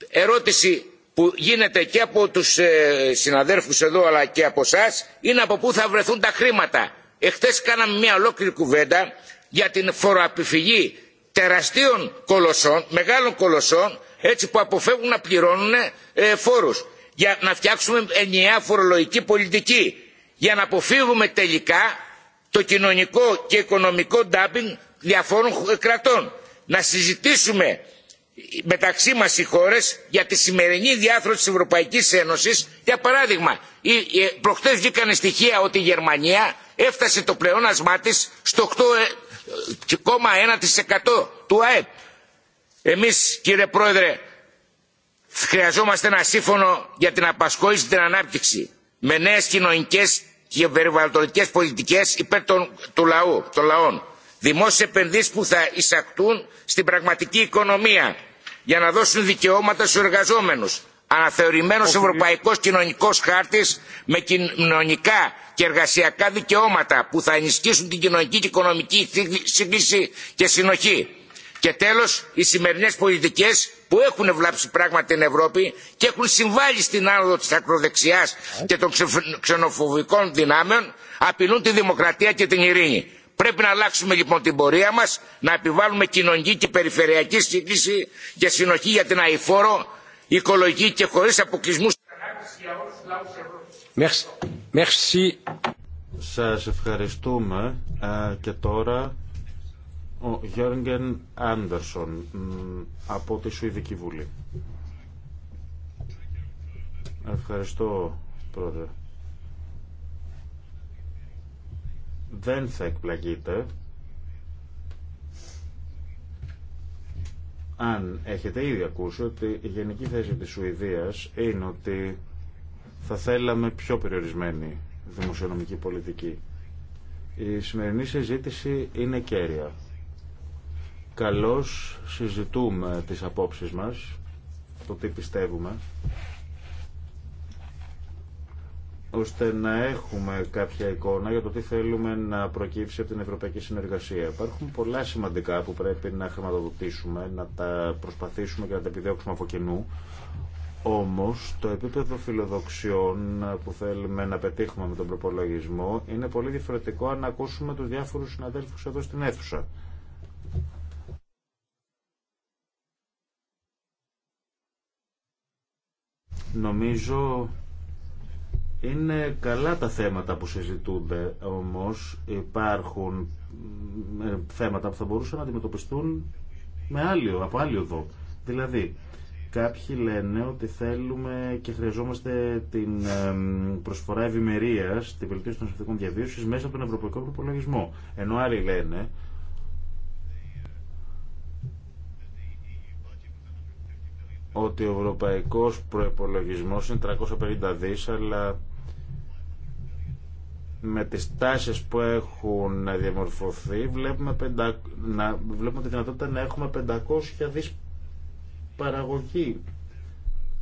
ερώτηση που γίνεται και από τους ε, συναδέρφους εδώ αλλά και από εσά είναι από πού θα βρεθούν τα χρήματα. Εχθέ κάναμε μια ολόκληρη κουβέντα για την φοροαπηφυγή τεραστίων κολοσσών, μεγάλων κολοσσών έτσι που αποφεύγουν να πληρώνουν ε, φόρους για να φτιάξουμε ενιαία φορολογική πολιτική για να αποφύγουμε τελικά το κοινωνικό και οικονομικό ντάμπινγκ διαφόρων κρατών. Να συζητήσουμε μεταξύ μας οι χώρες για τη σημερινή διάθρωση της Ευρωπαϊκής Ένωσης. Για παράδειγμα, προχτές βγήκαν στοιχεία ότι η Γερμανία έφτασε το πλεόνασμά της στο 8,1% ε, του ΑΕΠ. Εμείς κύριε Πρόεδρε χρειαζόμαστε ένα σύμφωνο για την απασχόληση την ανάπτυξη με νέες κοινωνικές και περιβαλλοντικές πολιτικές υπέρ των, του λαού, των λαών. Δημόσιες επενδύσεις που θα εισακτούν στην πραγματική οικονομία για να δώσουν δικαιώματα στους εργαζόμενους. Αναθεωρημένος ευρωπαϊκός κοινωνικός χάρτης με κοινωνικά και εργασιακά δικαιώματα που θα ενισχύσουν την κοινωνική και οικονομική σύγκληση και συνοχή και τέλος, οι σημερινές πολιτικές που έχουν βλάψει πράγματα την Ευρώπη και έχουν συμβάλει στην άνοδο της ακροδεξιάς και των ξενοφοβικών δυνάμεων απειλούν τη δημοκρατία και την ειρήνη. Πρέπει να αλλάξουμε λοιπόν την πορεία μας, να επιβάλλουμε κοινωνική και περιφερειακή σύγκληση και συνοχή για την αηφόρο, οικολογική και χωρίς αποκλεισμού Merci. ευχαριστούμε και τώρα ο Γιώργεν Άντερσον από τη Σουηδική Βουλή. Ευχαριστώ, Πρόεδρε. Δεν θα εκπλαγείτε αν έχετε ήδη ακούσει ότι η γενική θέση της Σουηδίας είναι ότι θα θέλαμε πιο περιορισμένη δημοσιονομική πολιτική. Η σημερινή συζήτηση είναι κέρια καλώς συζητούμε τις απόψεις μας, το τι πιστεύουμε, ώστε να έχουμε κάποια εικόνα για το τι θέλουμε να προκύψει από την Ευρωπαϊκή Συνεργασία. Υπάρχουν πολλά σημαντικά που πρέπει να χρηματοδοτήσουμε, να τα προσπαθήσουμε και να τα επιδιώξουμε από κοινού. Όμως το επίπεδο φιλοδοξιών που θέλουμε να πετύχουμε με τον προπολογισμό είναι πολύ διαφορετικό αν ακούσουμε τους διάφορους συναδέλφους εδώ στην αίθουσα. Νομίζω είναι καλά τα θέματα που συζητούνται, όμως υπάρχουν ε, θέματα που θα μπορούσαν να αντιμετωπιστούν με άλλο, από άλλη οδό. Δηλαδή, κάποιοι λένε ότι θέλουμε και χρειαζόμαστε την προσφορά ευημερία, στην βελτίωση των συνθηκών διαβίωση μέσα από τον ευρωπαϊκό προπολογισμό. Ενώ άλλοι λένε ότι ο ευρωπαϊκός προϋπολογισμός είναι 350 δις, αλλά με τις τάσεις που έχουν διαμορφωθεί βλέπουμε, πεντα... βλέπουμε τη δυνατότητα να έχουμε 500 δις παραγωγή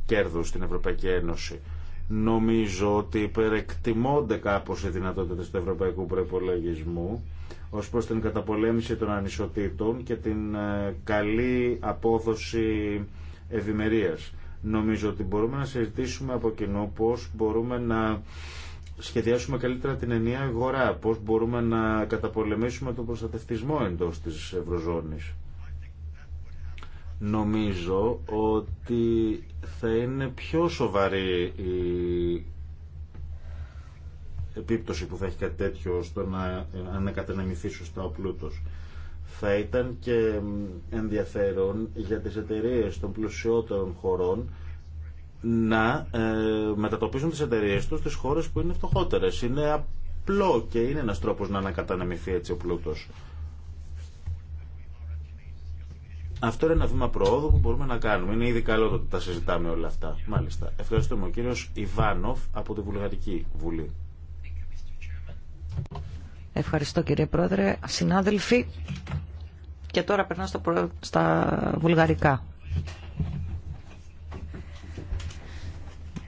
κέρδους στην Ευρωπαϊκή Ένωση. Νομίζω ότι υπερεκτιμώνται κάπως οι δυνατότητες του ευρωπαϊκού προϋπολογισμού ως προς την καταπολέμηση των ανισοτήτων και την ε, καλή απόδοση ευημερία. Νομίζω ότι μπορούμε να συζητήσουμε από κοινό πώς μπορούμε να σχεδιάσουμε καλύτερα την ενιαία αγορά, πώς μπορούμε να καταπολεμήσουμε τον προστατευτισμό εντός της Ευρωζώνης. Νομίζω ότι θα είναι πιο σοβαρή η επίπτωση που θα έχει κάτι τέτοιο στο να ανακατανεμηθεί σωστά ο πλούτος. Θα ήταν και ενδιαφέρον για τις εταιρείε των πλουσιότερων χωρών να ε, μετατοπίσουν τις εταιρείε τους στις χώρες που είναι φτωχότερες. Είναι απλό και είναι ένας τρόπος να ανακατανεμηθεί έτσι ο πλούτος. Αυτό είναι ένα βήμα προόδου που μπορούμε να κάνουμε. Είναι ήδη καλό το ότι τα συζητάμε όλα αυτά. Μάλιστα. Ευχαριστούμε ο κύριος Ιβάνοφ από τη Βουλγαρική Βουλή. Ευχαριστώ κύριε Πρόεδρε. Συνάδελφοι, και τώρα περνάω στα βουλγαρικά.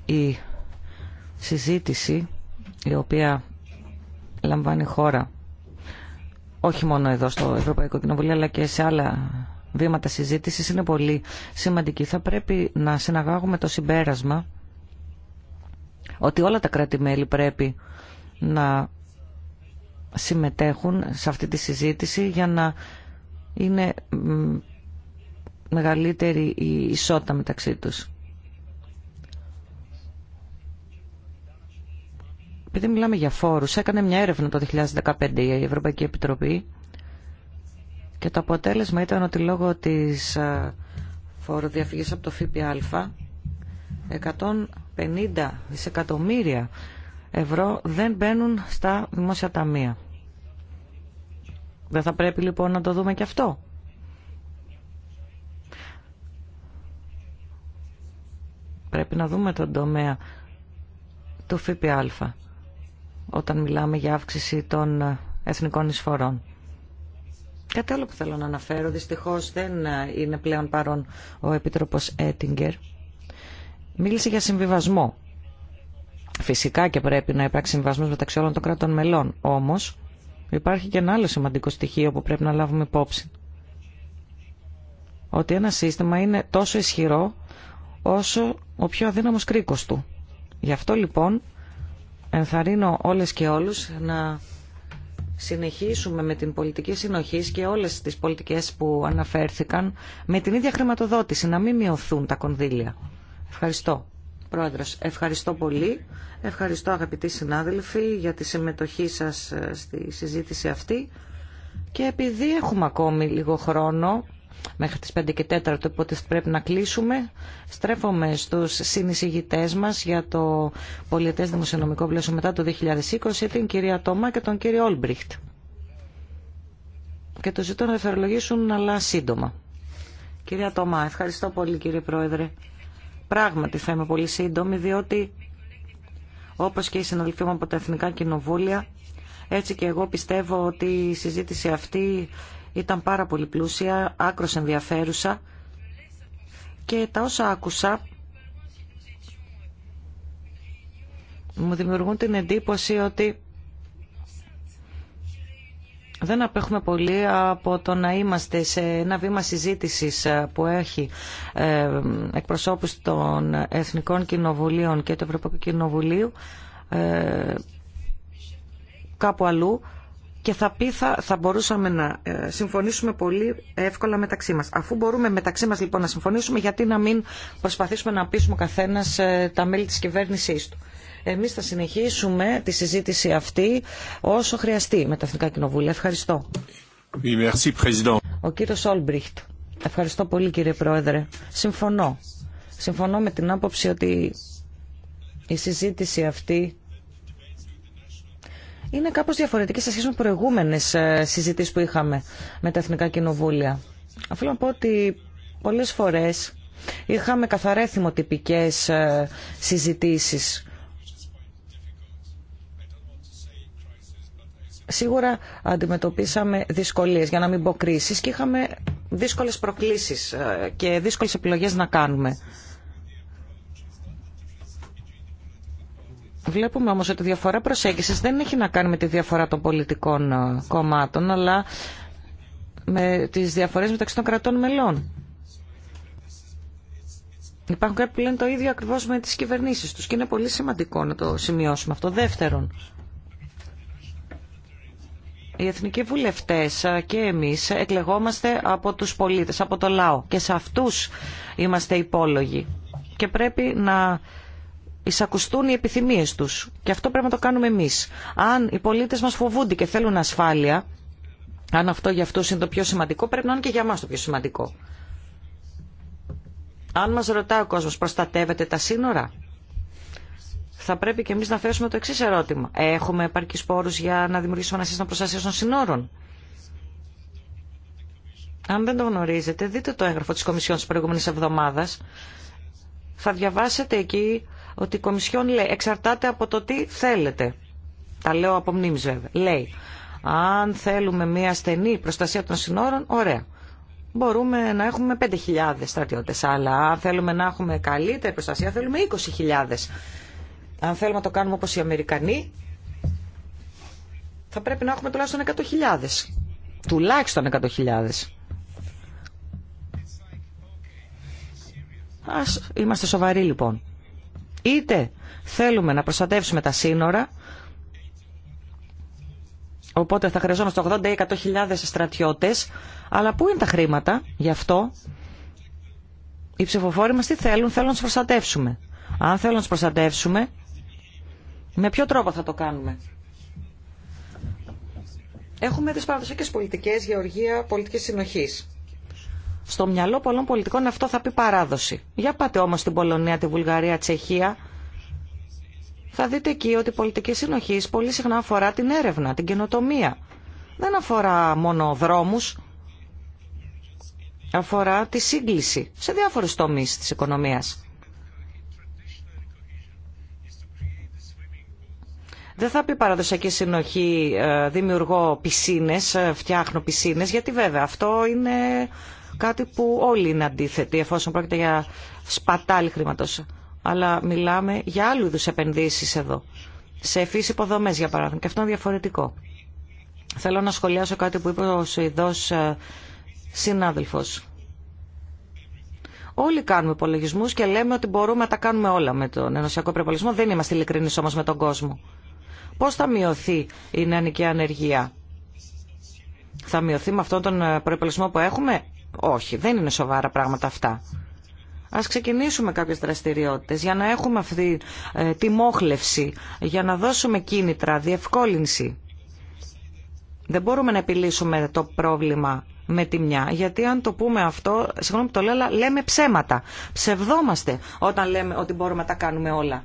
Η συζήτηση η οποία λαμβάνει χώρα όχι μόνο εδώ στο Ευρωπαϊκό Κοινοβούλιο αλλά και σε άλλα βήματα συζήτησης είναι πολύ σημαντική. Θα πρέπει να συναγάγουμε το συμπέρασμα ότι όλα τα κράτη-μέλη πρέπει να συμμετέχουν σε αυτή τη συζήτηση για να είναι μεγαλύτερη η ισότητα μεταξύ τους. Επειδή μιλάμε για φόρους, έκανε μια έρευνα το 2015 η Ευρωπαϊκή Επιτροπή και το αποτέλεσμα ήταν ότι λόγω της φοροδιαφυγής από το ΦΠΑ 150 δισεκατομμύρια ευρώ δεν μπαίνουν στα δημόσια ταμεία. Δεν θα πρέπει λοιπόν να το δούμε και αυτό. Πρέπει να δούμε τον τομέα του ΦΠΑ όταν μιλάμε για αύξηση των εθνικών εισφορών. Κάτι άλλο που θέλω να αναφέρω, δυστυχώς δεν είναι πλέον παρόν ο Επίτροπος Έτιγκερ. Μίλησε για συμβιβασμό. Φυσικά και πρέπει να υπάρξει συμβιβασμός μεταξύ όλων των κρατών μελών. Όμως, Υπάρχει και ένα άλλο σημαντικό στοιχείο που πρέπει να λάβουμε υπόψη. Ότι ένα σύστημα είναι τόσο ισχυρό όσο ο πιο αδύναμος κρίκος του. Γι' αυτό λοιπόν ενθαρρύνω όλες και όλους να συνεχίσουμε με την πολιτική συνοχή και όλες τις πολιτικές που αναφέρθηκαν με την ίδια χρηματοδότηση, να μην μειωθούν τα κονδύλια. Ευχαριστώ. Πρόεδρος, ευχαριστώ πολύ. Ευχαριστώ αγαπητοί συνάδελφοι για τη συμμετοχή σας ε, στη συζήτηση αυτή. Και επειδή έχουμε ακόμη λίγο χρόνο, μέχρι τις 5 και 4 οπότε πρέπει να κλείσουμε, στρέφομαι στους συνεισηγητές μας για το πολιτές δημοσιονομικό πλαίσιο μετά το 2020, την κυρία Τόμα και τον κύριο Όλμπριχτ. Και το ζητώ να εφερολογήσουν αλλά σύντομα. Κυρία Τόμα, ευχαριστώ πολύ κύριε Πρόεδρε. Πράγματι θα είμαι πολύ σύντομη, διότι όπως και οι συναδελφοί μου από τα Εθνικά Κοινοβούλια, έτσι και εγώ πιστεύω ότι η συζήτηση αυτή ήταν πάρα πολύ πλούσια, άκρος ενδιαφέρουσα και τα όσα άκουσα μου δημιουργούν την εντύπωση ότι δεν απέχουμε πολύ από το να είμαστε σε ένα βήμα συζήτησης ε, που έχει ε, εκπροσώπους των Εθνικών Κοινοβουλίων και του Ευρωπαϊκού Κοινοβουλίου ε, κάπου αλλού και θα πει θα, θα μπορούσαμε να συμφωνήσουμε πολύ εύκολα μεταξύ μας. Αφού μπορούμε μεταξύ μας λοιπόν να συμφωνήσουμε γιατί να μην προσπαθήσουμε να πείσουμε καθένας τα μέλη της κυβέρνησής του. Εμείς θα συνεχίσουμε τη συζήτηση αυτή όσο χρειαστεί με τα Εθνικά Κοινοβούλια. Ευχαριστώ. Ο κύριος Όλμπριχτ. Ευχαριστώ πολύ κύριε Πρόεδρε. Συμφωνώ. Συμφωνώ με την άποψη ότι η συζήτηση αυτή είναι κάπως διαφορετική σε σχέση με προηγούμενες ε, συζητήσεις που είχαμε με τα Εθνικά Κοινοβούλια. Αφού να πω ότι πολλές φορές είχαμε καθαρέθιμο τυπικές ε, συζητήσεις σίγουρα αντιμετωπίσαμε δυσκολίες, για να μην πω κρίσεις, και είχαμε δύσκολες προκλήσεις ε, και δύσκολες επιλογές να κάνουμε. Βλέπουμε όμως ότι η διαφορά προσέγγισης δεν έχει να κάνει με τη διαφορά των πολιτικών ε, κομμάτων, αλλά με τις διαφορές μεταξύ των κρατών μελών. Υπάρχουν κάποιοι που λένε το ίδιο ακριβώς με τις κυβερνήσεις τους και είναι πολύ σημαντικό να το σημειώσουμε αυτό. Δεύτερον, οι εθνικοί βουλευτές και εμείς εκλεγόμαστε από τους πολίτες, από το λαό και σε αυτούς είμαστε υπόλογοι και πρέπει να εισακουστούν οι επιθυμίες τους και αυτό πρέπει να το κάνουμε εμείς. Αν οι πολίτες μας φοβούνται και θέλουν ασφάλεια, αν αυτό για αυτούς είναι το πιο σημαντικό, πρέπει να είναι και για μας το πιο σημαντικό. Αν μας ρωτάει ο κόσμος, προστατεύετε τα σύνορα, θα πρέπει και εμεί να θέσουμε το εξή ερώτημα. Έχουμε επαρκεί πόρου για να δημιουργήσουμε ένα σύστημα προστασία των συνόρων. Αν δεν το γνωρίζετε, δείτε το έγγραφο τη Κομισιόν τη προηγούμενη εβδομάδα. Θα διαβάσετε εκεί ότι η Κομισιόν λέει εξαρτάται από το τι θέλετε. Τα λέω από μνήμη βέβαια. Λέει, αν θέλουμε μια στενή προστασία των συνόρων, ωραία μπορούμε να έχουμε 5.000 στρατιώτες, αλλά αν θέλουμε να έχουμε καλύτερη προστασία θέλουμε 20.000 αν θέλουμε να το κάνουμε όπως οι Αμερικανοί, θα πρέπει να έχουμε τουλάχιστον 100.000. Τουλάχιστον 100.000. Ας είμαστε σοβαροί λοιπόν. Είτε θέλουμε να προστατεύσουμε τα σύνορα, οπότε θα χρειαζόμαστε 80 ή 100.000 στρατιώτες, αλλά πού είναι τα χρήματα γι' αυτό. Οι ψηφοφόροι μας τι θέλουν, θέλουν να τους προστατεύσουμε. Αν θέλουν να τους προστατεύσουμε, με ποιο τρόπο θα το κάνουμε. Έχουμε τις παραδοσιακές πολιτικές, γεωργία, πολιτικές συνοχής. Στο μυαλό πολλών πολιτικών αυτό θα πει παράδοση. Για πάτε όμως στην Πολωνία, τη Βουλγαρία, Τσεχία. Θα δείτε εκεί ότι η πολιτική συνοχή πολύ συχνά αφορά την έρευνα, την καινοτομία. Δεν αφορά μόνο δρόμους, αφορά τη σύγκληση σε διάφορους τομείς της οικονομίας. Δεν θα πει παραδοσιακή συνοχή ε, δημιουργώ πισίνες, ε, φτιάχνω πισίνες, γιατί βέβαια αυτό είναι κάτι που όλοι είναι αντίθετοι εφόσον πρόκειται για σπατάλη χρήματος. Αλλά μιλάμε για άλλου είδου επενδύσεις εδώ. Σε εφείς υποδομές για παράδειγμα και αυτό είναι διαφορετικό. Θέλω να σχολιάσω κάτι που είπε ο Σουηδός ε, συνάδελφος. Όλοι κάνουμε υπολογισμού και λέμε ότι μπορούμε να τα κάνουμε όλα με τον ενωσιακό προπολογισμό. Δεν είμαστε ειλικρινεί όμω με τον κόσμο. Πώς θα μειωθεί η νεανική ανεργία. Θα μειωθεί με αυτόν τον ε, προϋπολογισμό που έχουμε. Όχι, δεν είναι σοβαρά πράγματα αυτά. Ας ξεκινήσουμε κάποιες δραστηριότητες για να έχουμε αυτή ε, τη μόχλευση, για να δώσουμε κίνητρα, διευκόλυνση. Δεν μπορούμε να επιλύσουμε το πρόβλημα με τη μια, γιατί αν το πούμε αυτό, συγγνώμη που το λέω, λέμε ψέματα. Ψευδόμαστε όταν λέμε ότι μπορούμε να τα κάνουμε όλα.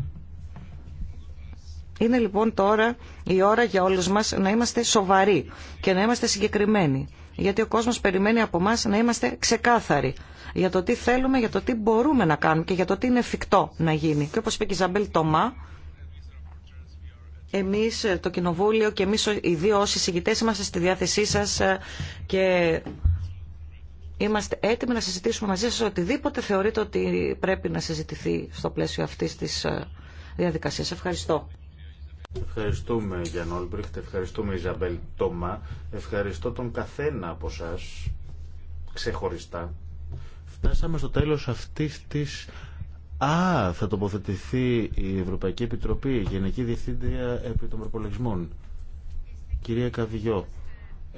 Είναι λοιπόν τώρα η ώρα για όλους μας να είμαστε σοβαροί και να είμαστε συγκεκριμένοι. Γιατί ο κόσμος περιμένει από εμά να είμαστε ξεκάθαροι για το τι θέλουμε, για το τι μπορούμε να κάνουμε και για το τι είναι εφικτό να γίνει. Και όπως είπε και η Ζαμπέλ Τομά, εμείς το Κοινοβούλιο και εμείς οι δύο όσοι συγκητές είμαστε στη διάθεσή σας ε, και είμαστε έτοιμοι να συζητήσουμε μαζί σας οτιδήποτε θεωρείτε ότι πρέπει να συζητηθεί στο πλαίσιο αυτής της ε, διαδικασίας. Ευχαριστώ. Ευχαριστούμε Γιάνν Όλμπριχτ, ευχαριστούμε Ιζαμπέλ Τόμα, ευχαριστώ τον καθένα από εσά ξεχωριστά. Φτάσαμε στο τέλος αυτής της... Α, θα τοποθετηθεί η Ευρωπαϊκή Επιτροπή, η Γενική Διευθύντρια επί των Προπολογισμών. Κυρία Καβιό.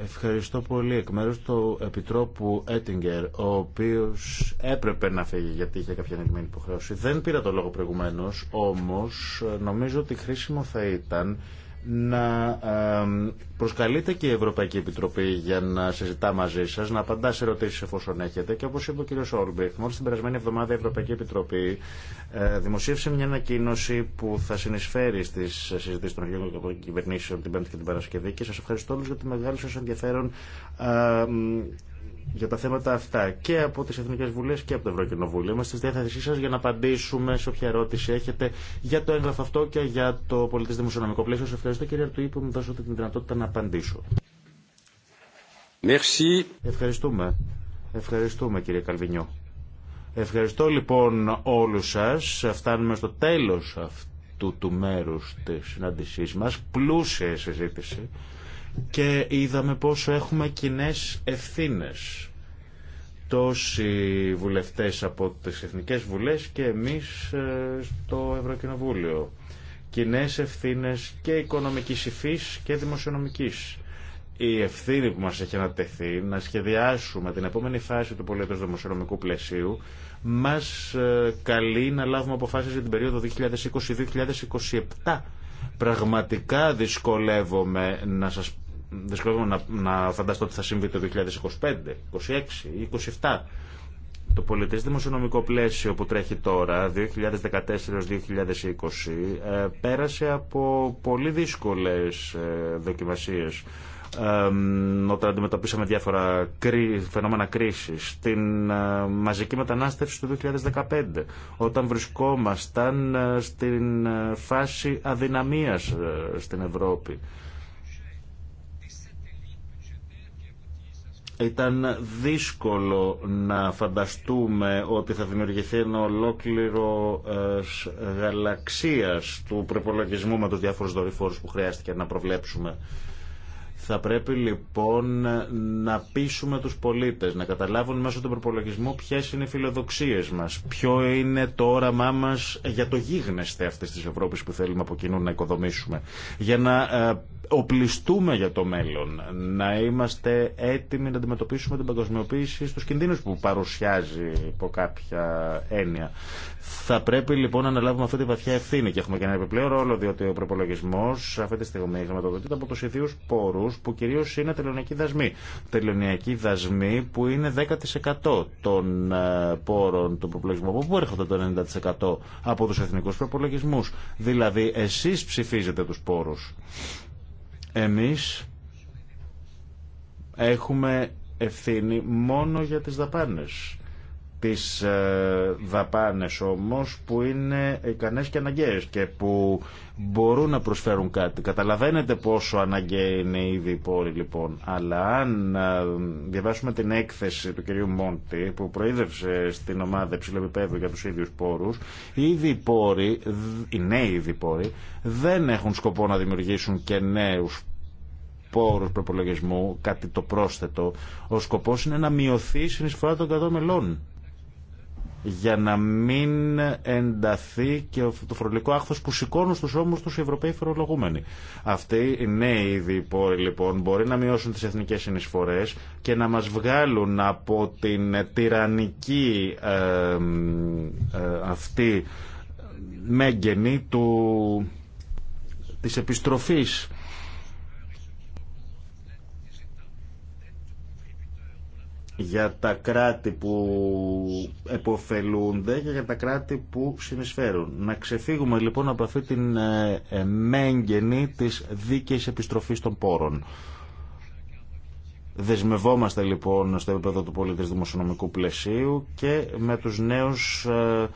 Ευχαριστώ πολύ εκ μέρους του Επιτρόπου Έτιγκερ, ο οποίος έπρεπε να φύγει γιατί είχε κάποια ανεκμένη υποχρέωση. Δεν πήρα το λόγο προηγουμένως, όμως νομίζω ότι χρήσιμο θα ήταν να ε, προσκαλείτε και η Ευρωπαϊκή Επιτροπή για να συζητά μαζί σας, να απαντά σε ερωτήσεις εφόσον έχετε και όπως είπε ο κ. Όλμπριχτ, μόλις την περασμένη εβδομάδα η Ευρωπαϊκή Επιτροπή ε, δημοσίευσε μια ανακοίνωση που θα συνεισφέρει στις συζητήσεις των αρχηγών κυβερνήσεων την Πέμπτη και την Παρασκευή και σας ευχαριστώ όλους για τη μεγάλη σας ενδιαφέρον ε, για τα θέματα αυτά και από τις Εθνικές Βουλές και από το Ευρωκοινοβούλιο. Είμαστε στη διάθεσή σας για να απαντήσουμε σε όποια ερώτηση έχετε για το έγγραφο αυτό και για το πολιτικό δημοσιονομικό πλαίσιο. Σας ευχαριστώ κύριε Αρτουή που μου δώσατε την δυνατότητα να απαντήσω. Merci. Ευχαριστούμε. Ευχαριστούμε κύριε Καλβινιό. Ευχαριστώ λοιπόν όλους σας. Φτάνουμε στο τέλος αυτού του μέρους της συνάντησής μας. Πλούσια συζήτηση και είδαμε πόσο έχουμε κοινέ ευθύνε. τόσοι βουλευτές από τις Εθνικές Βουλές και εμεί ε, στο Ευρωκοινοβούλιο. Κοινέ ευθύνε και οικονομική υφή και δημοσιονομική. Η ευθύνη που μα έχει ανατεθεί να σχεδιάσουμε την επόμενη φάση του πολιτικού δημοσιονομικού πλαισίου μας ε, καλεί να λάβουμε αποφάσει για την περίοδο 2020-2027. Πραγματικά δυσκολεύομαι να σας δυσκολεύομαι να, να φανταστώ ότι θα συμβεί το 2025, ή 2027. Το πολιτές δημοσιονομικό πλαίσιο που τρέχει τώρα, 2014-2020, ε, πέρασε από πολύ δύσκολες ε, δοκιμασίες ε, όταν αντιμετωπίσαμε διάφορα φαινόμενα κρίσης, την μαζική μετανάστευση του 2015, όταν βρισκόμασταν στην φάση αδυναμίας στην Ευρώπη. Ήταν δύσκολο να φανταστούμε ότι θα δημιουργηθεί ένα ολόκληρο ε, γαλαξίας του προπολογισμού με τους διάφορους δορυφόρους που χρειάστηκε να προβλέψουμε θα πρέπει λοιπόν να πείσουμε τους πολίτες, να καταλάβουν μέσω του προπολογισμού ποιες είναι οι φιλοδοξίες μας, ποιο είναι το όραμά μας για το γίγνεσθε αυτής της Ευρώπης που θέλουμε από κοινού να οικοδομήσουμε, για να ε, οπλιστούμε για το μέλλον, να είμαστε έτοιμοι να αντιμετωπίσουμε την παγκοσμιοποίηση στους κινδύνους που παρουσιάζει υπό κάποια έννοια. Θα πρέπει λοιπόν να αναλάβουμε αυτή τη βαθιά ευθύνη και έχουμε και ένα επιπλέον ρόλο διότι ο προπολογισμό αυτή τη στιγμή χρηματοδοτείται από του ιδίου πόρου που κυρίως είναι τελωνιακοί δασμοί. Τελωνιακοί δασμοί που είναι 10% των ε, πόρων του προπολογισμού. πού έρχονται το 90% από τους εθνικούς προπολογισμού. Δηλαδή εσείς ψηφίζετε τους πόρους. Εμείς έχουμε ευθύνη μόνο για τις δαπάνες τις ε, δαπάνες όμως που είναι ικανές και αναγκαίες και που μπορούν να προσφέρουν κάτι. Καταλαβαίνετε πόσο αναγκαίοι είναι ήδη οι πόροι λοιπόν, αλλά αν ε, διαβάσουμε την έκθεση του κυρίου Μόντι που προείδευσε στην ομάδα ψηλοπιπέδου για τους ίδιους πόρους, οι πόροι, οι νέοι ίδιοι πόροι, δεν έχουν σκοπό να δημιουργήσουν και νέους πόρου προπολογισμού, κάτι το πρόσθετο. Ο σκοπό είναι να μειωθεί η συνεισφορά των κρατών μελών για να μην ενταθεί και το φορολογικό άχθος που σηκώνουν στους ώμους τους οι Ευρωπαίοι φορολογούμενοι. Αυτοί οι νέοι ήδη λοιπόν μπορεί να μειώσουν τις εθνικές συνεισφορές και να μας βγάλουν από την τυραννική ε, ε, αυτή μέγενη του, της επιστροφής για τα κράτη που εποφελούνται και για τα κράτη που συνεισφέρουν. Να ξεφύγουμε λοιπόν από αυτή την ε, μέγενη της δίκαιης επιστροφής των πόρων. Δεσμευόμαστε λοιπόν στο επίπεδο του πολιτισμού δημοσιονομικού πλαισίου και με τους νέους ε,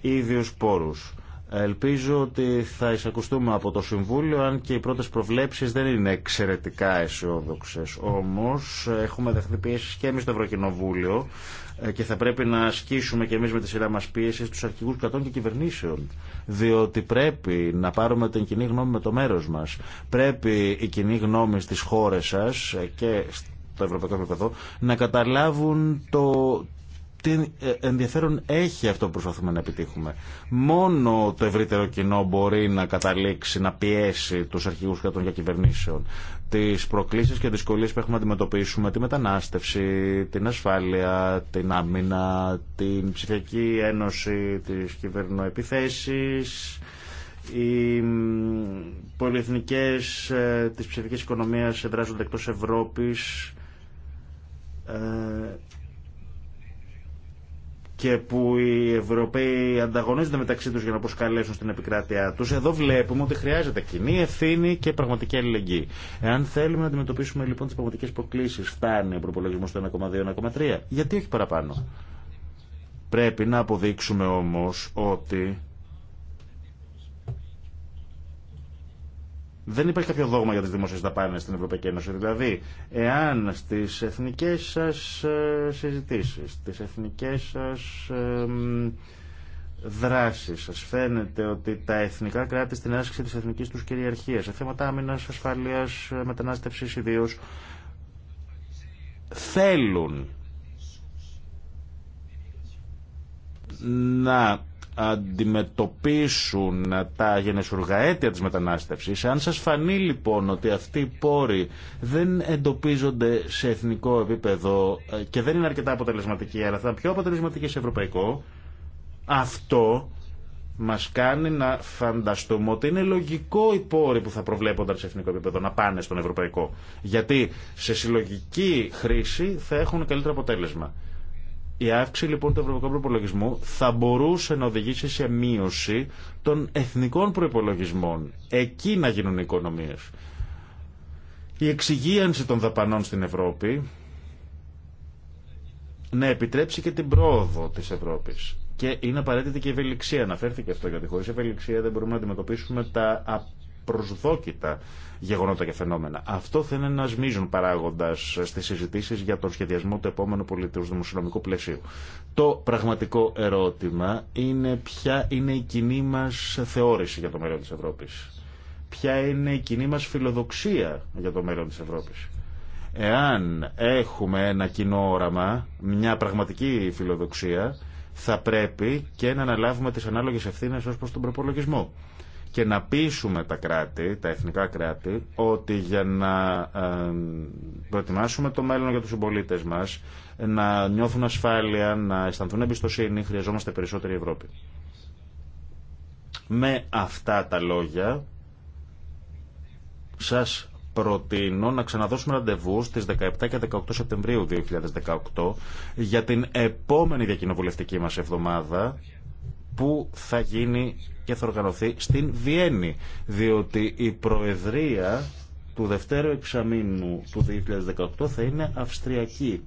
ίδιους πόρους. Ελπίζω ότι θα εισακουστούμε από το Συμβούλιο, αν και οι πρώτες προβλέψεις δεν είναι εξαιρετικά αισιόδοξε. Όμως έχουμε δεχθεί πιέσεις και εμείς στο Ευρωκοινοβούλιο ε, και θα πρέπει να ασκήσουμε και εμείς με τη σειρά μας πίεση στους αρχηγούς κρατών και κυβερνήσεων. Διότι πρέπει να πάρουμε την κοινή γνώμη με το μέρος μας. Πρέπει η κοινή γνώμη στις χώρες σας ε, και στο ευρωπαϊκό επίπεδο να καταλάβουν το τι ενδιαφέρον έχει αυτό που προσπαθούμε να επιτύχουμε. Μόνο το ευρύτερο κοινό μπορεί να καταλήξει, να πιέσει τους αρχηγούς και των κυβερνήσεων. Τις προκλήσεις και δυσκολίες που έχουμε να αντιμετωπίσουμε, τη μετανάστευση, την ασφάλεια, την άμυνα, την ψηφιακή ένωση, τις κυβερνοεπιθέσεις, οι πολυεθνικές ε, της ψηφιακής οικονομίας εδράζονται εκτός Ευρώπης, ε, και που οι Ευρωπαίοι ανταγωνίζονται μεταξύ του για να προσκαλέσουν στην επικράτειά του. εδώ βλέπουμε ότι χρειάζεται κοινή ευθύνη και πραγματική αλληλεγγύη. Εάν θέλουμε να αντιμετωπίσουμε λοιπόν τι πραγματικέ προκλήσει, φτάνει ο προπολογισμό του 1,2-1,3. Γιατί όχι παραπάνω. Πρέπει να αποδείξουμε όμω ότι Δεν υπάρχει κάποιο δόγμα για τι δημόσιε δαπάνε στην Ευρωπαϊκή Ένωση. Δηλαδή, εάν στι εθνικέ σα ε, συζητήσει, στι εθνικέ σα δράσει σα φαίνεται ότι τα εθνικά κράτη στην άσκηση τη εθνική του κυριαρχία σε θέματα άμυνα, ασφαλεία, μετανάστευση ιδίω θέλουν να αντιμετωπίσουν τα αίτια της μετανάστευσης. Αν σας φανεί λοιπόν ότι αυτοί οι πόροι δεν εντοπίζονται σε εθνικό επίπεδο ε, και δεν είναι αρκετά αποτελεσματικοί, αλλά θα είναι πιο αποτελεσματικοί σε ευρωπαϊκό, αυτό μας κάνει να φανταστούμε ότι είναι λογικό οι πόροι που θα προβλέπονταν σε εθνικό επίπεδο να πάνε στον ευρωπαϊκό. Γιατί σε συλλογική χρήση θα έχουν καλύτερο αποτέλεσμα. Η αύξηση λοιπόν του ευρωπαϊκού προπολογισμού θα μπορούσε να οδηγήσει σε μείωση των εθνικών προπολογισμών. Εκεί να γίνουν οι οικονομίες. Η εξυγίανση των δαπανών στην Ευρώπη να επιτρέψει και την πρόοδο της Ευρώπης. Και είναι απαραίτητη και η ευελιξία. Αναφέρθηκε αυτό γιατί χωρί ευελιξία δεν μπορούμε να αντιμετωπίσουμε τα προσδόκητα γεγονότα και φαινόμενα. Αυτό θα είναι ένα μείζον παράγοντα στι συζητήσει για τον σχεδιασμό του επόμενου πολιτικού δημοσιονομικού πλαισίου. Το πραγματικό ερώτημα είναι ποια είναι η κοινή μα θεώρηση για το μέλλον τη Ευρώπη. Ποια είναι η κοινή μα φιλοδοξία για το μέλλον τη Ευρώπη. Εάν έχουμε ένα κοινό όραμα, μια πραγματική φιλοδοξία, θα πρέπει και να αναλάβουμε τις ανάλογες ευθύνες ως προς τον προπολογισμό και να πείσουμε τα κράτη, τα εθνικά κράτη, ότι για να ε, προετοιμάσουμε το μέλλον για τους συμπολίτε μας, να νιώθουν ασφάλεια, να αισθανθούν εμπιστοσύνη, χρειαζόμαστε περισσότερη Ευρώπη. Με αυτά τα λόγια σας προτείνω να ξαναδώσουμε ραντεβού στις 17 και 18 Σεπτεμβρίου 2018 για την επόμενη διακοινοβουλευτική μας εβδομάδα που θα γίνει και θα οργανωθεί στην Βιέννη, διότι η Προεδρία του Δευτέρου Εξαμήνου του 2018 θα είναι Αυστριακή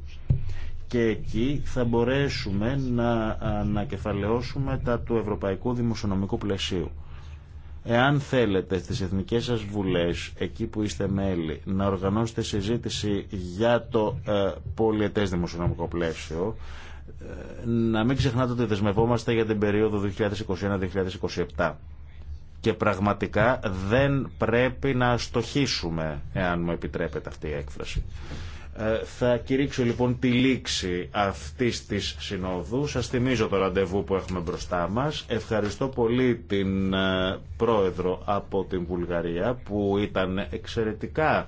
και εκεί θα μπορέσουμε να ανακεφαλαιώσουμε τα του Ευρωπαϊκού Δημοσιονομικού Πλαισίου. Εάν θέλετε στις εθνικές σας βουλές, εκεί που είστε μέλη, να οργανώσετε συζήτηση για το ε, πολιετές δημοσιονομικό πλαίσιο, να μην ξεχνάτε ότι δεσμευόμαστε για την περίοδο 2021-2027 και πραγματικά δεν πρέπει να στοχίσουμε, εάν μου επιτρέπετε αυτή η έκφραση. Ε, θα κηρύξω λοιπόν τη λήξη αυτής της συνόδου. Σας θυμίζω το ραντεβού που έχουμε μπροστά μας. Ευχαριστώ πολύ την ε, πρόεδρο από την Βουλγαρία που ήταν εξαιρετικά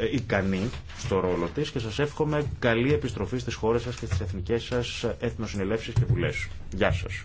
ε, ικανή στο ρόλο της και σας εύχομαι καλή επιστροφή στις χώρες σας και στις εθνικές σας έθνοσυνελεύσεις και βουλές. Γεια σας.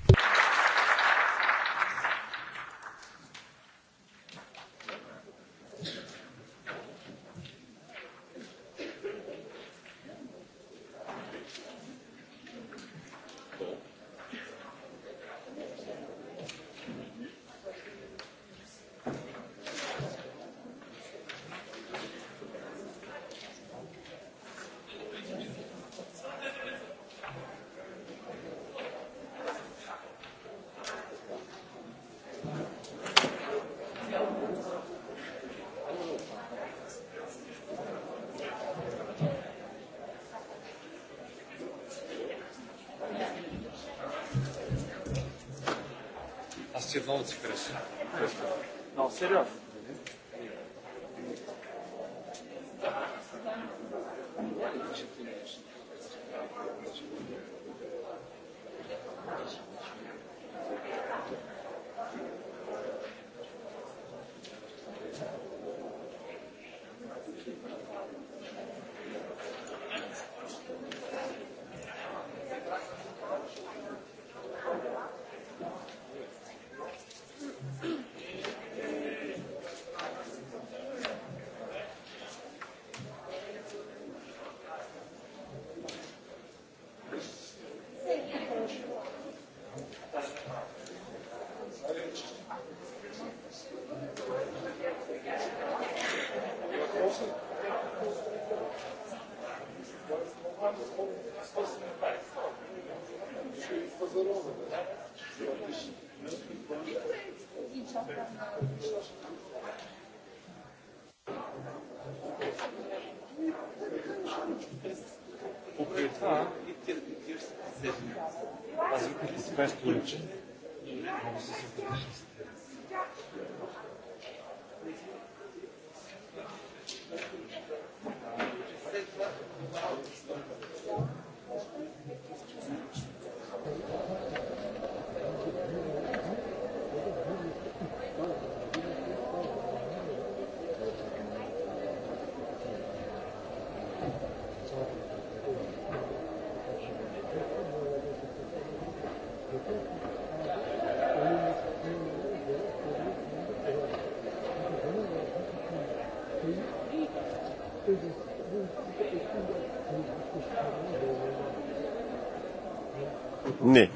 Ναι.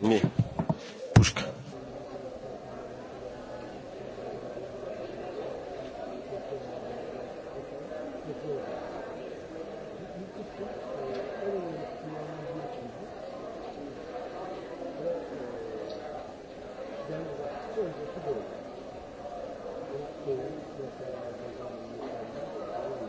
Ναι.